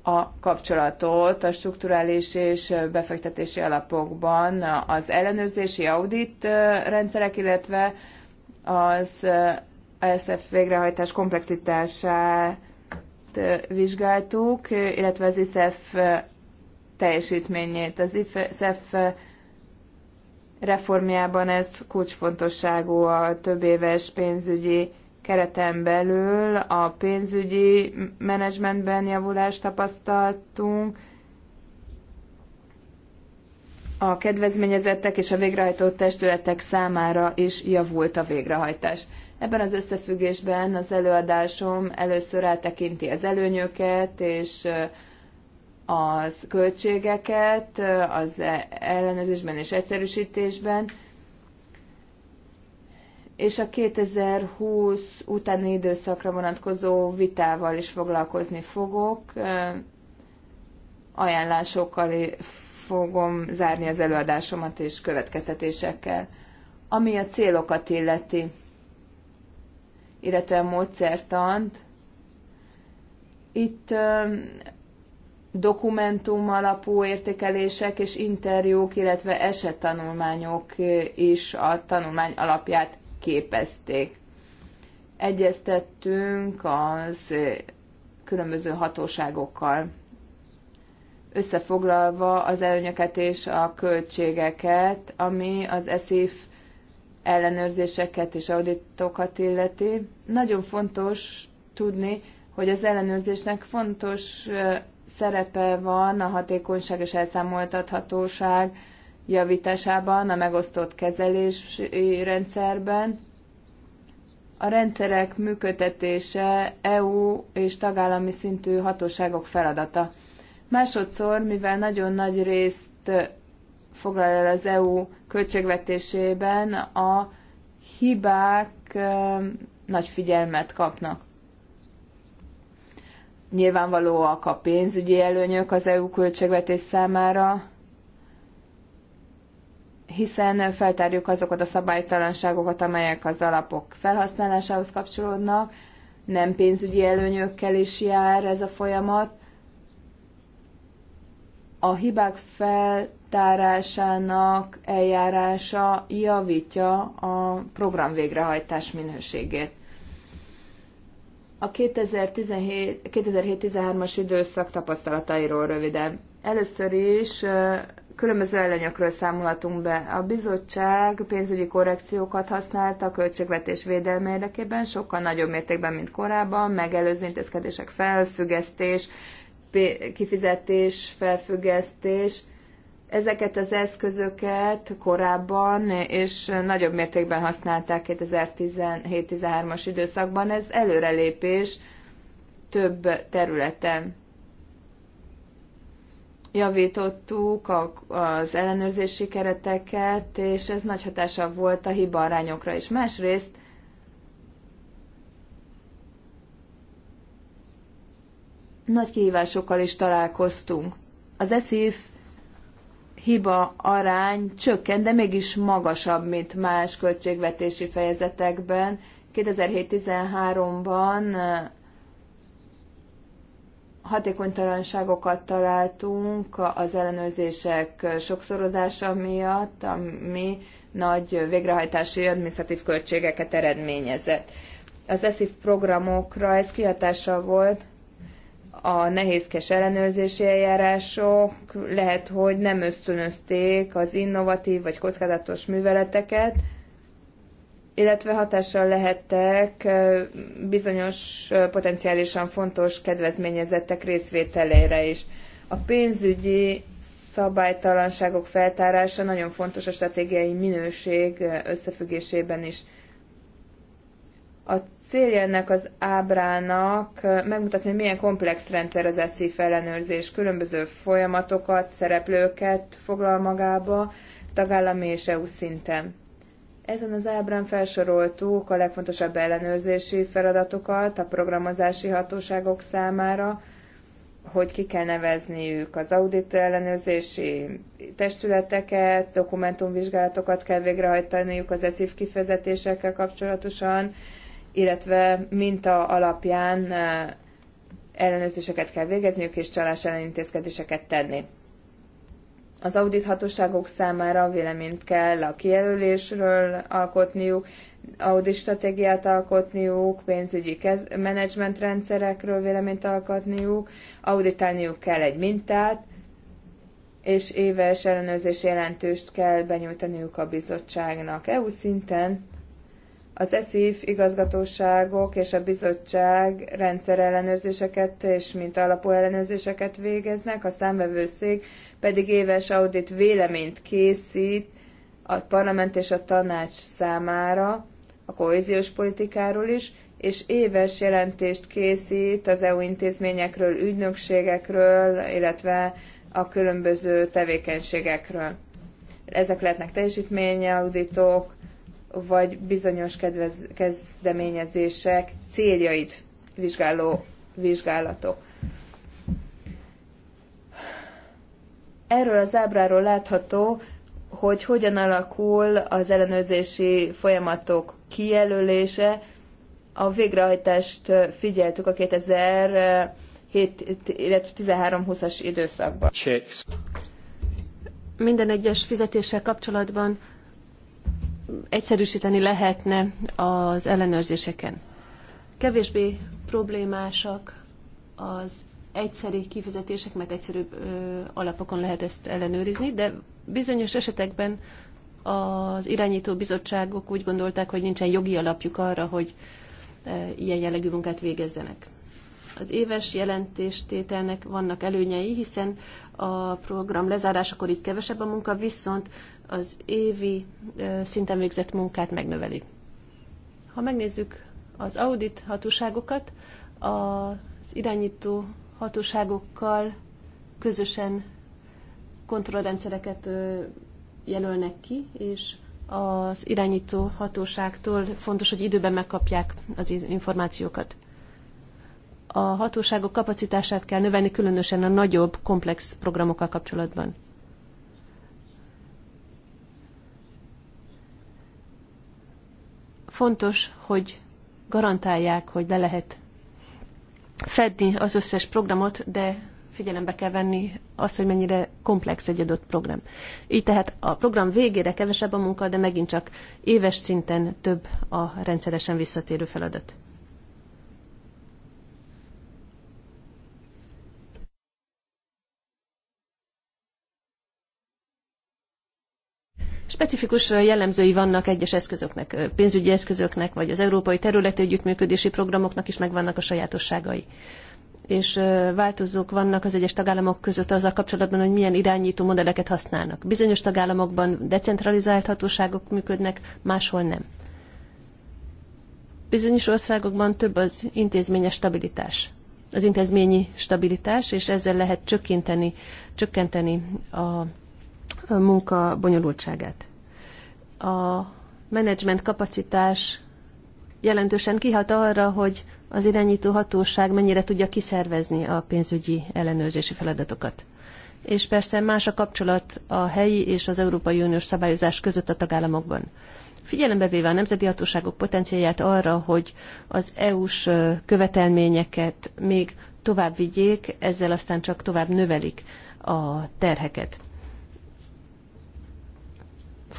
a kapcsolatot a strukturális és befektetési alapokban az ellenőrzési audit rendszerek, illetve az ASF végrehajtás komplexitását vizsgáltuk, illetve az ISF teljesítményét. Az IFSZEF e reformjában ez kulcsfontosságú a több éves pénzügyi kereten belül. A pénzügyi menedzsmentben javulást tapasztaltunk, a kedvezményezettek és a végrehajtó testületek számára is javult a végrehajtás. Ebben az összefüggésben az előadásom először eltekinti az előnyöket és az költségeket az ellenőrzésben és egyszerűsítésben, és a 2020 utáni időszakra vonatkozó vitával is foglalkozni fogok, ajánlásokkal fogom zárni az előadásomat és következtetésekkel. Ami a célokat illeti, illetve a módszertant, itt dokumentum alapú értékelések és interjúk, illetve esettanulmányok is a tanulmány alapját képezték. Egyeztettünk az eh, különböző hatóságokkal. Összefoglalva az előnyöket és a költségeket, ami az eszív ellenőrzéseket és auditokat illeti. Nagyon fontos tudni, hogy az ellenőrzésnek fontos eh, szerepe van a hatékonyság és elszámoltathatóság javításában, a megosztott kezelési rendszerben. A rendszerek működtetése EU és tagállami szintű hatóságok feladata. Másodszor, mivel nagyon nagy részt foglal el az EU költségvetésében, a hibák nagy figyelmet kapnak nyilvánvalóak a pénzügyi előnyök az EU költségvetés számára, hiszen feltárjuk azokat a szabálytalanságokat, amelyek az alapok felhasználásához kapcsolódnak, nem pénzügyi előnyökkel is jár ez a folyamat. A hibák feltárásának eljárása javítja a program végrehajtás minőségét. A 2017-13-as időszak tapasztalatairól röviden. Először is különböző előnyökről számolhatunk be. A bizottság pénzügyi korrekciókat használta a költségvetés védelme érdekében, sokkal nagyobb mértékben, mint korábban, megelőző intézkedések felfüggesztés, kifizetés, felfüggesztés, Ezeket az eszközöket korábban és nagyobb mértékben használták 2017-13-as időszakban. Ez előrelépés több területen. Javítottuk az ellenőrzési kereteket, és ez nagy hatása volt a hiba arányokra is. Másrészt nagy kihívásokkal is találkoztunk. Az eszív hiba arány csökken, de mégis magasabb, mint más költségvetési fejezetekben. 2007-13-ban eh, hatékonytalanságokat találtunk az ellenőrzések sokszorozása miatt, ami nagy végrehajtási administratív költségeket eredményezett. Az ESZIF programokra ez kihatással volt, a nehézkes ellenőrzési eljárások lehet, hogy nem ösztönözték az innovatív vagy kockázatos műveleteket, illetve hatással lehettek bizonyos potenciálisan fontos kedvezményezettek részvételére is. A pénzügyi szabálytalanságok feltárása nagyon fontos a stratégiai minőség összefüggésében is. A Célja ennek az ábrának megmutatni, hogy milyen komplex rendszer az eszi ellenőrzés, különböző folyamatokat, szereplőket foglal magába, tagállami és EU szinten. Ezen az ábrán felsoroltuk a legfontosabb ellenőrzési feladatokat a programozási hatóságok számára, hogy ki kell nevezniük az audit ellenőrzési testületeket, dokumentumvizsgálatokat kell végrehajtaniuk az eszív kifezetésekkel kapcsolatosan, illetve minta alapján eh, ellenőrzéseket kell végezniük és csalás ellenintézkedéseket tenni. Az audit hatóságok számára véleményt kell a kijelölésről alkotniuk, audit stratégiát alkotniuk, pénzügyi kez- rendszerekről véleményt alkotniuk, auditálniuk kell egy mintát, és éves ellenőrzés jelentőst kell benyújtaniuk a bizottságnak. EU szinten az ESZIF igazgatóságok és a bizottság rendszerellenőrzéseket és mintaalapú ellenőrzéseket végeznek, a számvevőszék pedig éves audit véleményt készít a parlament és a tanács számára, a kohéziós politikáról is, és éves jelentést készít az EU intézményekről, ügynökségekről, illetve a különböző tevékenységekről. Ezek lehetnek teljesítményauditok, vagy bizonyos kedvez, kezdeményezések céljait vizsgáló vizsgálatok. Erről az ábráról látható, hogy hogyan alakul az ellenőrzési folyamatok kijelölése. A végrehajtást figyeltük a 2007, illetve 13-20-as időszakban. Checks. Minden egyes fizetéssel kapcsolatban egyszerűsíteni lehetne az ellenőrzéseken. Kevésbé problémásak az egyszeri kifizetések, mert egyszerűbb ö, alapokon lehet ezt ellenőrizni, de bizonyos esetekben az irányító bizottságok úgy gondolták, hogy nincsen jogi alapjuk arra, hogy ö, ilyen jellegű munkát végezzenek. Az éves jelentéstételnek vannak előnyei, hiszen a program lezárásakor így kevesebb a munka, viszont az évi szinten végzett munkát megnöveli. Ha megnézzük az audit hatóságokat, az irányító hatóságokkal közösen kontrollrendszereket jelölnek ki, és az irányító hatóságtól fontos, hogy időben megkapják az információkat. A hatóságok kapacitását kell növelni, különösen a nagyobb, komplex programokkal kapcsolatban. Fontos, hogy garantálják, hogy le lehet fedni az összes programot, de figyelembe kell venni azt, hogy mennyire komplex egy adott program. Így tehát a program végére kevesebb a munka, de megint csak éves szinten több a rendszeresen visszatérő feladat. Specifikus jellemzői vannak egyes eszközöknek, pénzügyi eszközöknek, vagy az európai területi együttműködési programoknak is megvannak a sajátosságai és változók vannak az egyes tagállamok között azzal kapcsolatban, hogy milyen irányító modelleket használnak. Bizonyos tagállamokban decentralizált hatóságok működnek, máshol nem. Bizonyos országokban több az intézményes stabilitás, az intézményi stabilitás, és ezzel lehet csökkenteni, csökkenteni a munka bonyolultságát. A menedzsment kapacitás jelentősen kihat arra, hogy az irányító hatóság mennyire tudja kiszervezni a pénzügyi ellenőrzési feladatokat. És persze más a kapcsolat a helyi és az Európai Uniós szabályozás között a tagállamokban. Figyelembe véve a nemzeti hatóságok potenciáját arra, hogy az EU-s követelményeket még tovább vigyék, ezzel aztán csak tovább növelik a terheket.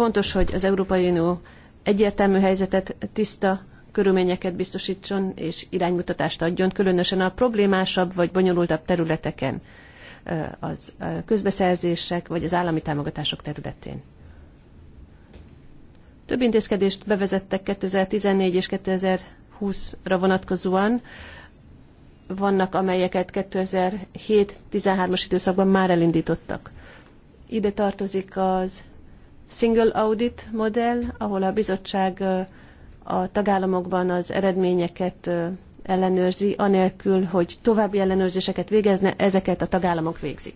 Fontos, hogy az Európai Unió egyértelmű helyzetet, tiszta körülményeket biztosítson és iránymutatást adjon, különösen a problémásabb vagy bonyolultabb területeken, az közbeszerzések vagy az állami támogatások területén. Több intézkedést bevezettek 2014 és 2020-ra vonatkozóan, vannak, amelyeket 2007-13-as időszakban már elindítottak. Ide tartozik az single audit modell, ahol a bizottság a tagállamokban az eredményeket ellenőrzi, anélkül, hogy további ellenőrzéseket végezne, ezeket a tagállamok végzik.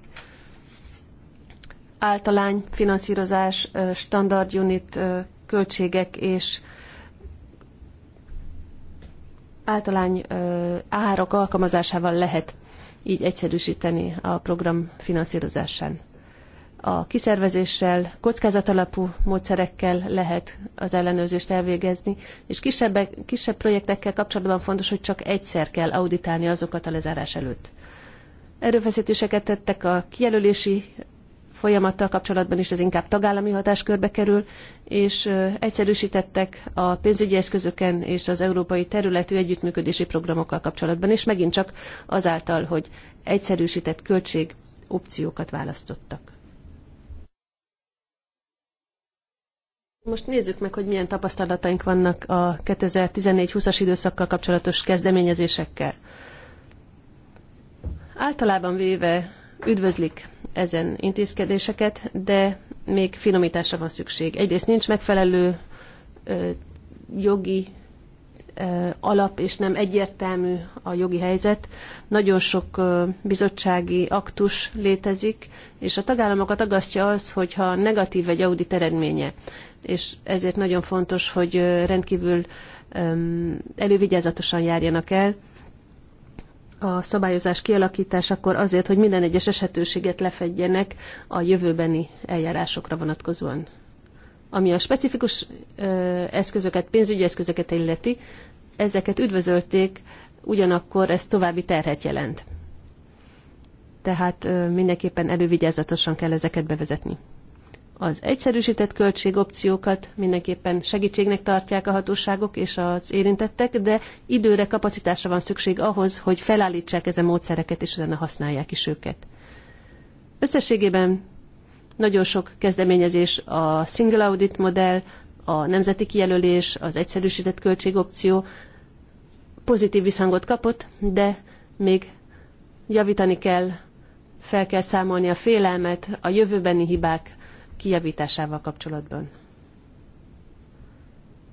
Általány, finanszírozás, standard unit, költségek és általány árak alkalmazásával lehet így egyszerűsíteni a program finanszírozásán a kiszervezéssel, kockázatalapú módszerekkel lehet az ellenőrzést elvégezni, és kisebb, kisebb projektekkel kapcsolatban fontos, hogy csak egyszer kell auditálni azokat a lezárás előtt. Erőfeszítéseket tettek a kijelölési folyamattal kapcsolatban is, ez inkább tagállami hatáskörbe kerül, és egyszerűsítettek a pénzügyi eszközöken és az európai területű együttműködési programokkal kapcsolatban, és megint csak azáltal, hogy egyszerűsített költség opciókat választottak. Most nézzük meg, hogy milyen tapasztalataink vannak a 2014-20-as időszakkal kapcsolatos kezdeményezésekkel. Általában véve üdvözlik ezen intézkedéseket, de még finomításra van szükség. Egyrészt nincs megfelelő ö, jogi ö, alap, és nem egyértelmű a jogi helyzet. Nagyon sok ö, bizottsági aktus létezik, és a tagállamokat agasztja az, hogyha negatív egy audit eredménye és ezért nagyon fontos, hogy rendkívül elővigyázatosan járjanak el a szabályozás kialakításakor azért, hogy minden egyes esetőséget lefedjenek a jövőbeni eljárásokra vonatkozóan. Ami a specifikus eszközöket, pénzügyi eszközöket illeti, ezeket üdvözölték, ugyanakkor ez további terhet jelent. Tehát mindenképpen elővigyázatosan kell ezeket bevezetni. Az egyszerűsített költségopciókat mindenképpen segítségnek tartják a hatóságok és az érintettek, de időre, kapacitásra van szükség ahhoz, hogy felállítsák ezen módszereket, és utána használják is őket. Összességében nagyon sok kezdeményezés a single audit modell, a nemzeti kijelölés, az egyszerűsített költségopció pozitív visszhangot kapott, de még javítani kell, fel kell számolni a félelmet, a jövőbeni hibák kijavításával kapcsolatban.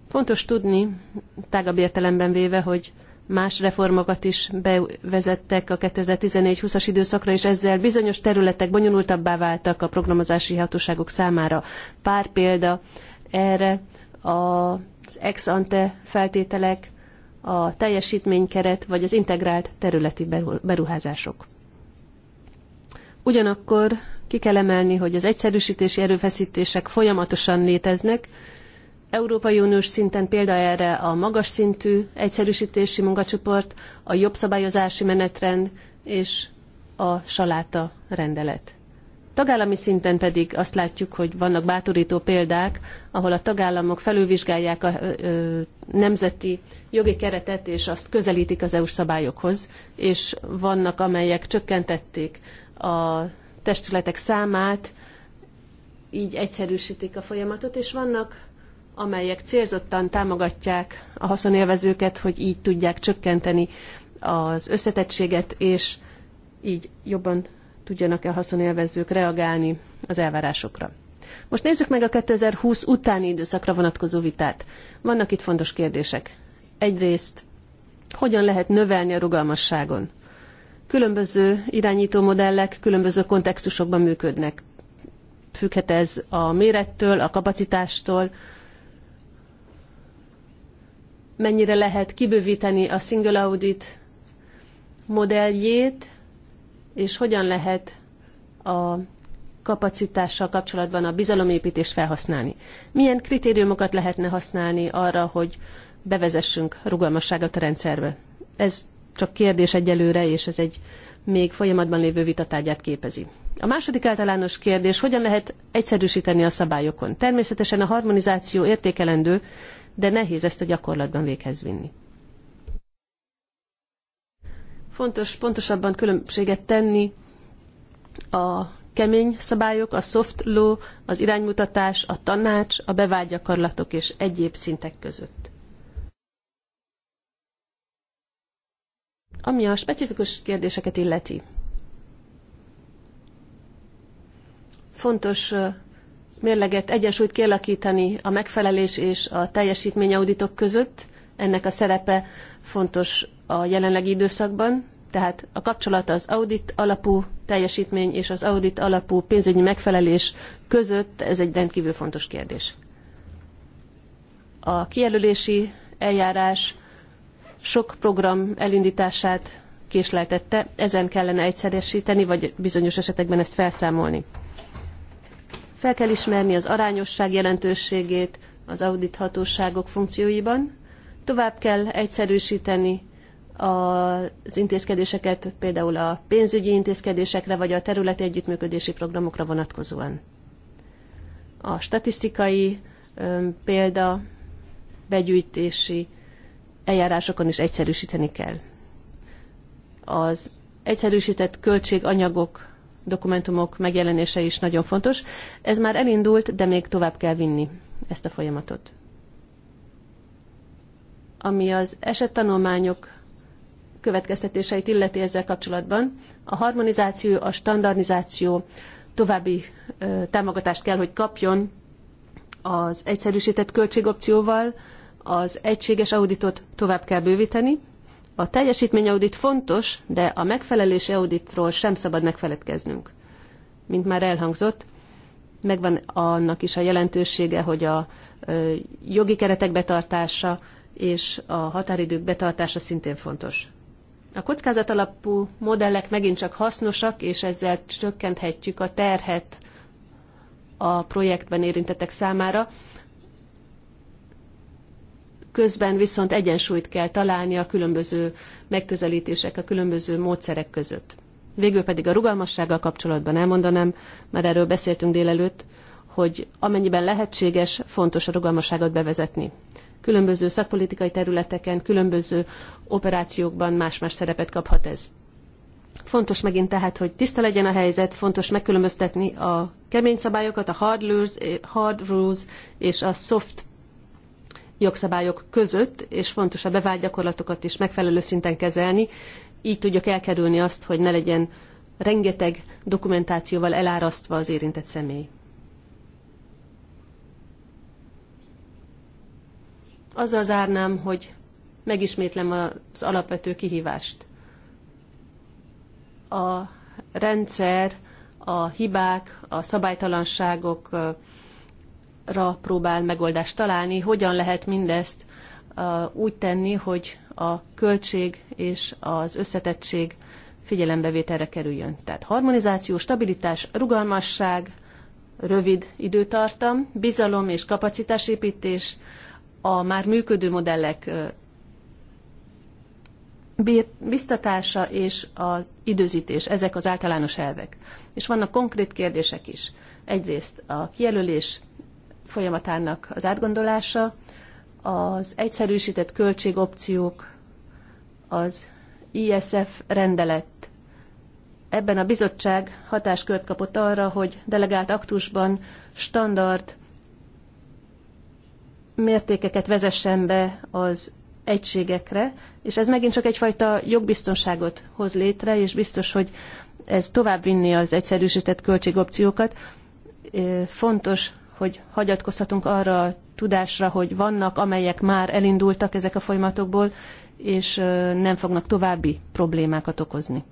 Fontos tudni, tágabb értelemben véve, hogy más reformokat is bevezettek a 2014-20-as időszakra, és ezzel bizonyos területek bonyolultabbá váltak a programozási hatóságok számára. Pár példa erre az ex ante feltételek, a teljesítménykeret vagy az integrált területi beruházások. Ugyanakkor ki kell emelni, hogy az egyszerűsítési erőfeszítések folyamatosan léteznek. Európai Uniós szinten példa erre a magas szintű egyszerűsítési munkacsoport, a jobb szabályozási menetrend és a saláta rendelet. Tagállami szinten pedig azt látjuk, hogy vannak bátorító példák, ahol a tagállamok felülvizsgálják a ö, nemzeti jogi keretet, és azt közelítik az EU-s szabályokhoz, és vannak, amelyek csökkentették a testületek számát, így egyszerűsítik a folyamatot, és vannak, amelyek célzottan támogatják a haszonélvezőket, hogy így tudják csökkenteni az összetettséget, és így jobban tudjanak-e a haszonélvezők reagálni az elvárásokra. Most nézzük meg a 2020 utáni időszakra vonatkozó vitát. Vannak itt fontos kérdések. Egyrészt, hogyan lehet növelni a rugalmasságon? Különböző irányító modellek különböző kontextusokban működnek. Függhet ez a mérettől, a kapacitástól, mennyire lehet kibővíteni a single audit modelljét, és hogyan lehet a kapacitással kapcsolatban a bizalomépítést felhasználni. Milyen kritériumokat lehetne használni arra, hogy bevezessünk rugalmasságot a rendszerbe? Ez csak kérdés egyelőre, és ez egy még folyamatban lévő vitatárgyát képezi. A második általános kérdés, hogyan lehet egyszerűsíteni a szabályokon? Természetesen a harmonizáció értékelendő, de nehéz ezt a gyakorlatban véghez vinni. Fontos pontosabban különbséget tenni a kemény szabályok, a soft law, az iránymutatás, a tanács, a bevált gyakorlatok és egyéb szintek között. Ami a specifikus kérdéseket illeti, fontos mérleget, egyensúlyt kialakítani a megfelelés és a auditok között. Ennek a szerepe fontos a jelenlegi időszakban, tehát a kapcsolat az audit alapú teljesítmény és az audit alapú pénzügyi megfelelés között, ez egy rendkívül fontos kérdés. A kijelölési eljárás sok program elindítását késleltette, ezen kellene egyszeresíteni, vagy bizonyos esetekben ezt felszámolni. Fel kell ismerni az arányosság jelentőségét az audithatóságok funkcióiban, tovább kell egyszerűsíteni az intézkedéseket például a pénzügyi intézkedésekre vagy a területi együttműködési programokra vonatkozóan. A statisztikai példa begyűjtési eljárásokon is egyszerűsíteni kell. Az egyszerűsített költséganyagok, dokumentumok megjelenése is nagyon fontos. Ez már elindult, de még tovább kell vinni ezt a folyamatot. Ami az esettanulmányok következtetéseit illeti ezzel kapcsolatban, a harmonizáció, a standardizáció további ö, támogatást kell, hogy kapjon az egyszerűsített költségopcióval, az egységes auditot tovább kell bővíteni. A teljesítményaudit fontos, de a megfelelési auditról sem szabad megfeledkeznünk. Mint már elhangzott, megvan annak is a jelentősége, hogy a jogi keretek betartása és a határidők betartása szintén fontos. A kockázat alapú modellek megint csak hasznosak, és ezzel csökkenthetjük a terhet a projektben érintettek számára, közben viszont egyensúlyt kell találni a különböző megközelítések, a különböző módszerek között. Végül pedig a rugalmassággal kapcsolatban elmondanám, már erről beszéltünk délelőtt, hogy amennyiben lehetséges, fontos a rugalmasságot bevezetni. Különböző szakpolitikai területeken, különböző operációkban más-más szerepet kaphat ez. Fontos megint tehát, hogy tiszta legyen a helyzet, fontos megkülönböztetni a kemény szabályokat, a hard rules, eh, hard rules és a soft jogszabályok között, és fontos a bevált gyakorlatokat is megfelelő szinten kezelni. Így tudjuk elkerülni azt, hogy ne legyen rengeteg dokumentációval elárasztva az érintett személy. Azzal zárnám, hogy megismétlem az alapvető kihívást. A rendszer, a hibák, a szabálytalanságok, ra próbál megoldást találni, hogyan lehet mindezt úgy tenni, hogy a költség és az összetettség figyelembevételre kerüljön. Tehát harmonizáció, stabilitás, rugalmasság, rövid időtartam, bizalom és kapacitásépítés, a már működő modellek biztatása és az időzítés, ezek az általános elvek. És vannak konkrét kérdések is. Egyrészt a kijelölés, folyamatának az átgondolása, az egyszerűsített költségopciók, az ISF rendelet. Ebben a bizottság hatáskört kapott arra, hogy delegált aktusban standard mértékeket vezessen be az egységekre, és ez megint csak egyfajta jogbiztonságot hoz létre, és biztos, hogy ez tovább vinni az egyszerűsített költségopciókat. Fontos hogy hagyatkozhatunk arra a tudásra, hogy vannak, amelyek már elindultak ezek a folyamatokból, és nem fognak további problémákat okozni.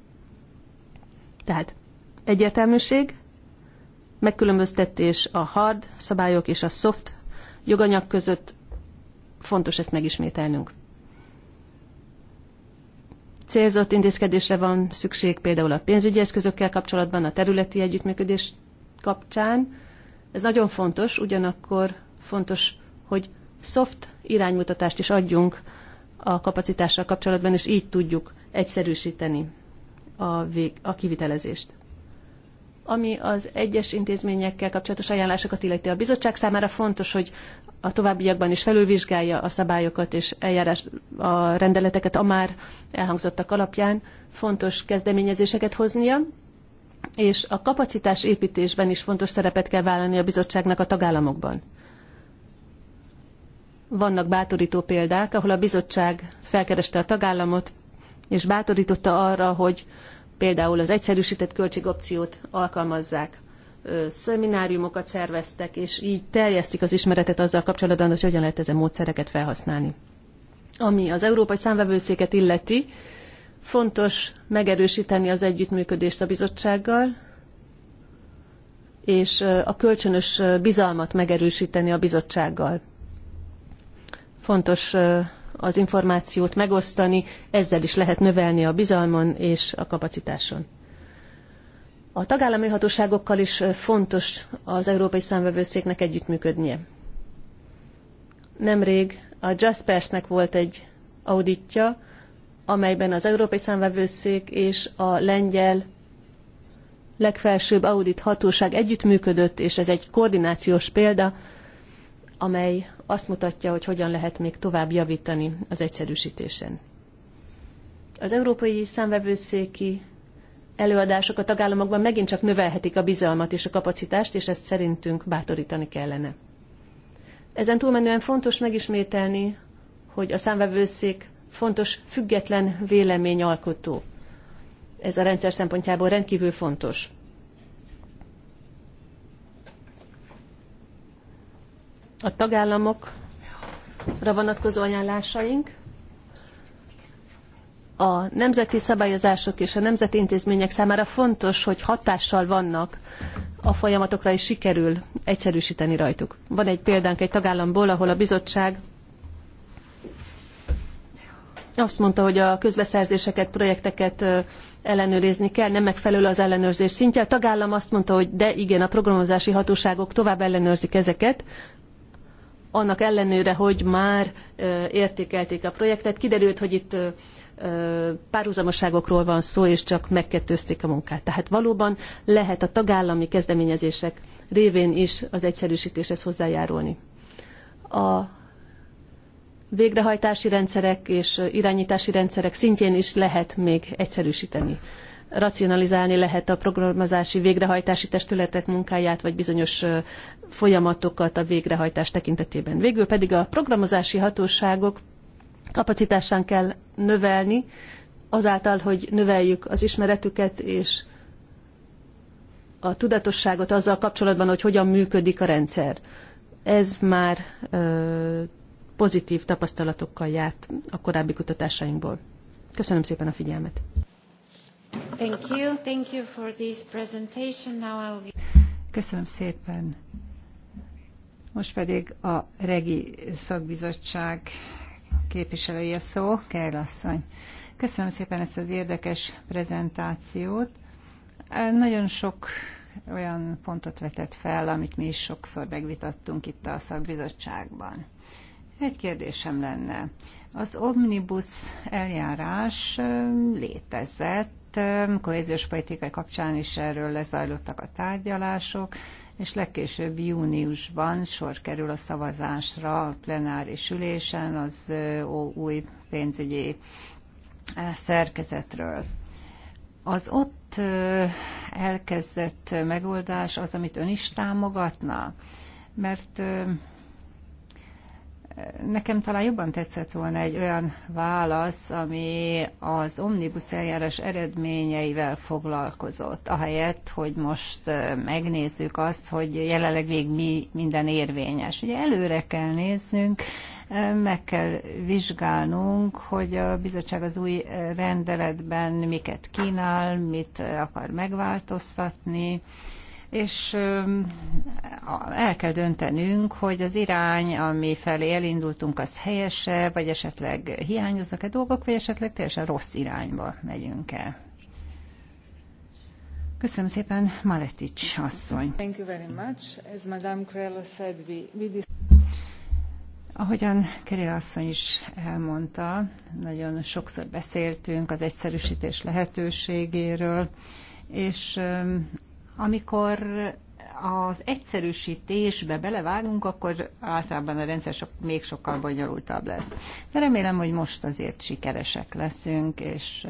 Tehát egyértelműség, megkülönböztetés a hard szabályok és a soft joganyag között, fontos ezt megismételnünk. Célzott intézkedésre van szükség például a pénzügyi eszközökkel kapcsolatban, a területi együttműködés kapcsán, ez nagyon fontos, ugyanakkor fontos, hogy soft iránymutatást is adjunk a kapacitással kapcsolatban, és így tudjuk egyszerűsíteni a, vég, a kivitelezést. Ami az egyes intézményekkel kapcsolatos ajánlásokat illeti a bizottság számára fontos, hogy a továbbiakban is felülvizsgálja a szabályokat és eljárás a rendeleteket a már elhangzottak alapján fontos kezdeményezéseket hoznia, és a kapacitás építésben is fontos szerepet kell vállalni a bizottságnak a tagállamokban. Vannak bátorító példák, ahol a bizottság felkereste a tagállamot, és bátorította arra, hogy például az egyszerűsített költségopciót alkalmazzák. Szemináriumokat szerveztek, és így terjesztik az ismeretet azzal kapcsolatban, hogy hogyan lehet ezen módszereket felhasználni. Ami az Európai Számvevőszéket illeti, Fontos megerősíteni az együttműködést a bizottsággal, és a kölcsönös bizalmat megerősíteni a bizottsággal. Fontos az információt megosztani, ezzel is lehet növelni a bizalmon és a kapacitáson. A tagállami hatóságokkal is fontos az Európai Számvevőszéknek együttműködnie. Nemrég a Jaspersnek volt egy auditja, amelyben az Európai Számvevőszék és a lengyel legfelsőbb audit hatóság együttműködött, és ez egy koordinációs példa, amely azt mutatja, hogy hogyan lehet még tovább javítani az egyszerűsítésen. Az Európai Számvevőszéki előadások a tagállamokban megint csak növelhetik a bizalmat és a kapacitást, és ezt szerintünk bátorítani kellene. Ezen túlmenően fontos megismételni, hogy a számvevőszék fontos független véleményalkotó. Ez a rendszer szempontjából rendkívül fontos. A tagállamokra vonatkozó ajánlásaink a nemzeti szabályozások és a nemzeti intézmények számára fontos, hogy hatással vannak a folyamatokra, és sikerül egyszerűsíteni rajtuk. Van egy példánk egy tagállamból, ahol a bizottság azt mondta, hogy a közbeszerzéseket, projekteket ellenőrizni kell, nem megfelelő az ellenőrzés szintje. A tagállam azt mondta, hogy de igen, a programozási hatóságok tovább ellenőrzik ezeket, annak ellenőre, hogy már értékelték a projektet. Kiderült, hogy itt párhuzamoságokról van szó, és csak megkettőzték a munkát. Tehát valóban lehet a tagállami kezdeményezések révén is az egyszerűsítéshez hozzájárulni. A végrehajtási rendszerek és irányítási rendszerek szintjén is lehet még egyszerűsíteni. Racionalizálni lehet a programozási végrehajtási testületek munkáját, vagy bizonyos folyamatokat a végrehajtás tekintetében. Végül pedig a programozási hatóságok kapacitásán kell növelni, azáltal, hogy növeljük az ismeretüket és a tudatosságot azzal kapcsolatban, hogy hogyan működik a rendszer. Ez már ö, pozitív tapasztalatokkal járt a korábbi kutatásainkból. Köszönöm szépen a figyelmet! Thank you. Thank you for this presentation. Now I'll be... Köszönöm szépen! Most pedig a Regi Szakbizottság képviselője szó, Kell asszony. Köszönöm szépen ezt az érdekes prezentációt. Nagyon sok olyan pontot vetett fel, amit mi is sokszor megvitattunk itt a szakbizottságban. Egy kérdésem lenne. Az omnibus eljárás létezett, kohéziós politikai kapcsán is erről lezajlottak a tárgyalások, és legkésőbb júniusban sor kerül a szavazásra a plenáris ülésen az új pénzügyi szerkezetről. Az ott elkezdett megoldás az, amit ön is támogatna? Mert Nekem talán jobban tetszett volna egy olyan válasz, ami az omnibus eljárás eredményeivel foglalkozott, ahelyett, hogy most megnézzük azt, hogy jelenleg még mi minden érvényes. Ugye előre kell néznünk, meg kell vizsgálnunk, hogy a bizottság az új rendeletben miket kínál, mit akar megváltoztatni, és el kell döntenünk, hogy az irány, ami felé elindultunk, az helyese, vagy esetleg hiányoznak-e dolgok, vagy esetleg teljesen rossz irányba megyünk el. Köszönöm szépen, Maletics asszony. Thank you very much. As Madame Crello said, we, we Ahogyan Keril asszony is elmondta, nagyon sokszor beszéltünk az egyszerűsítés lehetőségéről, és amikor az egyszerűsítésbe belevágunk, akkor általában a rendszer sok, még sokkal bonyolultabb lesz. De remélem, hogy most azért sikeresek leszünk, és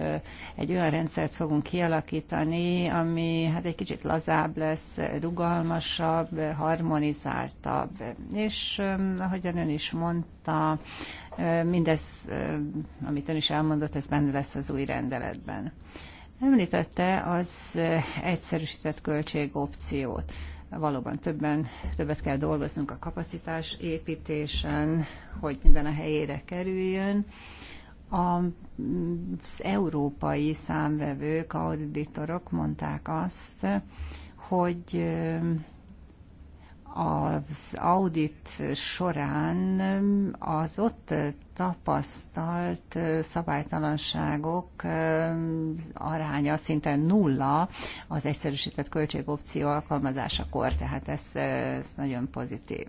egy olyan rendszert fogunk kialakítani, ami hát egy kicsit lazább lesz, rugalmasabb, harmonizáltabb. És ahogyan ön is mondta, mindez, amit ön is elmondott, ez benne lesz az új rendeletben. Említette az eh, egyszerűsített költségopciót. Valóban többen, többet kell dolgoznunk a kapacitás építésen, hogy minden a helyére kerüljön. Mm, az európai számvevők, auditorok mondták azt, hogy eh, az audit során um, az ott tapasztalt uh, szabálytalanságok um, aránya szinte nulla az egyszerűsített költségopció alkalmazásakor, tehát ez, uh, ez nagyon pozitív.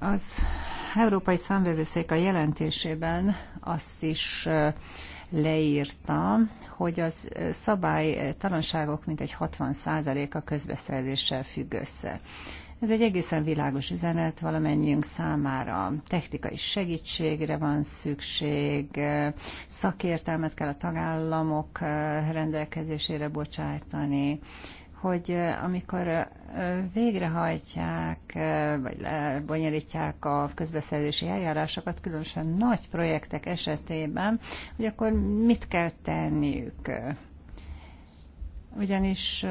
Az Európai Számvevőszék a jelentésében azt is uh, leírta, hogy az szabálytalanságok mintegy 60%-a közbeszerzéssel függ össze. Ez egy egészen világos üzenet valamennyiünk számára. Technikai segítségre van szükség, szakértelmet kell a tagállamok rendelkezésére bocsájtani, hogy amikor végrehajtják, vagy lebonyolítják a közbeszerzési eljárásokat, különösen nagy projektek esetében, hogy akkor mit kell tenniük? ugyanis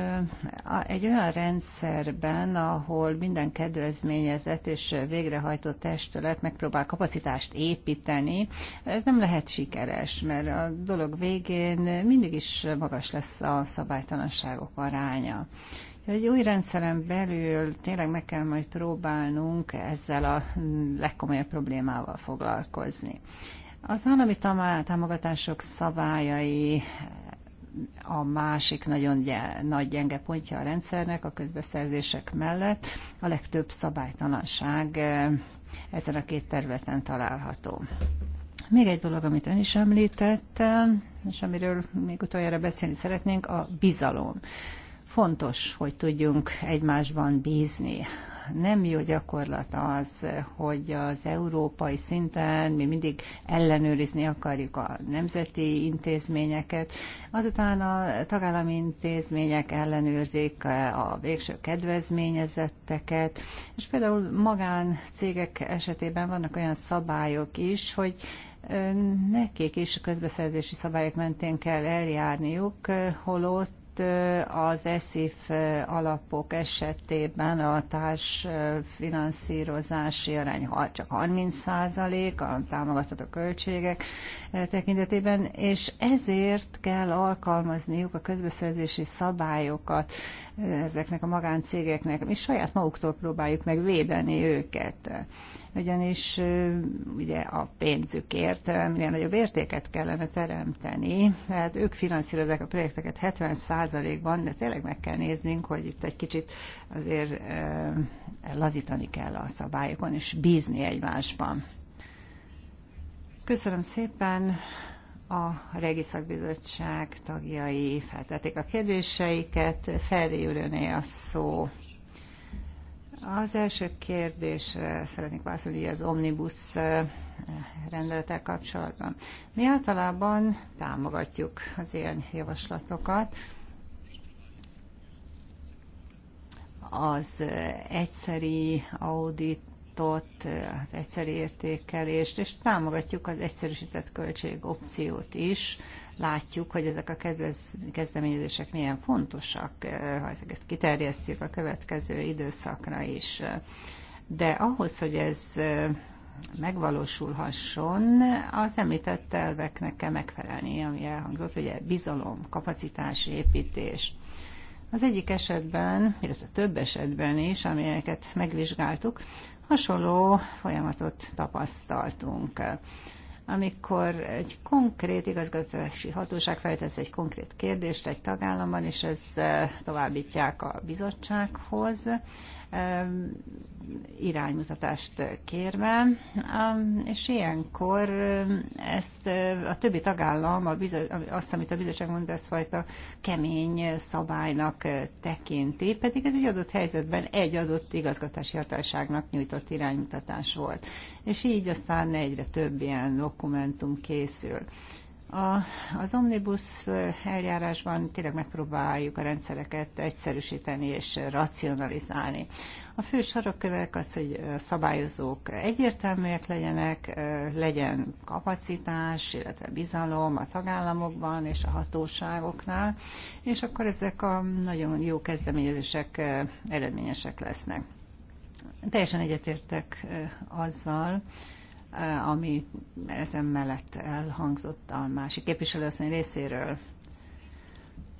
egy olyan rendszerben, ahol minden kedvezményezett és végrehajtott testület megpróbál kapacitást építeni, ez nem lehet sikeres, mert a dolog végén mindig is magas lesz a szabálytalanságok aránya. Egy új rendszeren belül tényleg meg kell majd próbálnunk ezzel a legkomolyabb problémával foglalkozni. Az állami támogatások szabályai a másik nagyon nagy gyenge pontja a rendszernek a közbeszerzések mellett. A legtöbb szabálytalanság eh, ezen a két területen található. Még egy dolog, amit ön is említett, eh, és amiről még utoljára beszélni szeretnénk, a bizalom. Fontos, hogy tudjunk egymásban bízni nem jó gyakorlat az, hogy az európai szinten mi mindig ellenőrizni akarjuk a nemzeti intézményeket, azután a tagállami intézmények ellenőrzik a végső kedvezményezetteket, és például magáncégek esetében vannak olyan szabályok is, hogy nekik is közbeszerzési szabályok mentén kell eljárniuk, holott itt az eszif alapok esetében a társfinanszírozási arány csak 30% a támogatható költségek tekintetében, és ezért kell alkalmazniuk a közbeszerzési szabályokat ezeknek a magáncégeknek, mi saját maguktól próbáljuk meg védeni őket. Ugyanis ugye a pénzükért minél nagyobb értéket kellene teremteni, tehát ők finanszírozzák a projekteket 70%-ban, de tényleg meg kell néznünk, hogy itt egy kicsit azért lazítani kell a szabályokon, és bízni egymásban. Köszönöm szépen! a Regiszakbizottság tagjai feltették a kérdéseiket. Feri Üröné a szó. Az első kérdés szeretnék válaszolni az Omnibus eh, rendeletek kapcsolatban. Mi általában támogatjuk az ilyen javaslatokat. Az eh, egyszeri audit javaslatot, az egyszerű értékelést, és támogatjuk az egyszerűsített költség opciót is. Látjuk, hogy ezek a kezdeményezések milyen fontosak, ha ezeket kiterjesztjük a következő időszakra is. De ahhoz, hogy ez megvalósulhasson, az említett elveknek kell megfelelni, ami elhangzott, ugye bizalom, kapacitás, építés. Az egyik esetben, illetve több esetben is, amelyeket megvizsgáltuk, Hasonló folyamatot tapasztaltunk. Amikor egy konkrét igazgatási hatóság feltesz egy konkrét kérdést egy tagállamban, és ezt eh, továbbítják a bizottsághoz, iránymutatást kérve, és ilyenkor ezt a többi tagállam a bizot, azt, amit a bizottság mond, ezt fajta kemény szabálynak tekinti, pedig ez egy adott helyzetben egy adott igazgatási hatáságnak nyújtott iránymutatás volt. És így aztán egyre több ilyen dokumentum készül. A, az omnibus eljárásban tényleg megpróbáljuk a rendszereket egyszerűsíteni és racionalizálni. A fő sarokkövek az, hogy a szabályozók egyértelműek legyenek, legyen kapacitás, illetve bizalom a tagállamokban és a hatóságoknál, és akkor ezek a nagyon jó kezdeményezések eredményesek lesznek. Teljesen egyetértek azzal, Eh, ami ezen mellett elhangzott a másik képviselőasszony részéről.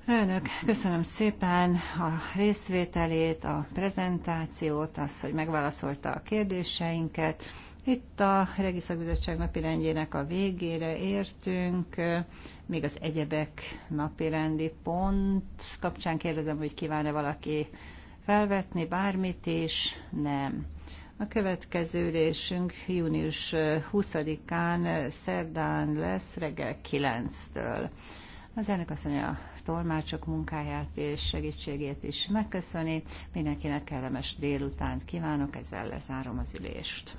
Önök, köszönöm szépen a részvételét, a prezentációt, azt, hogy megválaszolta a kérdéseinket. Itt a Regiszakbizottság napirendjének a végére értünk. Még az egyebek napirendi pont kapcsán kérdezem, hogy kíván-e valaki felvetni bármit is? Nem. A következő ülésünk június 20-án szerdán lesz reggel 9-től. Az elnök asszony a tolmácsok munkáját és segítségét is megköszöni. Mindenkinek kellemes délutánt kívánok, ezzel lezárom az ülést.